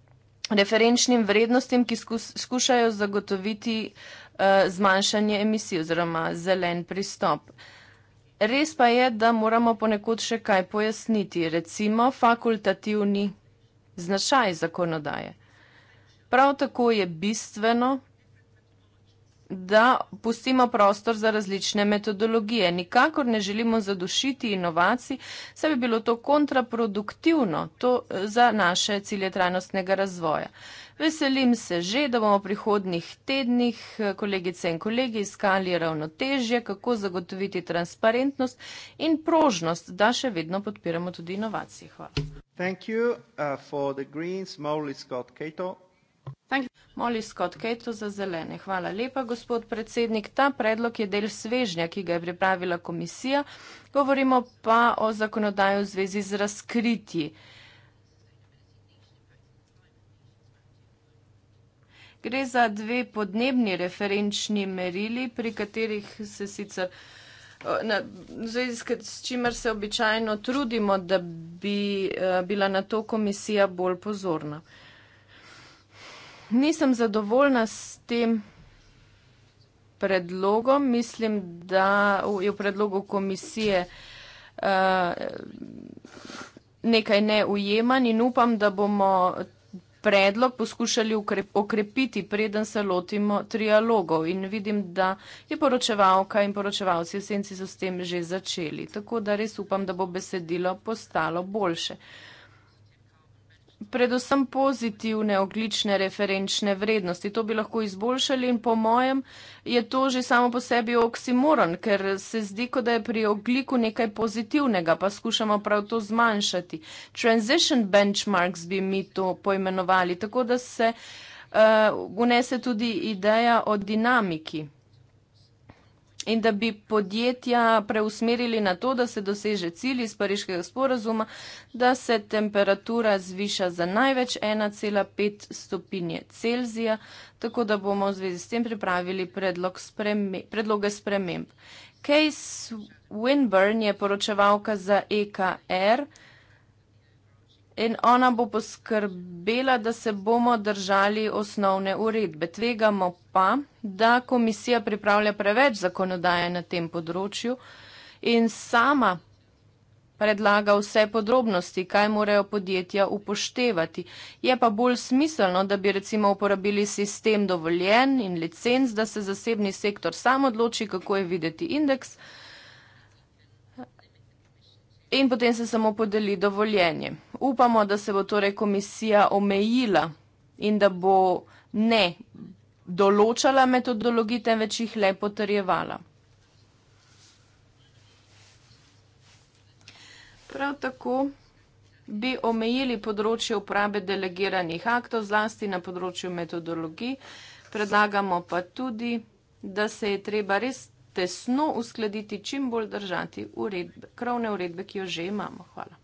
referenčnim vrednostim, ki skušajo zagotoviti eh, zmanjšanje emisij oziroma zelen pristop. Res pa je, da moramo ponekod še kaj pojasniti, recimo fakultativni značaj zakonodaje. Prav tako je bistveno da pustimo prostor za različne metodologije. Nikakor ne želimo zadušiti inovacij, saj bi bilo to kontraproduktivno to eh, za naše cilje trajnostnega razvoja. Veselim se že, da bomo v prihodnih tednih eh, kolegice in kolegi iskali ravnotežje, kako zagotoviti transparentnost in prožnost, da še vedno podpiramo tudi inovacije. Hvala. Thank you uh, for the Greens, Molly Scott Cato. Molly Scott Cato za zelene. Hvala lepa, gospod predsednik. Ta predlog je del svežnja, ki ga je pripravila komisija. Govorimo pa o zakonodaju v zvezi z razkritji. Gre za dve podnebni referenčni merili, pri katerih se sicer, na, zvezi s čimer se običajno trudimo, da bi uh, bila na to komisija bolj pozorna nisem zadovoljna s tem predlogom. Mislim, da je v predlogu komisije eh, nekaj neujeman in upam, da bomo predlog poskušali okrepiti, preden se lotimo trialogov. In vidim, da je poročevalka in poročevalci v senci so s tem že začeli. Tako da res upam, da bo besedilo postalo boljše predvsem pozitivne oglične referenčne vrednosti. To bi lahko izboljšali in po mojem je to že samo po sebi oksimoron, ker se zdi, kot da je pri ogliku nekaj pozitivnega, pa skušamo prav to zmanjšati. Transition benchmarks bi mi to poimenovali, tako da se uh, eh, unese tudi ideja o dinamiki in da bi podjetja preusmerili na to, da se doseže cilj iz pariškega sporazuma, da se temperatura zviša za največ 1,5 stopinje Celzija, tako da bomo v zvezi s tem pripravili predlog spreme, predloge sprememb. Case Winburn je poročevalka za EKR in ona bo poskrbela, da se bomo držali osnovne uredbe. Tvegamo pa, da komisija pripravlja preveč zakonodaje na tem področju in sama predlaga vse podrobnosti, kaj morajo podjetja upoštevati. Je pa bolj smiselno, da bi recimo uporabili sistem dovoljen in licenc, da se zasebni sektor sam odloči, kako je videti indeks in potem se samo podeli dovoljenje. Upamo, da se bo torej komisija omejila in da bo ne določala metodologi, temveč jih le potrjevala. Prav tako bi omejili področje uprave delegiranih aktov zlasti na področju metodologi. Predlagamo pa tudi, da se je treba res tesno uskladiti, čim bolj držati uredbe, krovne uredbe, ki jo že imamo. Hvala.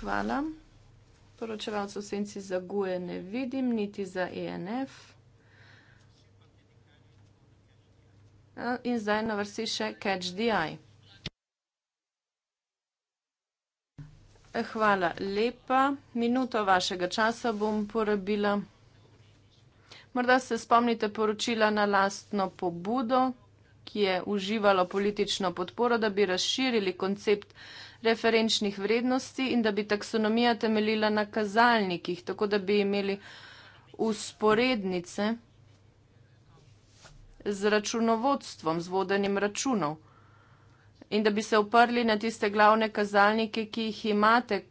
Hvala. Poročevalcev senci za guje ne vidim, niti za ENF. In zdaj na vrsti še catch the eye. Hvala lepa. Minuto vašega časa bom porabila. Morda se spomnite poročila na lastno pobudo, ki je uživalo politično podporo, da bi razširili koncept referenčnih vrednosti in da bi taksonomija temeljila na kazalnikih, tako da bi imeli usporednice z računovodstvom, z vodenjem računov in da bi se oprli na tiste glavne kazalnike, ki jih imate,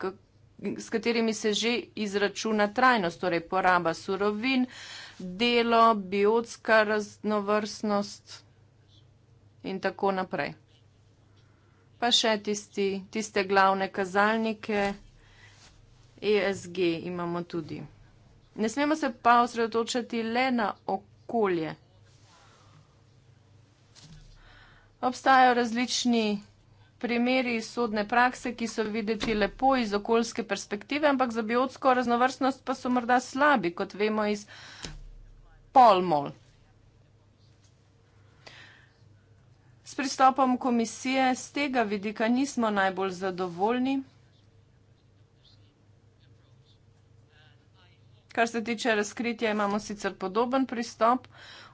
s katerimi se že izračuna trajnost, torej poraba surovin, delo, biotska raznovrstnost in tako naprej. Pa še tisti, tiste glavne kazalnike, ESG imamo tudi. Ne smemo se pa osredotočati le na okolje. Obstajajo različni primeri sodne prakse, ki so videti lepo iz okoljske perspektive, ampak za biotsko raznovrstnost pa so morda slabi, kot vemo iz Polmol. S pristopom komisije z tega vidika nismo najbolj zadovoljni. Kar se tiče razkritja, imamo sicer podoben pristop.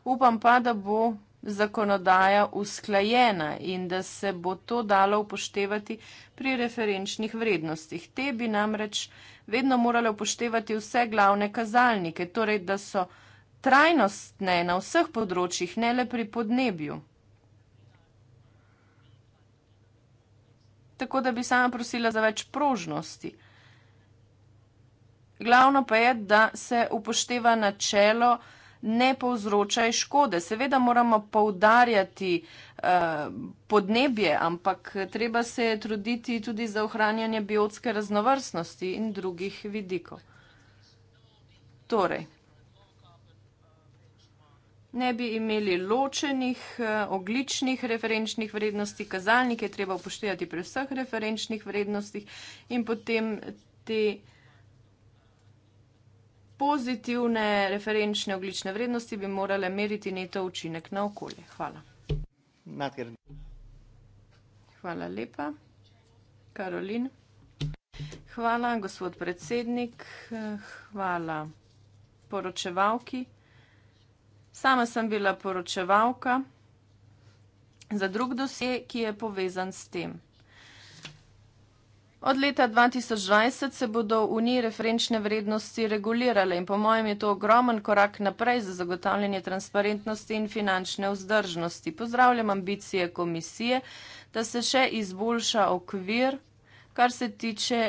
Upam pa, da bo zakonodaja usklajena in da se bo to dalo upoštevati pri referenčnih vrednostih. Te bi namreč vedno morale upoštevati vse glavne kazalnike, torej da so vsega, trajnostne na vseh področjih, ne le pri podnebju. Tako da bi sama prosila za več prožnosti. Glavno pa je, da se upošteva načelo ne povzročaj škode. Seveda moramo poudarjati eh, podnebje, ampak treba se truditi tudi za ohranjanje biotske raznovrstnosti in drugih vidikov. Torej, ne bi imeli ločenih eh, ogličnih referenčnih vrednosti, kazalnik je treba upoštevati pri vseh referenčnih vrednostih in potem te pozitivne referenčne oglične vrednosti bi morale meriti neto učinek na okolje. Hvala. Hvala lepa. Karolin. Hvala, gospod predsednik. Eh, hvala poročevalki. Sama sem bila poročevalka za drug dosje, ki je povezan s tem. Od leta 2020 se bodo v njih referenčne vrednosti regulirale in po mojem je to ogromen korak naprej za zagotavljanje transparentnosti in finančne vzdržnosti. Pozdravljam ambicije komisije, da se še izboljša okvir, kar se tiče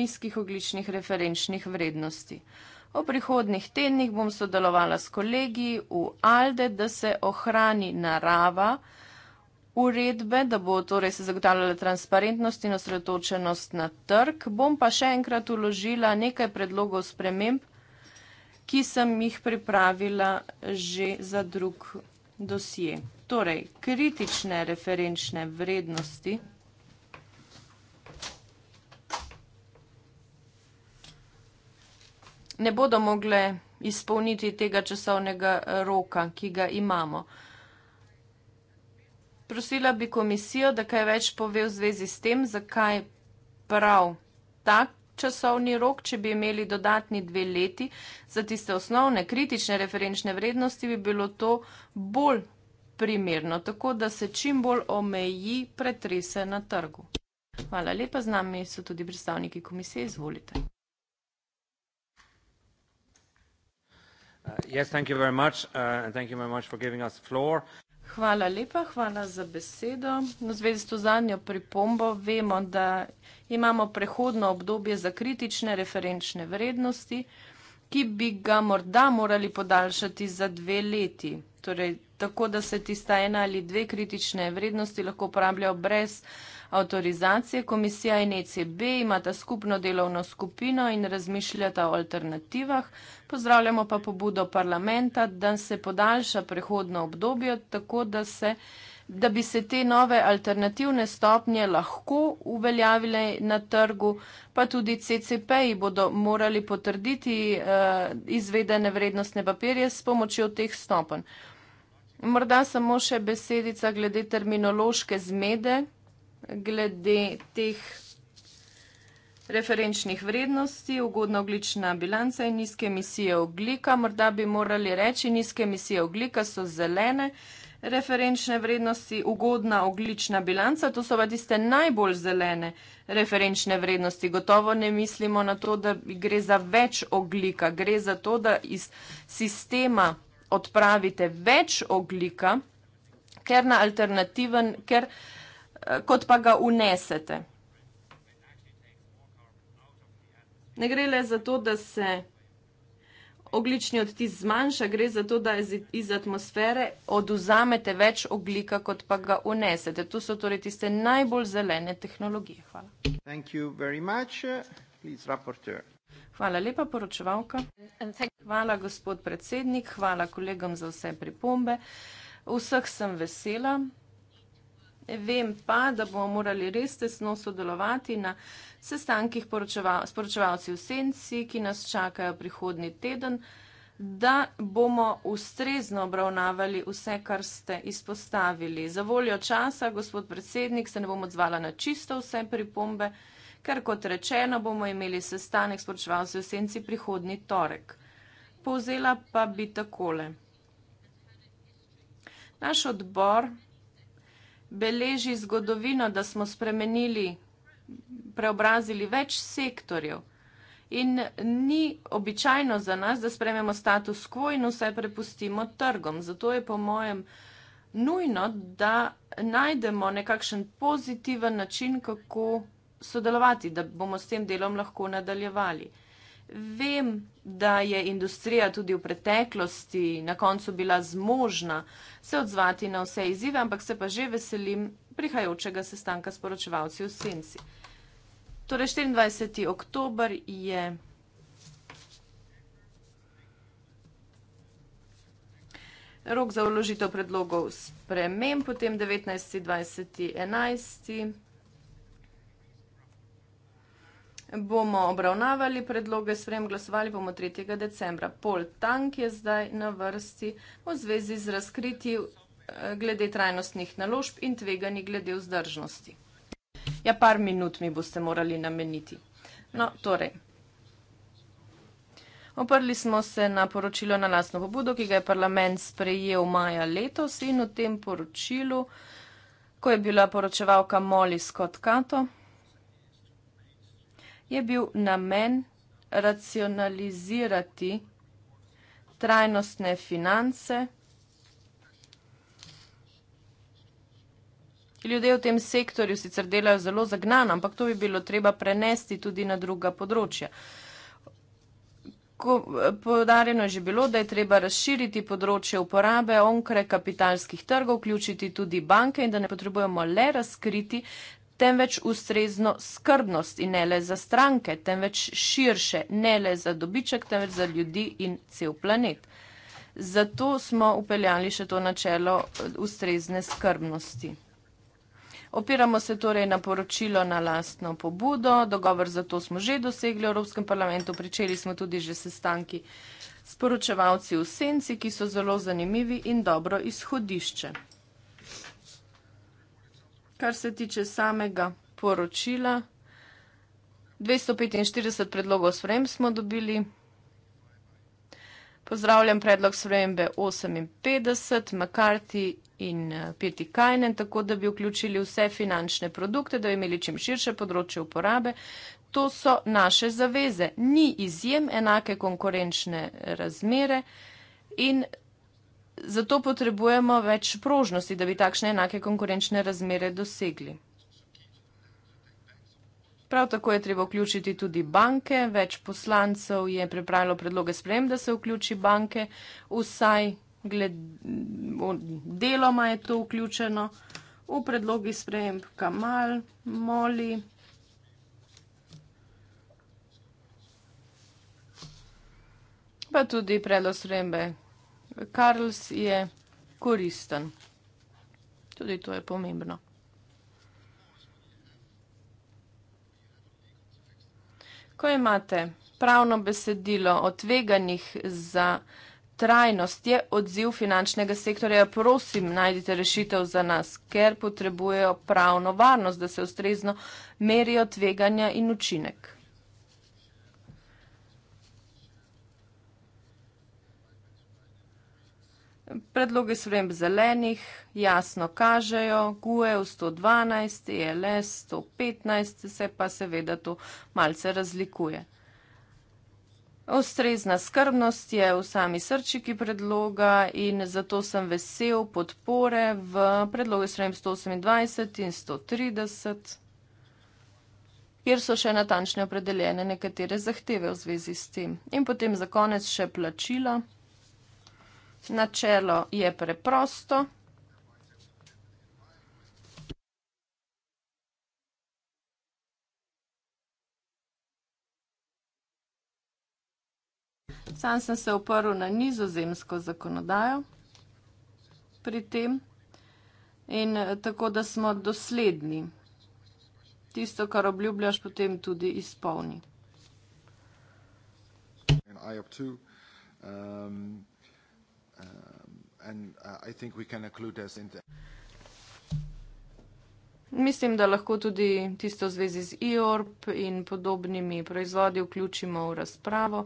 nizkih ogličnih referenčnih vrednosti. V prihodnih tednih bom sodelovala s kolegi v Alde, da se ohrani narava uredbe, da bo torej se zagotavljala transparentnost in osredotočenost na trg. Bom pa še enkrat uložila nekaj predlogov sprememb, ki sem jih pripravila že za drug dosje. Torej, kritične referenčne vrednosti. ne bodo mogle izpolniti tega časovnega eh, roka, ki ga imamo. Prosila bi komisijo, da kaj več pove v zvezi s tem, zakaj prav tak časovni rok, če bi imeli dodatni dve leti za tiste osnovne kritične referenčne vrednosti, bi bilo to bolj primerno, tako da se čim bolj omeji pretrese na trgu. Hvala lepa, z nami so tudi predstavniki komisije, izvolite. Uh, uh, hvala lepa, hvala za besedo. V zvezi s to zadnjo pripombo vemo, da imamo prehodno obdobje za kritične referenčne vrednosti, ki bi ga morda morali podaljšati za dve leti. Torej, tako da se tista ena ali dve kritične vrednosti lahko uporabljajo brez avtorizacije. Komisija in ECB imata skupno delovno skupino in razmišljata o alternativah. Pozdravljamo pa pobudo parlamenta, da se podaljša prehodno obdobje, tako da se da bi se te nove alternativne stopnje lahko uveljavile na trgu, pa tudi CCP-ji bodo morali potrditi uh, izvedene vrednostne papirje s pomočjo teh stopenj. Morda samo še besedica glede terminološke zmede glede teh referenčnih vrednosti, ugodna oglična bilanca in nizke emisije oglika. Morda bi morali reči, nizke emisije oglika so zelene referenčne vrednosti, ugodna oglična bilanca, to so pa tiste najbolj zelene referenčne vrednosti. Gotovo ne mislimo na to, da gre za več oglika, gre za to, da iz sistema odpravite več oglika, ker na alternativen, ker kot pa ga unesete. Ne gre le za to, da se oglični odtis zmanjša, gre za to, da iz, iz atmosfere oduzamete več oglika, kot pa ga unesete. To so torej tiste najbolj zelene tehnologije. Hvala. Hvala lepa, poročevalka. Hvala, gospod predsednik. Hvala kolegom za vse pripombe. Vseh sem vesela. Vem pa, da bomo morali res tesno sodelovati na sestankih poročeval, sporočevalci v Senci, ki nas čakajo prihodni teden, da bomo ustrezno obravnavali vse, kar ste izpostavili. Za voljo časa, gospod predsednik, se ne bom odzvala na čisto vse pripombe, ker kot rečeno bomo imeli sestanek sporočevalci v Senci prihodni torek. Povzela pa bi takole. Naš odbor beleži zgodovino, da smo spremenili, preobrazili več sektorjev. In ni običajno za nas, da sprememo status quo in vse prepustimo trgom. Zato je po mojem nujno, da najdemo nekakšen pozitiven način, kako sodelovati, da bomo s tem delom lahko nadaljevali. Vem, da je industrija tudi v preteklosti na koncu bila zmožna se odzvati na vse izzive, ampak se pa že veselim prihajajočega sestanka s poročevalci v Senci. Torej, 24. oktober je. Rok za vložitev predlogov sprememb, potem 19.20.11 bomo obravnavali predloge, sprem glasovali bomo 3. decembra. Pol Tank je zdaj na vrsti v zvezi z razkriti eh, glede trajnostnih naložb in tveganji glede vzdržnosti. Ja, par minut mi boste morali nameniti. No, torej. Oprli smo se na poročilo na lasno pobudo, ki ga je parlament sprejel maja letos in v tem poročilu, ko je bila poročevalka Moli Scott Kato, je bil namen racionalizirati trajnostne finance. Ljudje v tem sektorju sicer delajo zelo zagnano, ampak to bi bilo treba prenesti tudi na druga področja. Podarjeno je že bilo, da je treba razširiti področje uporabe onkraj kapitalskih trgov, vključiti tudi banke in da ne potrebujemo le razkriti temveč ustrezno skrbnost in ne le za stranke, temveč širše, ne le za dobiček, temveč za ljudi in cel planet. Zato smo upeljali še to načelo eh, ustrezne skrbnosti. Opiramo se torej na poročilo na lastno pobudo, dogovor za to smo že dosegli v Evropskem parlamentu, pričeli smo tudi že sestanki s poročevalci v senci, ki so zelo zanimivi in dobro izhodišče. Kar se tiče samega poročila, 245 predlogov sprejem smo dobili. Pozdravljam predlog sprejembe 58, McCarthy in eh, Piti Kajnen, tako da bi vključili vse finančne produkte, da bi imeli čim širše področje uporabe. To so naše zaveze. Ni izjem enake konkurenčne razmere in zato potrebujemo več prožnosti, da bi takšne enake konkurenčne razmere dosegli. Prav tako je treba vključiti tudi banke, več poslancev je pripravilo predloge sprejem, da se vključi banke, vsaj gled, deloma je to vključeno v predlogi sprejem Kamal, Moli. Pa tudi predlog sprejembe Karls je koristen. Tudi to je pomembno. Ko imate pravno besedilo o tveganjih za trajnost, je odziv finančnega sektorja, prosim, najdite rešitev za nas, ker potrebujejo pravno varnost, da se ustrezno merijo tveganja in učinek. Predloge sprememb zelenih jasno kažejo, GUE 112, ELS 115, se pa seveda to malce razlikuje. Ostrezna skrbnost je v sami srčiki predloga in zato sem vesel podpore v predloge sprememb 128 in 130, kjer so še natančno opredeljene nekatere zahteve v zvezi s tem. In potem za konec še plačila. Načelo je preprosto. Sam sem se oprl na nizozemsko zakonodajo pri tem in eh, tako, da smo dosledni. Tisto, kar obljubljaš, potem tudi izpolni. In I have two, um, Um, uh, Mislim, da lahko tudi tisto v zvezi z IORP in podobnimi proizvodi vključimo v razpravo.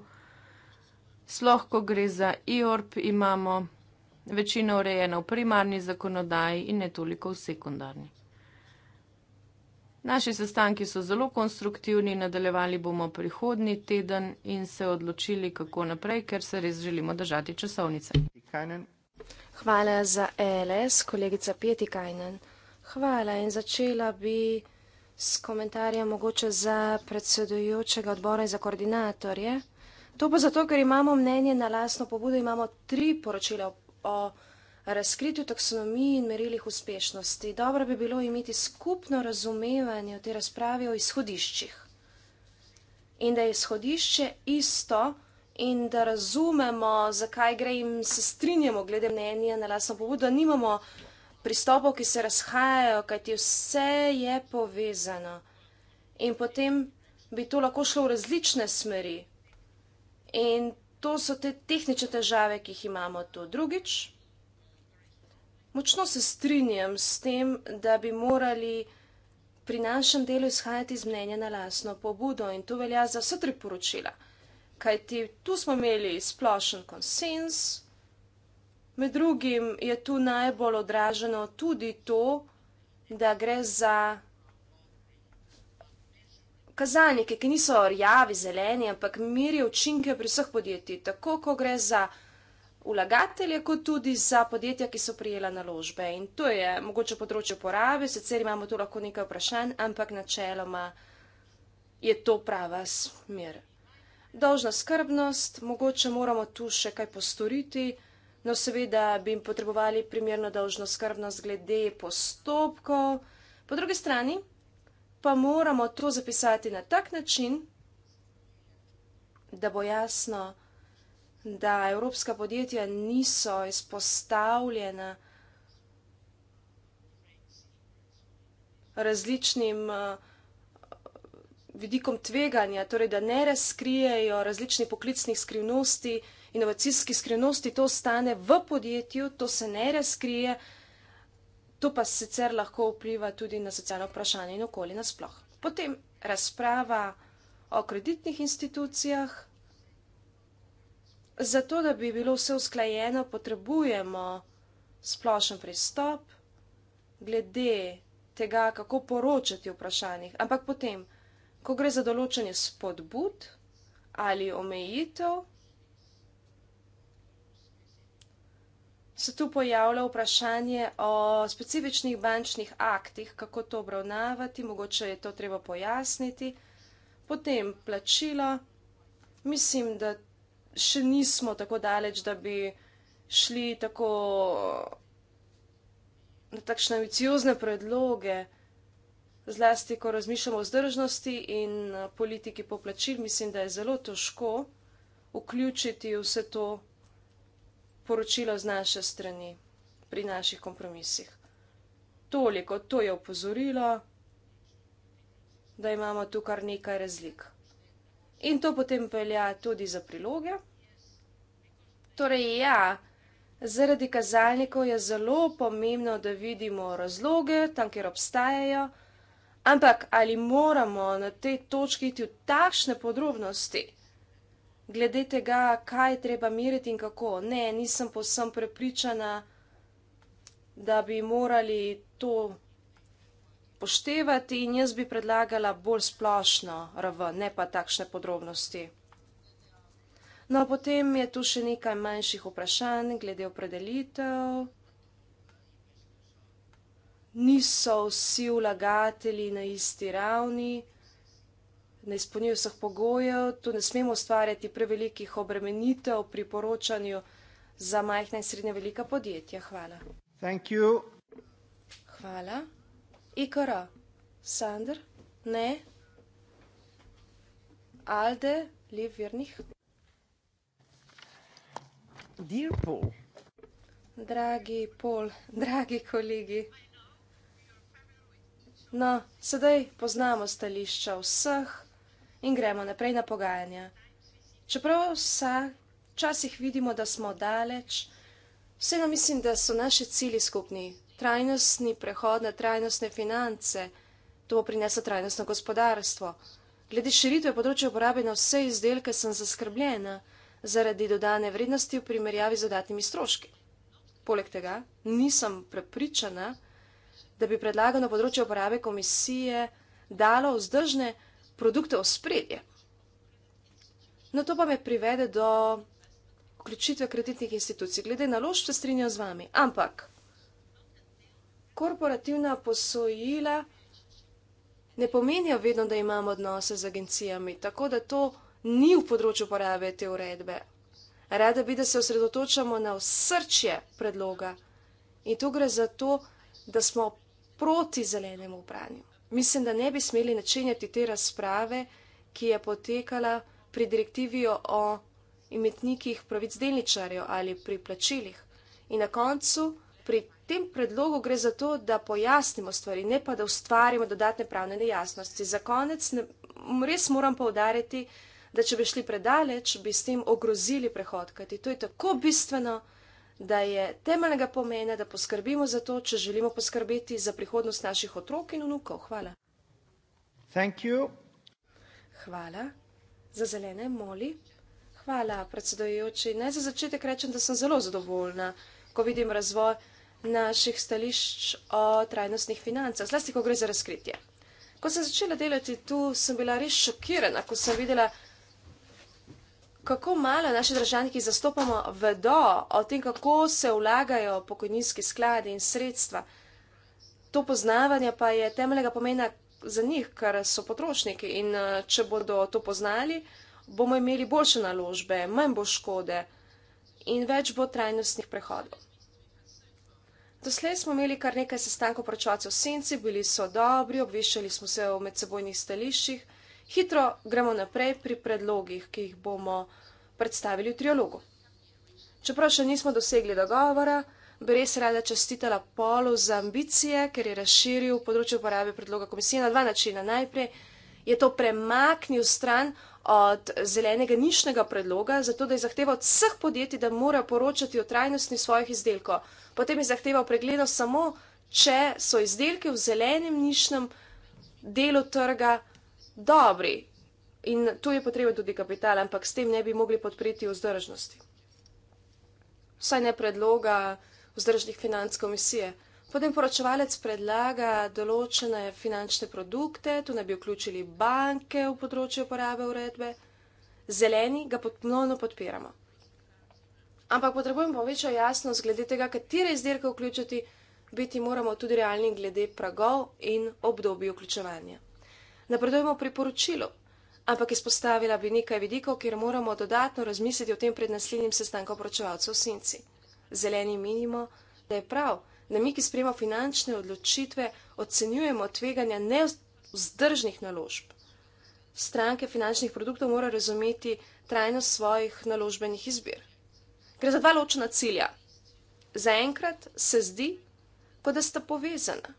Sloh, ko gre za IORP, imamo večino urejeno v primarni zakonodaji in ne toliko v sekundarni. Naši sestanki so zelo konstruktivni, nadaljevali bomo prihodni teden in se odločili, kako naprej, ker se res želimo držati časovnice. Petikajnen. Hvala za LS, kolegica Petikajnen. Hvala in začela bi s komentarjem mogoče za predsedujočega odbora in za koordinatorje. To pa zato, ker imamo mnenje na lasno pobudo, imamo tri poročila o razkritju taksonomiji in merilih uspešnosti. Dobro bi bilo imeti skupno razumevanje v tej razpravi o izhodiščih. In da je izhodišče isto, in da razumemo, zakaj gre in se strinjamo glede mnenja na lasno pobudo, nimamo pristopov, ki se razhajajo, kajti vse je povezano. In potem bi to lahko šlo v različne smeri. In to so te tehnične težave, ki jih imamo tu. Drugič, močno se strinjam s tem, da bi morali pri našem delu izhajati iz mnenja na lasno pobudo in to velja za vse tri poročila kajti tu smo imeli splošen konsens, med drugim je tu najbolj odraženo tudi to, da gre za kazalnike, ki niso rjavi, zeleni, ampak merijo učinke pri vseh podjetij, tako ko gre za vlagatelje, kot tudi za podjetja, ki so prijela naložbe. In to je mogoče področje porabe, sicer imamo tu lahko nekaj vprašanj, ampak načeloma je to prava smer dolžna skrbnost, mogoče moramo tu še kaj postoriti, no seveda bi jim potrebovali primerno dolžno skrbnost glede postopkov. Po drugi strani pa moramo to zapisati na tak način, da bo jasno, da evropska podjetja niso izpostavljena različnim uh, vidikom tveganja, torej da ne razkrijejo različnih poklicnih skrivnosti, inovacijskih skrivnosti, to ostane v podjetju, to se ne razkrije, to pa sicer lahko vpliva tudi na socialno vprašanje in okolje nasploh. Potem razprava o kreditnih institucijah. Zato, da bi bilo vse usklajeno, potrebujemo splošen pristop glede tega, kako poročati o vprašanjih. Ampak potem, ko gre za določanje spodbud ali omejitev, se tu pojavlja vprašanje o specifičnih bančnih aktih, kako to obravnavati, mogoče je to treba pojasniti. Potem plačilo. Mislim, da še nismo tako daleč, da bi šli tako na takšne ambiciozne predloge zlasti, ko razmišljamo o zdržnosti in eh, politiki poplačil, mislim, da je zelo težko vključiti vse to poročilo z naše strani pri naših kompromisih. Toliko to je opozorilo, da imamo tu kar nekaj razlik. In to potem velja tudi za priloge. Torej, ja, zaradi kazalnikov je zelo pomembno, da vidimo razloge tam, kjer obstajajo. Ampak ali moramo na tej točki iti v takšne podrobnosti, glede tega, kaj je treba meriti in kako? Ne, nisem posem prepričana, da bi morali to poštevati in jaz bi predlagala bolj splošno raven, ne pa takšne podrobnosti. No, potem je tu še nekaj manjših vprašanj glede opredelitev niso vsi vlagatelji na isti ravni, ne izpolnijo vseh pogojev, tu ne smemo ustvarjati prevelikih obremenitev pri poročanju za majhna in srednja velika podjetja. Hvala. Thank you. Hvala. Ikora, Sander, ne. Alde, Lev Virnih. Dear Paul. Dragi Paul, *laughs* dragi kolegi. No, sedaj poznamo stališča vseh in gremo naprej na pogajanja. Čeprav vsa, časih vidimo, da smo daleč, vseeno mislim, da so naši cilji skupni. Trajnostni prehod na trajnostne finance, to bo prineslo trajnostno gospodarstvo. Glede širitve področja uporabe na vse izdelke sem zaskrbljena zaradi dodane vrednosti v primerjavi z dodatnimi stroški. Poleg tega nisem prepričana, da da bi predlagano področje uporabe komisije dalo vzdržne produkte v spredje. Na no, to pa me privede do vključitve kreditnih institucij. Glede na lož, se strinjam z vami, ampak korporativna posojila ne pomenijo vedno, da imamo odnose z agencijami, tako da to ni v področju uporabe te uredbe. Rada bi, da se osredotočamo na srčje predloga. In tu gre za to, da smo proti zelenemu branju. Mislim, da ne bi smeli načenjati te razprave, ki je potekala pri direktivi o imetnikih pravic delničarjev ali pri plačilih. In na koncu pri tem predlogu gre za to, da pojasnimo stvari, ne pa da ustvarimo dodatne pravne nejasnosti. Za konec ne, res moram povdariti, da če bi šli predaleč, bi s tem ogrozili prehod, kajti to je tako bistveno da je temeljnega pomena, da poskrbimo za to, če želimo poskrbeti za prihodnost naših otrok in vnukov. Hvala. Hvala za zelene moli. Hvala, predsedojoči. Naj za začetek rečem, da sem zelo zadovoljna, ko vidim razvoj naših stališč o trajnostnih financah, zlasti, ko gre za razkritje. Ko sem začela delati tu, sem bila res šokirana, ko sem videla, kako malo naši državljani, ki zastopamo, vedo o tem, kako se vlagajo pokojninski skladi in sredstva. To poznavanje pa je temeljega pomena za njih, ker so potrošniki in eh, če bodo to poznali, bomo imeli boljše naložbe, manj bo škode in več bo trajnostnih prehodov. Doslej smo imeli kar nekaj sestankov pročovacov v senci, bili so dobri, obveščali smo se o medsebojnih stališčih. Hitro gremo naprej pri predlogih, ki jih bomo predstavili v triologu. Čeprav še nismo dosegli dogovora, bi res rada čestitala Polu za ambicije, ker je razširil področje uporabe predloga komisije na dva načina. Najprej je to premaknil stran od zelenega nišnega predloga, zato da je zahteval od vseh podjetij, da morajo poročati o trajnosti svojih izdelkov. Potem je zahteval pregledov samo, če so izdelke v zelenem nišnem delu trga dobri in tu je potreben tudi kapital, ampak s tem ne bi mogli podpreti vzdržnosti. Vsaj ne predloga vzdržnih financ komisije. Potem poročevalec predlaga določene finančne produkte, tu naj bi vključili banke v področju uporabe uredbe. Zeleni ga ponovno podpiramo. Ampak potrebujemo pa večjo jasnost glede tega, katere izdelke vključiti, biti moramo tudi realni glede pragov in obdobij vključevanja napredujemo pri poročilu, ampak izpostavila bi nekaj vidikov, kjer moramo dodatno razmisliti o tem pred naslednjim sestankom poročevalcev v Sinci. Zeleni menimo, da je prav, da mi, ki sprejemamo finančne odločitve, ocenjujemo tveganja neuzdržnih naložb. Stranke finančnih produktov morajo razumeti trajnost svojih naložbenih izbir. Gre za dva ločena cilja. Zaenkrat se zdi, kot da sta povezana.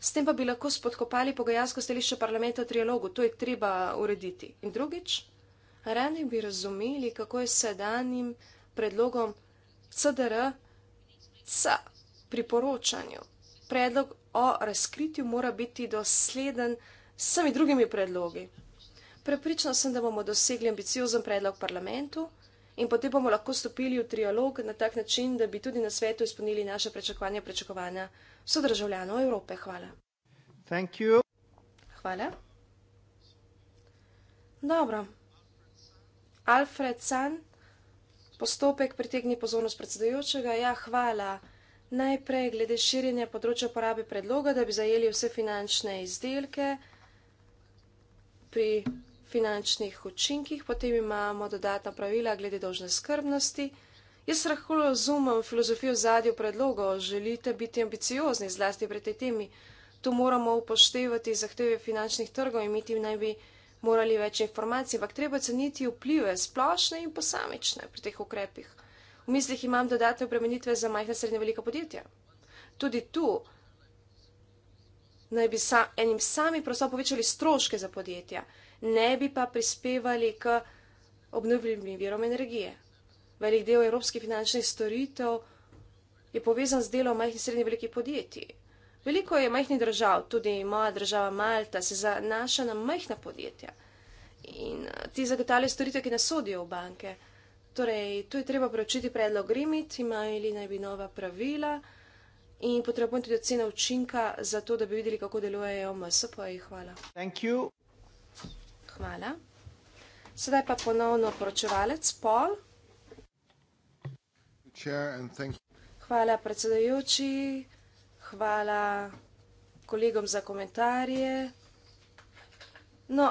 S tem pa bi lahko spodkopali pogajalsko stališče parlamenta v trialogu, to je treba urediti. In drugič, radi bi razumeli, kako je sedanjim predlogom CDR C priporočanju. Predlog o razkritju mora biti dosleden s vsemi drugimi predlogi. Prepričan sem, da bomo dosegli ambiciozen predlog parlamentu in potem bomo lahko stopili v trialog na tak način, da bi tudi na svetu izpolnili naše prečakovanja, prečakovanja sodržavljanov Evrope. Hvala. Hvala. Dobro. Alfred San, postopek pritegni pozornost predsedujočega. Ja, hvala. Najprej glede širjenja področja porabe predloga, da bi zajeli vse finančne izdelke pri finančnih učinkih. Potem imamo dodatna pravila glede dožne skrbnosti. Jaz lahko razumem filozofijo zadnjo predlogo, želite biti ambiciozni zlasti pri tej temi. Tu moramo upoštevati zahteve finančnih trgov in imeti naj bi morali več informacij, ampak treba ceniti vplive splošne in posamične pri teh ukrepih. V mislih imam dodatne obremenitve za majhna srednja velika podjetja. Tudi tu naj bi sa, enim sami prosto povečali stroške za podjetja, ne bi pa prispevali k obnovljivim virom energije velik del evropskih finančnih storitev je povezan z delom majhnih in srednjih velikih podjetij. Veliko je majhnih držav, tudi moja država Malta se zanaša na majhna podjetja in eh, ti zagotavljajo storitev, ki ne sodijo v banke. Torej, tu je treba preučiti predlog Grimit, imeli naj bi nova pravila in potrebujem tudi oceno učinka za to, da bi videli, kako delujejo MSP-ji. Hvala. Thank you. Hvala. Sedaj pa ponovno poročevalec Paul. Hvala predsedajoči, hvala kolegom za komentarje. No,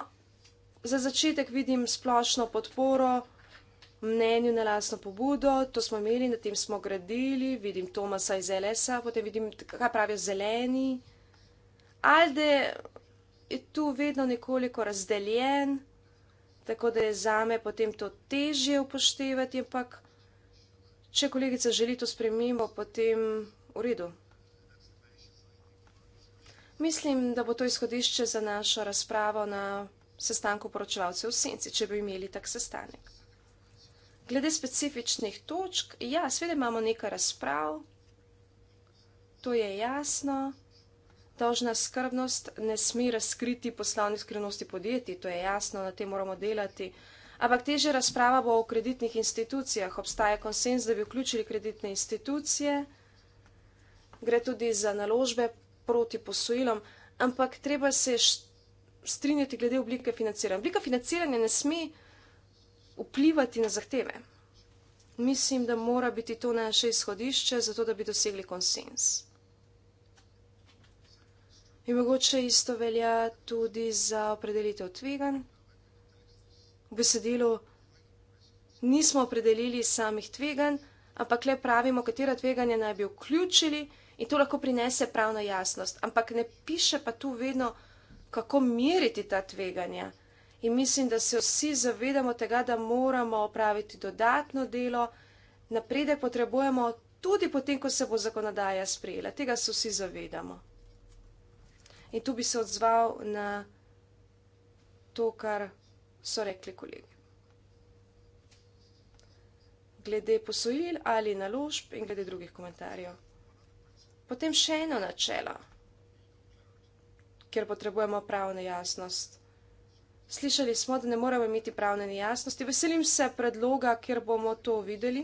za začetek vidim splošno podporo mnenju na lasno pobudo, to smo imeli, na tem smo gradili, vidim Tomasa iz LS-a, potem vidim, kaj pravijo zeleni. Alde je tu vedno nekoliko razdeljen, tako da je zame potem to težje upoštevati, ampak vsega. Če kolegica želi to spremembo, potem v redu. Mislim, da bo to izhodišče za našo razpravo na sestanku poročevalcev v senci, če bi imeli tak sestanek. Glede specifičnih točk, ja, sveda imamo nekaj razprav, to je jasno. Dožna skrbnost ne sme razkriti poslovnih skrivnosti podjetij, to je jasno, na tem moramo delati. Ampak težja razprava bo o kreditnih institucijah. Obstaja konsens, da bi vključili kreditne institucije. Gre tudi za naložbe proti posojilom, ampak treba se strinjati glede oblike financiranja. Oblika financiranja ne sme vplivati na zahteve. Mislim, da mora biti to naše izhodišče, zato da bi dosegli konsens. In mogoče isto velja tudi za opredelitev tveganj v besedilu nismo opredelili samih tveganj, ampak le pravimo, katera tveganja naj bi vključili in to lahko prinese pravno jasnost. Ampak ne piše pa tu vedno, kako meriti ta tveganja. In mislim, da se vsi zavedamo tega, da moramo opraviti dodatno delo, naprede potrebujemo tudi potem, ko se bo zakonodaja sprejela. Tega se vsi zavedamo. In tu bi se odzval na to, kar so rekli kolegi. Glede posojil ali naložb in glede drugih komentarjev. Potem še eno načelo, kjer potrebujemo pravno jasnost. Slišali smo, da ne moramo imeti pravne nejasnosti. Veselim se predloga, kjer bomo to videli.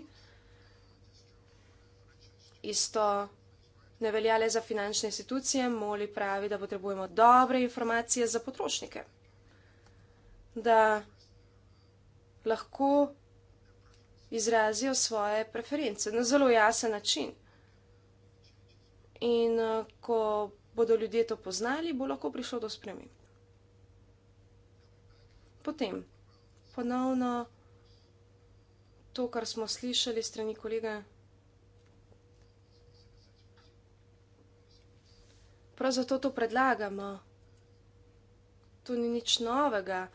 Isto ne velja le za finančne institucije. Moli pravi, da potrebujemo dobre informacije za potrošnike da lahko izrazijo svoje preference na zelo jasen način. In eh, ko bodo ljudje to poznali, bo lahko prišlo do spremenb. Potem, ponovno to, kar smo slišali strani kolega. Prav zato to predlagamo. To ni nič novega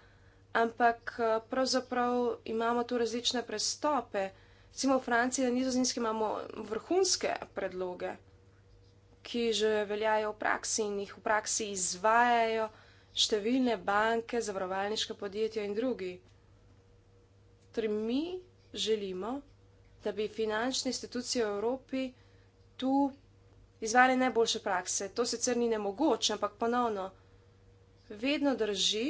ampak eh, pravzaprav imamo tu različne prestope. Recimo v Franciji in Nizozemski imamo vrhunske predloge, ki že veljajo v praksi in jih v praksi izvajajo številne banke, zavarovalniške podjetja in drugi. Torej mi želimo, da bi finančne institucije v Evropi tu izvajale najboljše prakse. To sicer ni nemogoče, ampak ponovno, vedno drži,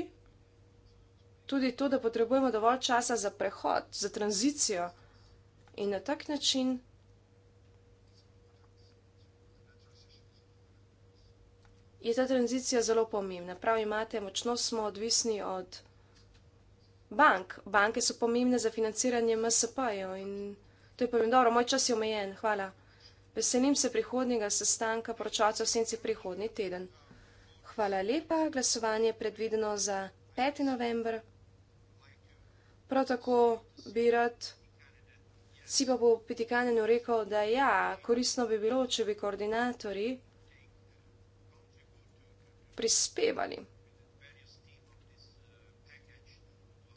tudi to, da potrebujemo dovolj časa za prehod, za tranzicijo in na tak način. Je ta tranzicija zelo pomembna. Prav imate, močno smo odvisni od bank. Banke so pomembne za financiranje MSP-jev in to je pomembno. Dobro, moj čas je omejen, hvala. Veselim se prihodnjega sestanka poročalcev senci prihodnji teden. Hvala lepa, glasovanje je predvideno za 5. november 2021. Prav tako bi rad, si pa po Pitikanenu rekel, da ja, korisno bi bilo, če bi koordinatori prispevali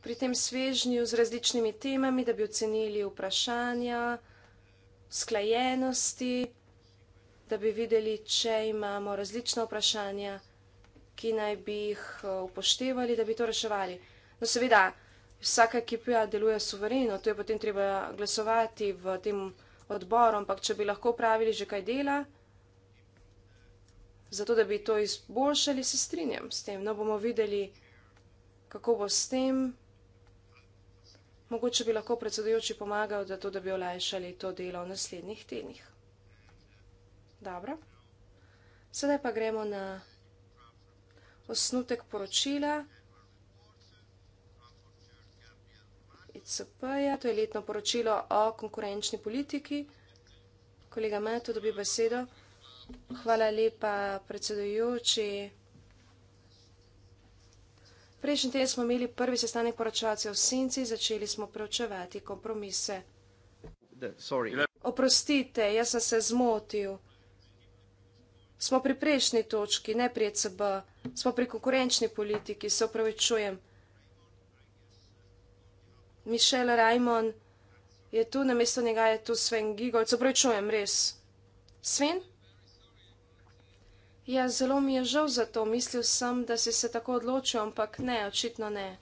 pri tem svežnju z različnimi temami, da bi ocenili vprašanja, sklajenosti, da bi videli, če imamo različna vprašanja, ki naj bi jih eh, upoštevali, da bi to reševali. No seveda, vsaka ekipa ja deluje suvereno, to je potem treba glasovati v tem odboru, ampak če bi lahko pravili že kaj dela, zato da bi to izboljšali, se strinjam s tem. No, bomo videli, kako bo s tem. Mogoče bi lahko predsedujoči pomagal, da to, da bi olajšali to delo v naslednjih tednih. Dobro. Sedaj pa gremo na osnutek poročila. OECP, -ja. to je letno poročilo o konkurenčni politiki. Kolega Meto dobi besedo. Hvala lepa, predsedujoči. Prejšnji teden smo imeli prvi sestanek poročevalcev v Senci, začeli smo preučevati kompromise. The, Oprostite, jaz sem se zmotil. Smo pri prejšnji točki, ne pri ECB, smo pri konkurenčni politiki, se upravičujem. Mišel Rajmon je tu, namesto njega je tu Sven Gigol, se pravi, čujem res. Sven? Ja, zelo mi je žal za to, mislil sem, da si se tako odločil, ampak ne, očitno ne.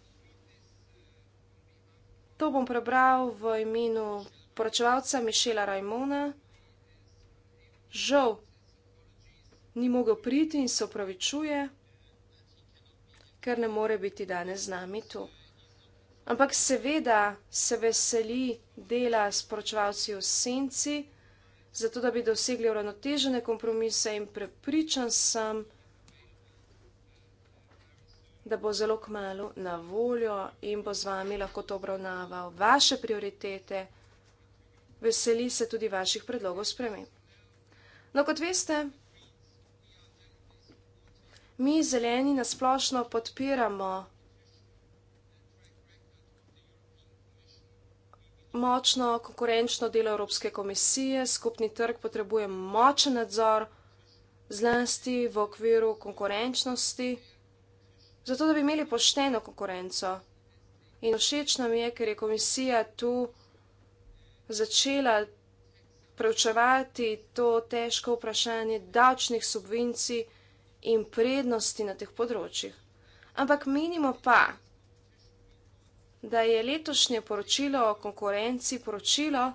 To bom prebral v imenu poročevalca Mišela Rajmona. Žal, ni mogel priti in se opravičuje, ker ne more biti danes z nami tu. Ampak seveda se veseli dela s poročevalci v senci, zato da bi dosegli uravnotežene kompromise in prepričan sem, da bo zelo kmalo na voljo in bo z vami lahko to obravnaval vaše prioritete. Veseli se tudi vaših predlogov spremem. No, kot veste, mi zeleni nasplošno podpiramo močno konkurenčno delo Evropske komisije, skupni trg potrebuje močen nadzor, zlasti v okviru konkurenčnosti, zato da bi imeli pošteno konkurenco. In všeč nam je, ker je komisija tu začela preučevati to težko vprašanje davčnih subvencij in prednosti na teh področjih. Ampak menimo pa, da je letošnje poročilo o konkurenci poročilo,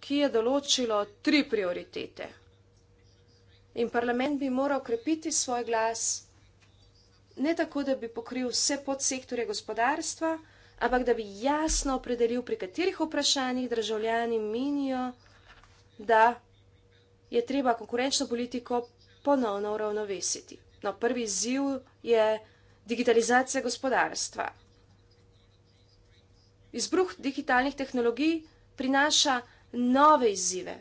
ki je določilo tri prioritete. In parlament bi moral krepiti svoj glas, ne tako, da bi pokril vse podsektorje gospodarstva, ampak da bi jasno opredelil, pri katerih vprašanjih državljani menijo, da je treba konkurenčno politiko ponovno uravnovesiti. No, prvi ziv je, da digitalizacija gospodarstva. Izbruh digitalnih tehnologij prinaša nove izzive.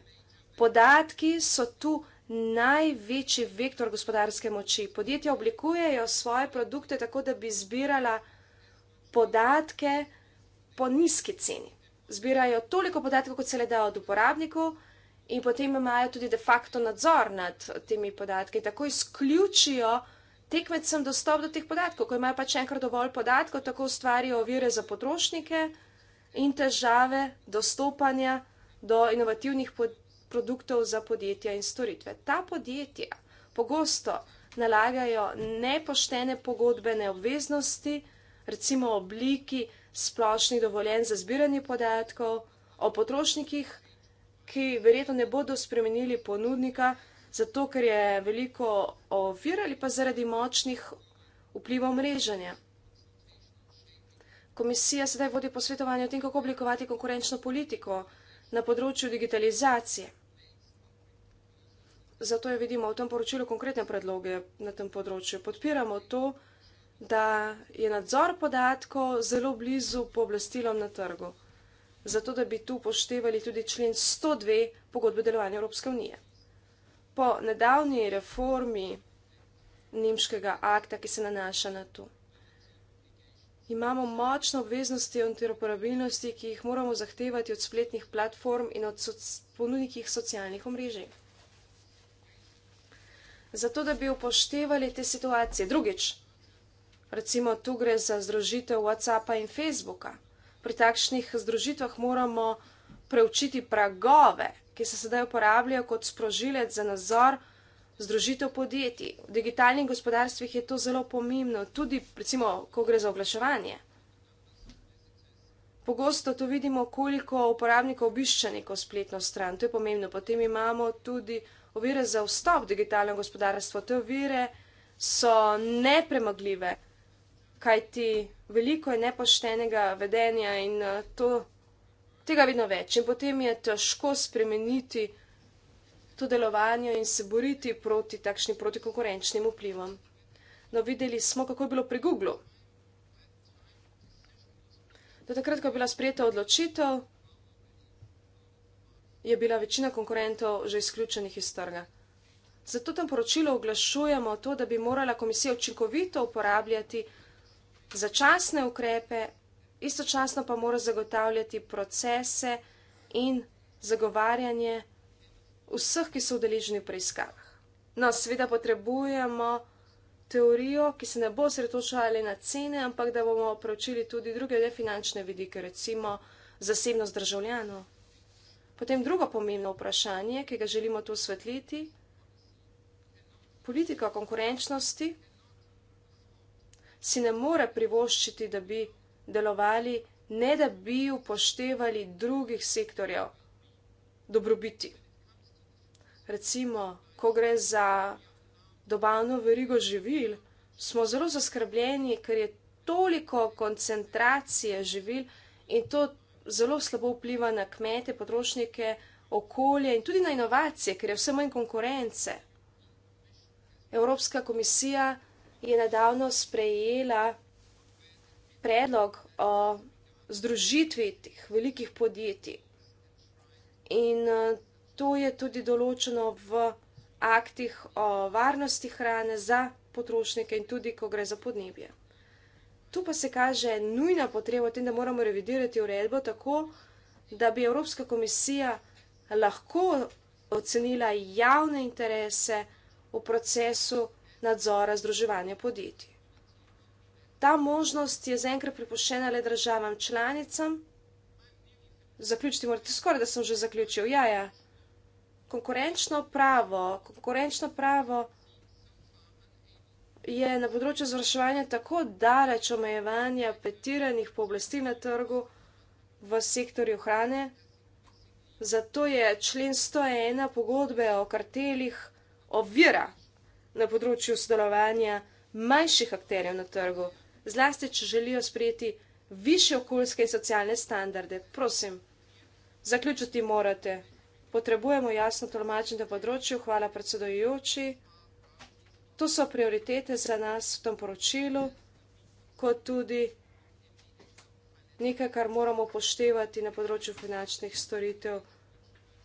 Podatki so tu največji vektor gospodarske moči. Podjetja oblikujejo svoje produkte tako, da bi zbirala podatke po nizki ceni. Zbirajo toliko podatkov, kot se le da od uporabnikov, in potem imajo tudi de facto nadzor nad temi podatki, tako izključijo tekmecem dostop do teh podatkov, ko imajo pač enkrat dovolj podatkov, tako ustvarijo ovire za potrošnike in težave dostopanja do inovativnih pod, produktov za podjetja in storitve. Ta podjetja pogosto nalagajo nepoštene pogodbene obveznosti, recimo v obliki splošnih dovoljenj za zbiranje podatkov o potrošnikih, ki verjetno ne bodo spremenili ponudnika zato ker je veliko ovir ali pa zaradi močnih vplivov mreženja. Komisija sedaj vodi posvetovanje o tem, kako oblikovati konkurenčno politiko na področju digitalizacije. Zato jo vidimo v tem poročilu konkretne predloge na tem področju. Podpiramo to, da je nadzor podatkov zelo blizu pooblastilom na trgu. Zato, da bi tu poštevali tudi člen 102 pogodbe delovanja Evropske unije po nedavni reformi nemškega akta, ki se nanaša na to. Imamo močne obveznosti o interoperabilnosti, ki jih moramo zahtevati od spletnih platform in od soc ponudnikih socialnih omrežij. Zato, da bi upoštevali te situacije. Drugič, recimo tu gre za združitev WhatsAppa in Facebooka. Pri takšnih združitvah moramo preučiti pragove, ki se sedaj uporablja kot sprožilec za nadzor združitev podjetij. V digitalnih gospodarstvih je to zelo pomembno, tudi recimo, ko gre za oglaševanje. Pogosto to vidimo, koliko uporabnikov obišče neko spletno stran, to je pomembno. Potem imamo tudi ovire za vstop v digitalno gospodarstvo. Te ovire so nepremagljive, kajti veliko je nepoštenega vedenja in eh, to tega vedno več in potem je težko spremeniti to delovanje in se boriti proti takšnim protikonkurenčnim vplivom. No, videli smo, kako je bilo pri Google. Do takrat, ko je bila sprejeta odločitev, je bila večina konkurentov že izključenih iz trga. Zato tam poročilo oglašujemo to, da bi morala komisija učinkovito uporabljati začasne ukrepe istočasno pa mora zagotavljati procese in zagovarjanje vseh, ki so vdeleženi v preiskavah. No, seveda potrebujemo teorijo, ki se ne bo sretočala le na cene, ampak da bomo preučili tudi druge finančne vidike, recimo zasebnost državljanov. Potem drugo pomembno vprašanje, ki ga želimo tu osvetliti, politika konkurenčnosti si ne more privoščiti, da bi delovali, ne da bi upoštevali drugih sektorjev dobrobiti. Recimo, ko gre za dobavno verigo živil, smo zelo zaskrbljeni, ker je toliko koncentracije živil in to zelo slabo vpliva na kmete, potrošnike, okolje in tudi na inovacije, ker je vse manj konkurence. Evropska komisija je nedavno sprejela predlog o združitvi teh velikih podjetij. In eh, to je tudi določeno v aktih o varnosti hrane za potrošnike in tudi, ko gre za podnebje. Tu pa se kaže nujna potreba o tem, da moramo revidirati uredbo tako, da bi Evropska komisija lahko ocenila javne interese v procesu nadzora združevanja podjetij. Ta možnost je zaenkrat pripuščena le državam članicam. Zaključiti morate, skoraj da sem že zaključil. Ja, ja. Konkurenčno pravo, konkurenčno pravo je na področju zvrševanja tako daleč omejevanja petiranih pooblastil na trgu v sektorju hrane. Zato je člen 101 pogodbe o kartelih ovira na področju sodelovanja manjših akterjev na trgu zlasti, če želijo sprejeti više okoljske in socialne standarde. Prosim, zaključiti morate. Potrebujemo jasno tolmačen na področju, hvala predsedojoči. To so prioritete za nas v tom poročilu, kot tudi nekaj, kar moramo poštevati na področju finančnih storitev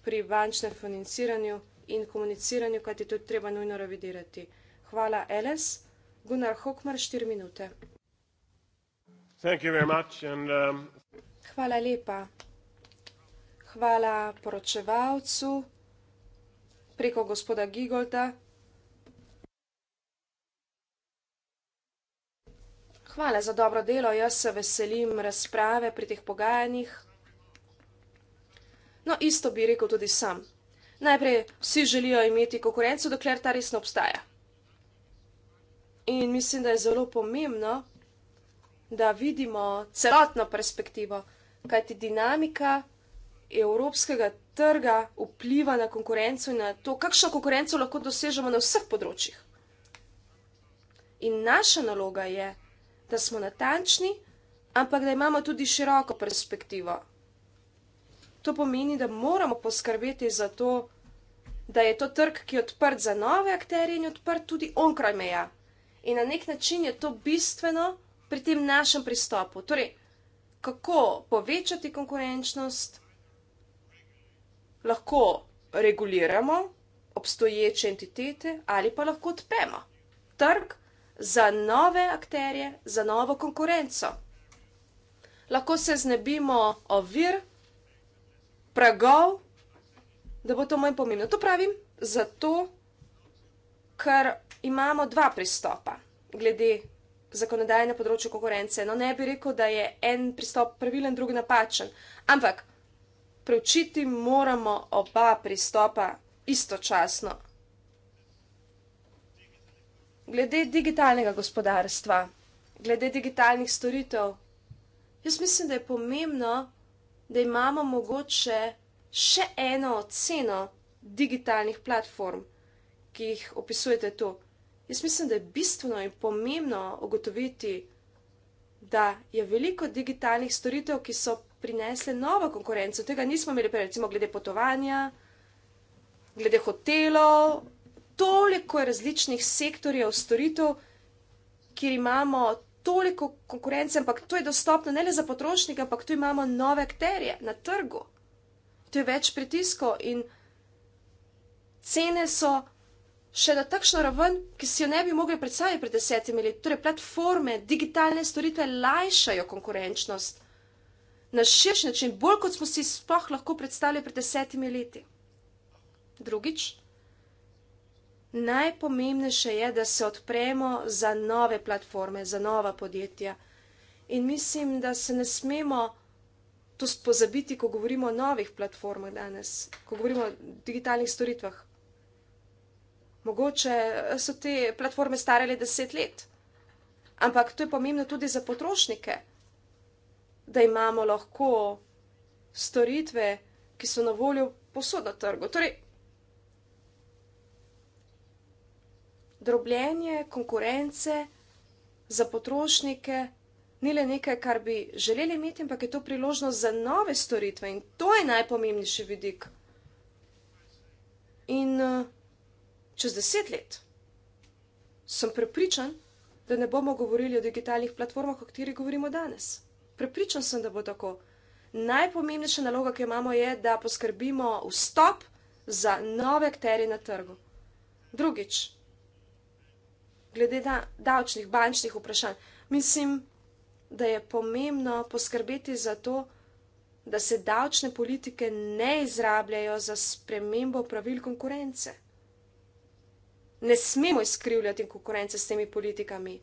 pri bančnem financiranju in komuniciranju, kaj je tudi treba nujno revidirati. Hvala, Eles. Gunnar Hokmar, 4 minute. Um, Hvala lepa. Hvala poročevalcu preko gospoda Gigolta. Hvala za dobro delo. Jaz se veselim razprave pri teh pogajanjih. No, isto bi rekel tudi sam. Najprej vsi želijo imeti konkurenco, dokler ta res ne obstaja. In mislim, da je zelo pomembno, da vidimo celotno perspektivo, kajti dinamika evropskega trga vpliva na konkurenco in na to, kakšno konkurenco lahko dosežemo na vseh področjih. In naša naloga je, da smo natančni, ampak da imamo tudi široko perspektivo. To pomeni, da moramo poskrbeti za to, da je to trg, ki je odprt za nove akterje in je odprt tudi onkraj meja. In na nek način je to bistveno pri tem našem pristopu. Torej, kako povečati konkurenčnost, lahko reguliramo obstoječe entitete ali pa lahko odpemo trg za nove akterje, za novo konkurenco. Lahko se znebimo ovir, pragov, da bo to manj pomembno. To pravim zato, ker imamo dva pristopa glede zakonodaje na področju konkurence. No, ne bi rekel, da je en pristop pravilen, drugi napačen. Ampak preučiti moramo oba pristopa istočasno. Glede digitalnega gospodarstva, glede digitalnih storitev, jaz mislim, da je pomembno, da imamo mogoče še eno ceno digitalnih platform, ki jih opisujete tukaj. Jaz mislim, da je bistveno in pomembno ugotoviti, da je veliko digitalnih storitev, ki so prinesle novo konkurenco. Tega nismo imeli prej, recimo glede potovanja, glede hotelov, toliko je različnih sektorjev storitev, kjer imamo toliko konkurence, ampak to je dostopno ne le za potrošnika, ampak tu imamo nove akterje na trgu. To je več pritisko in cene so še na takšno raven, ki si jo ne bi mogli predstavljati pred desetimi leti. Torej, platforme, digitalne storitve lajšajo konkurenčnost na širši način, bolj kot smo si sploh lahko predstavljali pred desetimi leti. Drugič, najpomembnejše je, da se odpremo za nove platforme, za nova podjetja. In mislim, da se ne smemo to pozabiti, ko govorimo o novih platformah danes, ko govorimo o digitalnih storitvah. Mogoče so te platforme stare le deset let, ampak to je pomembno tudi za potrošnike, da imamo lahko storitve, ki so na voljo posod na trgu. Torej, drobljenje konkurence za potrošnike ni le nekaj, kar bi želeli imeti, ampak je to priložnost za nove storitve in to je najpomembnejši vidik. In uh, čez deset let, sem prepričan, da ne bomo govorili o digitalnih platformah, o katerih govorimo danes. Prepričan sem, da bo tako. Najpomembnejša naloga, ki jo imamo, je, da poskrbimo vstop za nove akterje na trgu. Drugič, glede na davčnih, bančnih vprašanj, mislim, da je pomembno poskrbeti za to, da se davčne politike ne izrabljajo za spremembo pravil konkurence ne smemo izkrivljati konkurence s temi politikami.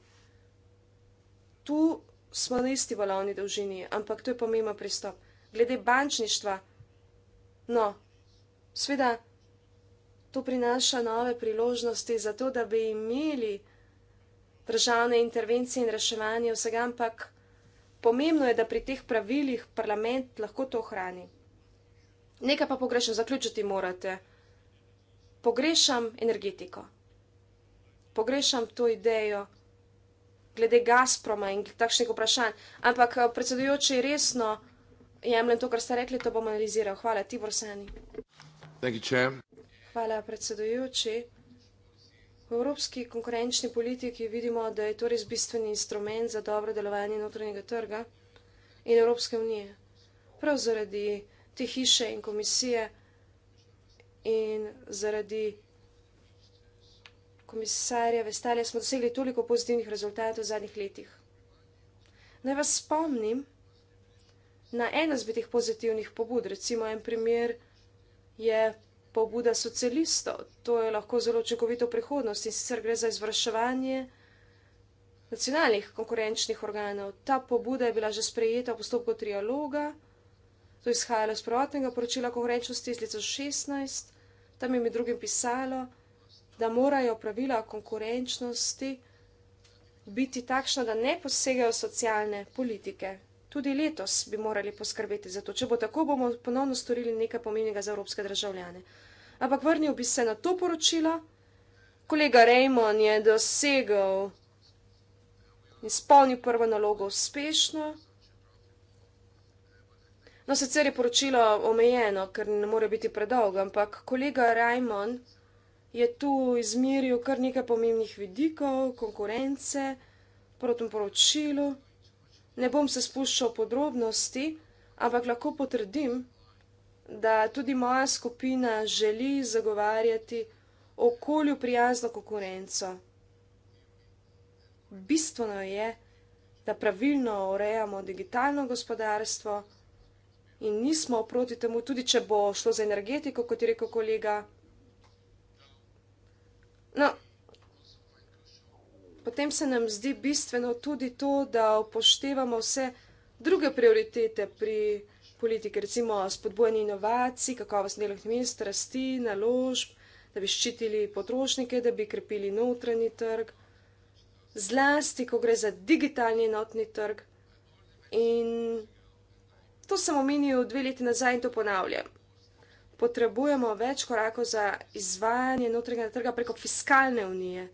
Tu smo na isti valovni dolžini, ampak to je pomemben pristop. Glede bančništva, no, sveda, to prinaša nove priložnosti za to, da bi imeli državne intervencije in reševanje vsega, ampak pomembno je, da pri teh pravilih parlament lahko to ohrani. Nekaj pa pogrešam, zaključiti morate. Pogrešam energetiko pogrešam to idejo glede Gazproma in takšnih vprašanj. Ampak, eh, predsedujoči, resno jemljem to, kar ste rekli, to bom analiziral. Hvala, Tibor Sani. Hvala, predsedujoči. V evropski konkurenčni politiki vidimo, da je to res bistveni instrument za dobro delovanje notranjega trga in Evropske unije. Prav zaradi te hiše in komisije in zaradi komisarja, veselje smo dosegli toliko pozitivnih rezultatov v zadnjih letih. Naj vas spomnim na eno izmed teh pozitivnih pobud. Recimo en primer je pobuda socialistov. To je lahko zelo učinkovito prihodnost in sicer gre za izvrševanje nacionalnih konkurenčnih organov. Ta pobuda je bila že sprejeta v postopku trialoga. To izhajalo iz prvotnega poročila konkurenčnosti iz leta 16. Tam je med drugim pisalo, da da morajo pravila konkurenčnosti biti takšna, da ne posegajo socialne politike. Tudi letos bi morali poskrbeti za to, če bo tako, bomo ponovno storili nekaj pomembnega za evropske državljane. Ampak vrnil bi se na to poročilo. Kolega Raymond je dosegel in spolnil prvo nalogo uspešno. No, sicer je poročilo omejeno, ker ne more biti predolgo, ampak kolega Raymond je tu izmeril kar nekaj pomembnih vidikov, konkurence, protum poročilu. Ne bom se spuščal podrobnosti, ampak lahko potrdim, da tudi moja skupina želi zagovarjati okolju prijazno konkurenco. Bistveno je, da pravilno urejamo digitalno gospodarstvo in nismo proti temu, tudi če bo šlo za energetiko, kot je rekel kolega. No, potem se nam zdi bistveno tudi to, da upoštevamo vse druge prioritete pri politiki, recimo spodbojanje inovacij, kakovost delovnih mest, rasti, naložb, da bi ščitili potrošnike, da bi krepili notranji trg. Zlasti, ko gre za digitalni enotni trg. In to sem omenil dve leti nazaj in to ponavljam potrebujemo več korakov za izvajanje notranjega trga preko fiskalne unije.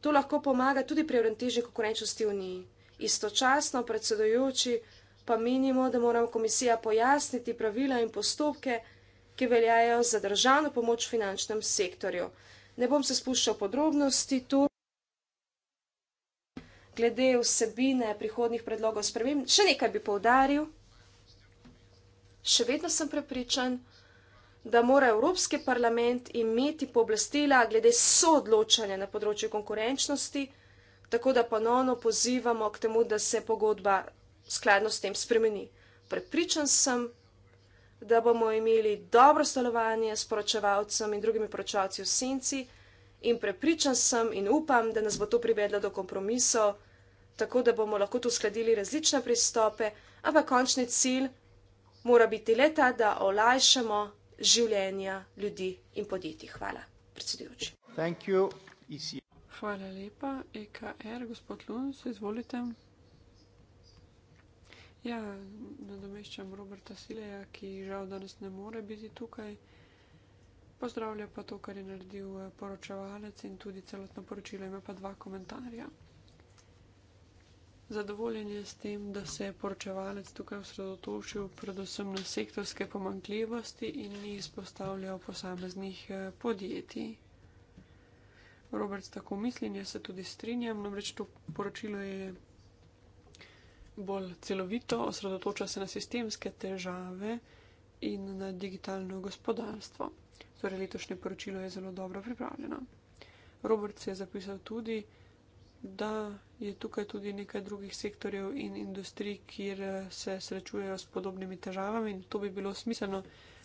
To lahko pomaga tudi pri orientižni konkurenčnosti unije. Istočasno, predsedujoči, pa menimo, da mora komisija pojasniti pravila in postopke, ki veljajo za državno pomoč v finančnem sektorju. Ne bom se spuščal podrobnosti tu. Glede vsebine prihodnih predlogov spremem, še nekaj bi povdaril. Še vedno sem prepričan, da mora Evropski parlament imeti pooblastila glede soodločanja na področju konkurenčnosti, tako da ponovno pozivamo k temu, da se pogodba skladno s tem spremeni. Prepričan sem, da bomo imeli dobro stolovanje s poročevalcem in drugimi poročevalci v senci in prepričan sem in upam, da nas bo to privedlo do kompromiso, tako da bomo lahko tu skladili različne pristope, ampak končni cilj mora biti leta, da olajšamo življenja ljudi in podjetij. Hvala, predsedujoči. E Hvala lepa, EKR, gospod Lunes, izvolite. Ja, nadomeščam Roberta Sileja, ki žal danes ne more biti tukaj. Pozdravlja pa to, kar je naredil eh, poročevalec in tudi celotno poročilo ima pa dva komentarja zadovoljen je s tem, da se je poročevalec tukaj osredotočil predvsem na sektorske pomankljivosti in ni izpostavljal posameznih eh, podjetij. Robert tako misli in jaz se tudi strinjam, namreč to poročilo je bolj celovito, osredotoča se na sistemske težave in na digitalno gospodarstvo. Torej, letošnje poročilo je zelo dobro pripravljeno. Robert se je zapisal tudi, da je tukaj tudi nekaj drugih sektorjev in industrij, kjer eh, se srečujejo s podobnimi težavami in to bi bilo smiselno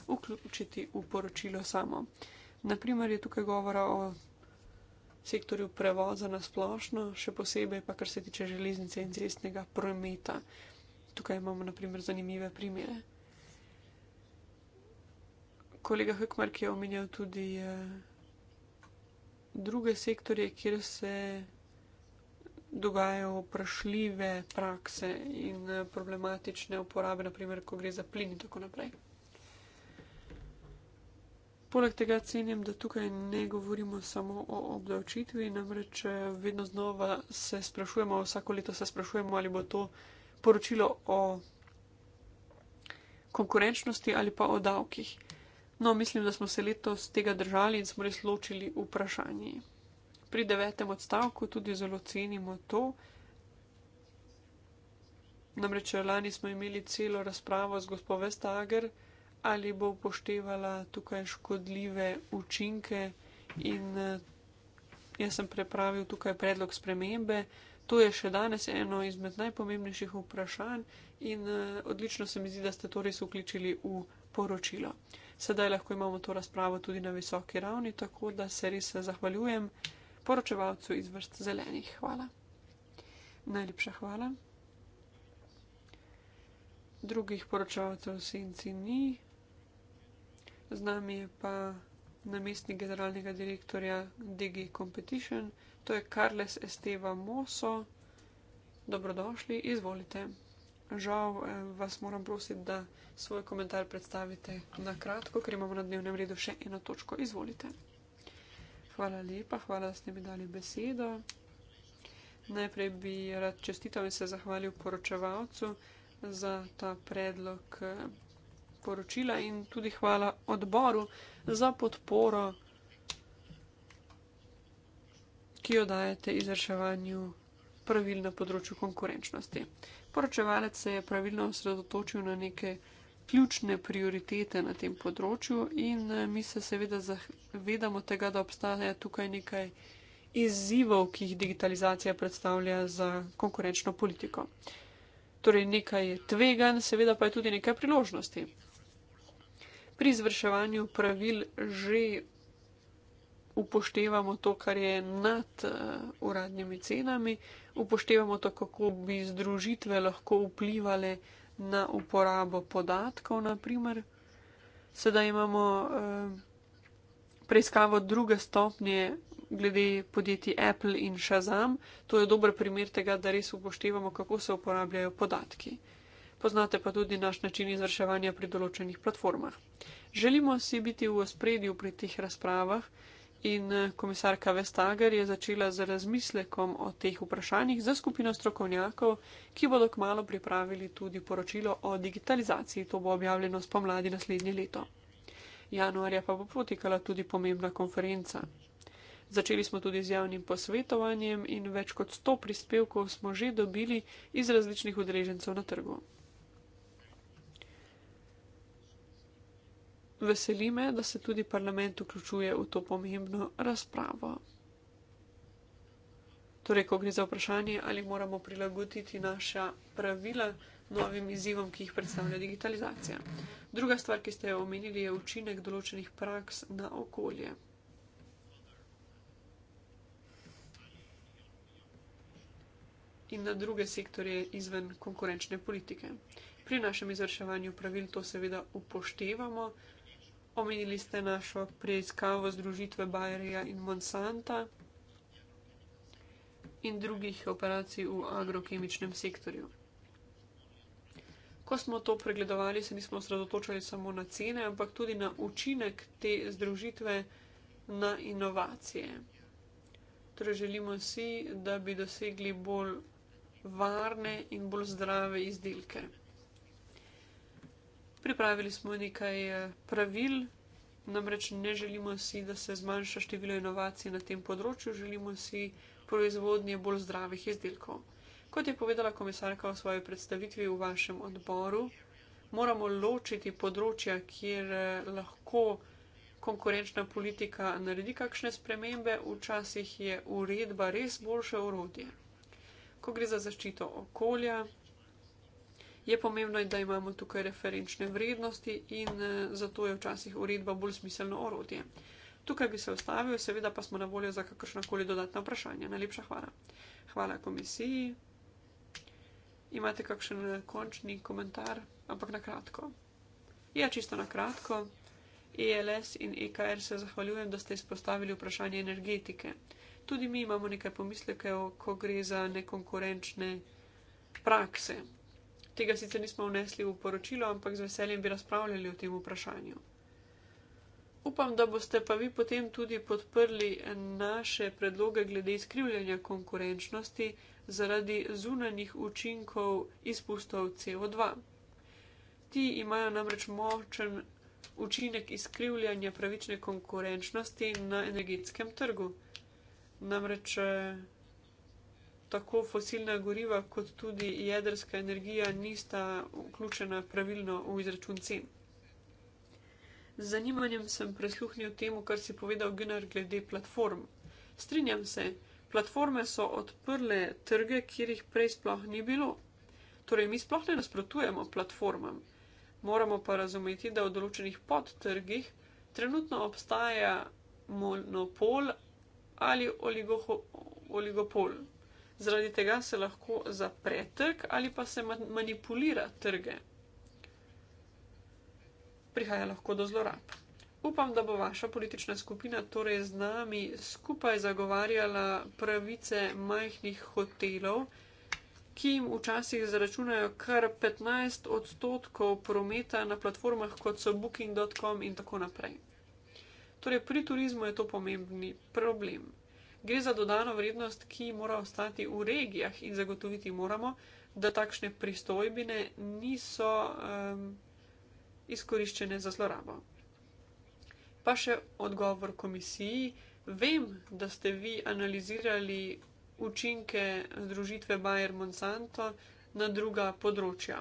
vključiti v poročilo samo. Naprimer je tukaj govora o sektorju prevoza na splošno, še posebej pa kar se tiče železnice in cestnega prometa. Tukaj imamo naprimer zanimive primere. Kolega Hökmark je omenjal tudi eh, druge sektorje, kjer se dogajajo vprašljive prakse in eh, problematične uporabe, naprimer, ko gre za plin in tako naprej. Poleg tega cenim, da tukaj ne govorimo samo o obdavčitvi, namreč eh, vedno znova se sprašujemo, vsako leto se sprašujemo, ali bo to poročilo o konkurenčnosti ali pa o davkih. No, mislim, da smo se letos tega držali in smo res ločili vprašanje pri devetem odstavku tudi zelo cenimo to. Namreč lani smo imeli celo razpravo z gospod Vestager, ali bo upoštevala tukaj škodljive učinke in eh, jaz sem prepravil tukaj predlog spremembe. To je še danes eno izmed najpomembnejših vprašanj in eh, odlično se mi zdi, da ste to res vključili v poročilo. Sedaj lahko imamo to razpravo tudi na visoki ravni, tako da se res eh, zahvaljujem poročevalcu iz vrst zelenih. Hvala. Najlepša hvala. Drugih poročevalcev v senci ni, z nami je pa namestnik generalnega direktorja Digi Competition, to je Karles Esteva Moso. Dobrodošli, izvolite. Žal eh, vas moram prositi, da svoj komentar predstavite na kratko, ker imamo na dnevnem redu še eno točko. Izvolite. Hvala lepa, hvala, da ste mi dali besedo. Najprej bi rad čestital in se zahvalil poročevalcu za ta predlog poročila in tudi hvala odboru za podporo, ki jo dajete izraševanju pravil na področju konkurenčnosti. Poročevalec se je pravilno osredotočil na neke ključne prioritete na tem področju in eh, mi se seveda zavedamo tega, da obstaja tukaj nekaj izzivov, ki jih digitalizacija predstavlja za konkurenčno politiko. Torej nekaj je tvegan, seveda pa je tudi nekaj priložnosti. Pri izvrševanju pravil že upoštevamo to, kar je nad uh, uradnimi cenami, upoštevamo to, kako bi združitve lahko vplivali na uporabo podatkov, naprimer. Sedaj imamo eh, preiskavo druge stopnje glede podjetij Apple in Shazam. To je dober primer tega, da res upoštevamo, kako se uporabljajo podatki. Poznate pa tudi naš način izvrševanja pri določenih platformah. Želimo si biti v ospredju pri teh razpravah, In eh, komisarka Vestager je začela z razmislekom o teh vprašanjih za skupino strokovnjakov, ki bodo kmalo pripravili tudi poročilo o digitalizaciji. To bo objavljeno spomladi naslednje leto. Januarja pa bo potekala tudi pomembna konferenca. Začeli smo tudi z javnim posvetovanjem in več kot 100 prispevkov smo že dobili iz različnih udeležencev na trgu. Veseli me, da se tudi parlament vključuje v to pomembno razpravo. Torej, ko gre za vprašanje, ali moramo prilagoditi naša pravila novim izzivom, ki jih predstavlja digitalizacija. Druga stvar, ki ste jo omenili, je učinek določenih praks na okolje. In na druge sektorje izven konkurenčne politike. Pri našem izvrševanju pravil to seveda upoštevamo, omenili ste našo preiskavo združitve Bajerja in Monsanta in drugih operacij v agrokemičnem sektorju. Ko smo to pregledovali, se nismo osredotočali samo na cene, ampak tudi na učinek te združitve na inovacije. Torej želimo si, da bi dosegli bolj varne in bolj zdrave izdelke. Pripravili smo nekaj eh, pravil, namreč ne želimo si, da se zmanjša število inovacij na tem področju, želimo si proizvodnje bolj zdravih izdelkov. Kot je povedala komisarka v svoji predstavitvi v vašem odboru, moramo ločiti področja, kjer eh, lahko konkurenčna politika naredi kakšne spremembe, včasih je uredba res boljše urodje. Ko gre za zaščito okolja, je pomembno, da imamo tukaj referenčne vrednosti in eh, zato je včasih uredba bolj smiselno orodje. Tukaj bi se ustavil, seveda pa smo na voljo za kakršnakoli dodatna vprašanja. Najlepša hvala. Hvala komisiji. Imate kakšen eh, končni komentar, ampak na kratko. Ja, čisto na kratko. ELS in EKR se zahvaljujem, da ste izpostavili vprašanje energetike. Tudi mi imamo nekaj pomisleke, ko gre za nekonkurenčne prakse. Tega sicer nismo vnesli v poročilo, ampak z veseljem bi razpravljali o tem vprašanju. Upam, da boste pa vi potem tudi podprli naše predloge glede izkrivljanja konkurenčnosti zaradi zunanjih učinkov izpustov CO2. Ti imajo namreč močen učinek izkrivljanja pravične konkurenčnosti na energetskem trgu. Namreč eh, tako fosilna goriva kot tudi jedrska energija nista vključena pravilno v izračun cen. Z zanimanjem sem presluhnil temu, kar si povedal Gunnar glede platform. Strinjam se, platforme so odprle trge, kjer jih prej sploh ni bilo. Torej, mi sploh ne nasprotujemo platformam. Moramo pa razumeti, da v določenih podtrgih trenutno obstaja monopol ali oligoho, oligopol. Zaradi tega se lahko zapre trg ali pa se manipulira trge. Prihaja lahko do zlorab. Upam, da bo vaša politična skupina torej z nami skupaj zagovarjala pravice majhnih hotelov, ki jim včasih zaračunajo kar 15 odstotkov prometa na platformah kot so booking.com in tako naprej. Torej pri turizmu je to pomembni problem gre za dodano vrednost, ki mora ostati v regijah in zagotoviti moramo, da takšne pristojbine niso um, izkoriščene za zlorabo. Pa še odgovor komisiji. Vem, da ste vi analizirali učinke združitve Bayer Monsanto na druga področja.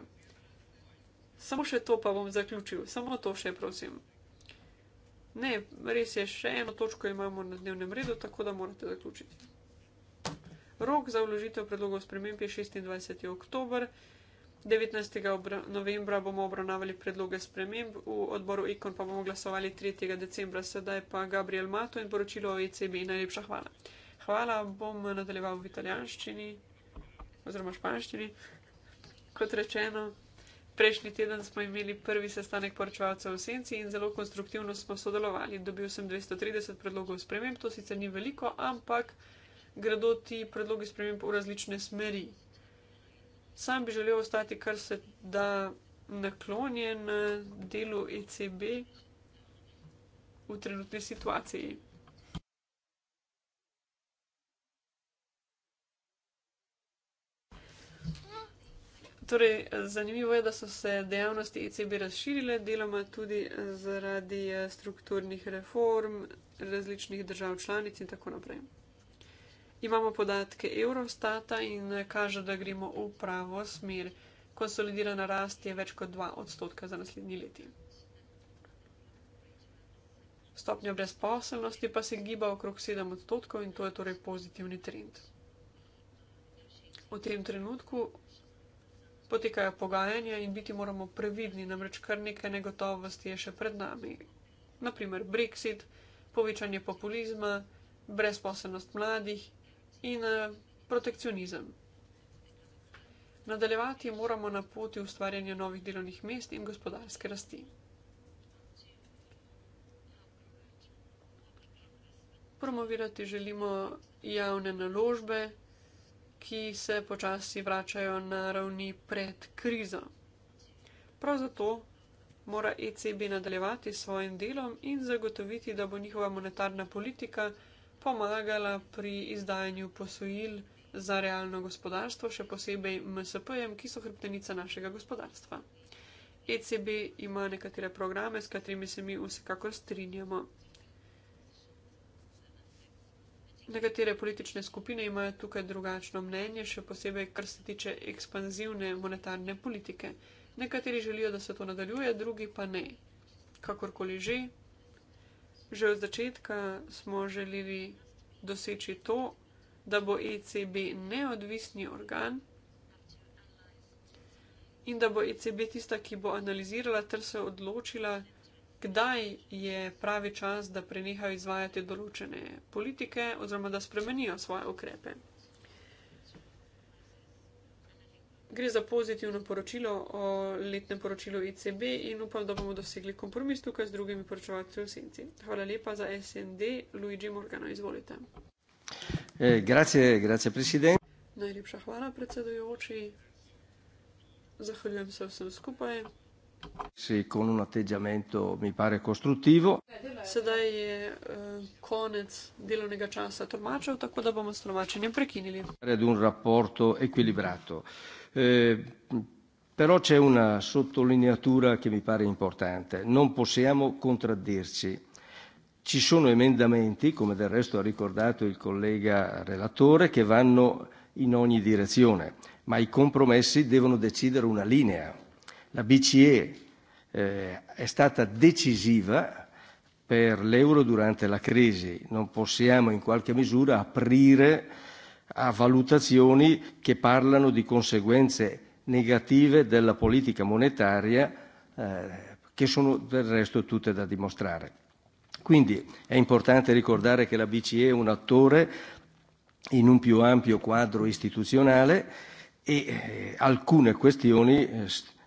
Samo še to pa bom zaključil, samo to še prosim. Ne, res je, še eno točko imamo na dnevnem redu, tako da morate zaključiti. Rok za vložitev predlogov sprememb je 26. oktober. 19. novembra bomo obravnavali predloge sprememb, v odboru Ikon pa bomo glasovali 3. decembra, sedaj pa Gabriel Mato in poročilo OECB. Najlepša hvala. Hvala, bom nadaljeval v italijanščini oziroma španščini. Kot rečeno, Prejšnji teden smo imeli prvi sestanek poročevalcev v Senci in zelo konstruktivno smo sodelovali. Dobil sem 230 predlogov sprememb, to sicer ni veliko, ampak gredo ti predlogi sprememb v različne smeri. Sam bi želel ostati kar se da naklonjen eh, delu ECB v trenutni situaciji. Torej, zanimivo je, da so se dejavnosti ECB razširile, deloma tudi zaradi eh, strukturnih reform različnih držav članic in tako naprej. Imamo podatke Eurostata in eh, kaže, da gremo v pravo smer. Konsolidirana rast je več kot 2 odstotka za naslednji leti. Stopnja brezposelnosti pa se giba okrog 7 odstotkov in to je torej pozitivni trend. V tem trenutku potekajo pogajanja in biti moramo previdni, namreč kar nekaj negotovosti je še pred nami. Naprimer Brexit, povečanje populizma, brezposobnost mladih in uh, protekcionizem. Nadaljevati moramo na poti ustvarjanja novih delovnih mest in gospodarske rasti. Promovirati želimo javne naložbe, ki se počasi vračajo na ravni pred krizo. Prav zato mora ECB nadaljevati s svojim delom in zagotoviti, da bo njihova monetarna politika pomagala pri izdajanju posojil za realno gospodarstvo, še posebej MSP-jem, ki so hrbtenica našega gospodarstva. ECB ima nekatere programe, s katerimi se mi vsekakor strinjamo. Nekatere politične skupine imajo tukaj drugačno mnenje, še posebej kar se tiče ekspanzivne monetarne politike. Nekateri želijo, da se to nadaljuje, drugi pa ne. Kakorkoli že, že od začetka smo želeli doseči to, da bo ECB neodvisni organ in da bo ECB tista, ki bo analizirala ter se odločila, kdaj je pravi čas, da prenehajo izvajati določene politike oziroma da spremenijo svoje ukrepe. Gre za pozitivno poročilo o letnem poročilu ECB in upam, da bomo dosegli kompromis tukaj z drugimi poročevalci v senci. Hvala lepa za SND, Luigi Morgano, izvolite. Eh, grazie, grazie, presidente. Najlepša hvala, predsedujoči. Zahvaljujem se vsem skupaj. Sì, con un atteggiamento mi pare costruttivo. Sedaj je uh, konec delovnega časa tolmačev, tako da bomo s tolmačenjem prekinili. Ad un rapporto equilibrato. Eh, però c'è una sottolineatura che mi pare importante. Non possiamo contraddirci. Ci sono emendamenti, come del resto ha ricordato il collega relatore, che vanno in ogni direzione, ma i compromessi devono decidere una linea. La BCE eh, è stata decisiva per l'euro durante la crisi. Non possiamo in qualche misura aprire a valutazioni che parlano di conseguenze negative della politica monetaria eh, che sono del resto tutte da dimostrare. Quindi è importante ricordare che la BCE è un attore in un più ampio quadro istituzionale e eh, alcune questioni eh,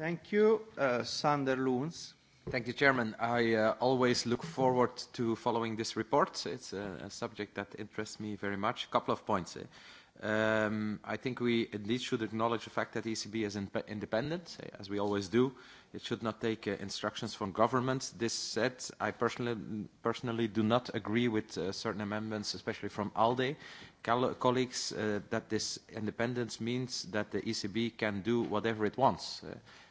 Thank you, uh, Sander Loons. Thank you, Chairman. I uh, always look forward to following this report. It's a, a subject that interests me very much. A couple of points. Eh? Um, I think we at least should acknowledge the fact that ECB is in, independent, eh, as we always do. It should not take uh, instructions from governments. This said, I personally, personally do not agree with uh, certain amendments, especially from ALDE Col colleagues, uh, that this independence means that the ECB can do whatever it wants. Uh,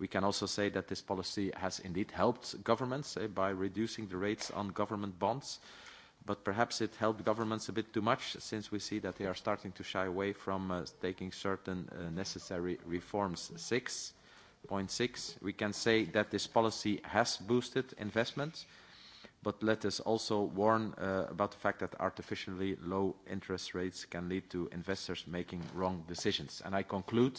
We can also say that this policy has indeed helped governments eh, by reducing the rates on government bonds, but perhaps it helped governments a bit too much since we see that they are starting to shy away from uh, taking certain uh, necessary reforms. 6.6, we can say that this policy has boosted investment, but let us also warn uh, about the fact that artificially low interest rates can lead to investors making wrong decisions. I conclude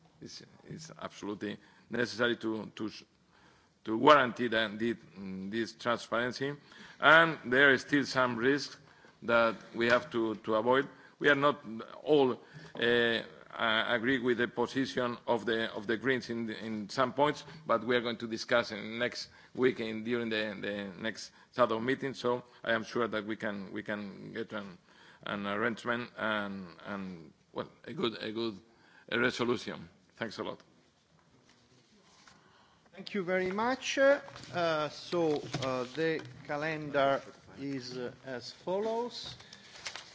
it's, it's absolutely necessary to, to, to guarantee that the, this transparency. And there are still some risks that we have to, to avoid. We are not all uh, uh, agree with the position of the, of the Greens in, in some points, but we are going to discuss in next week and during the, the next SADO meeting. So I am sure that we can, we can get an, an arrangement and, and well, a good, a good a resolution. Thanks a lot. Thank you very much. Uh, uh, the calendar is uh, as follows.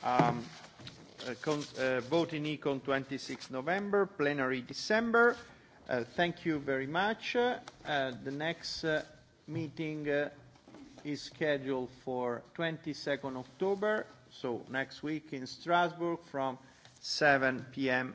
Um, vote in Econ 26 November, plenary December. Thank you very much. The next meeting is scheduled for 22nd October, so next week in Strasbourg from 7:00 P.M.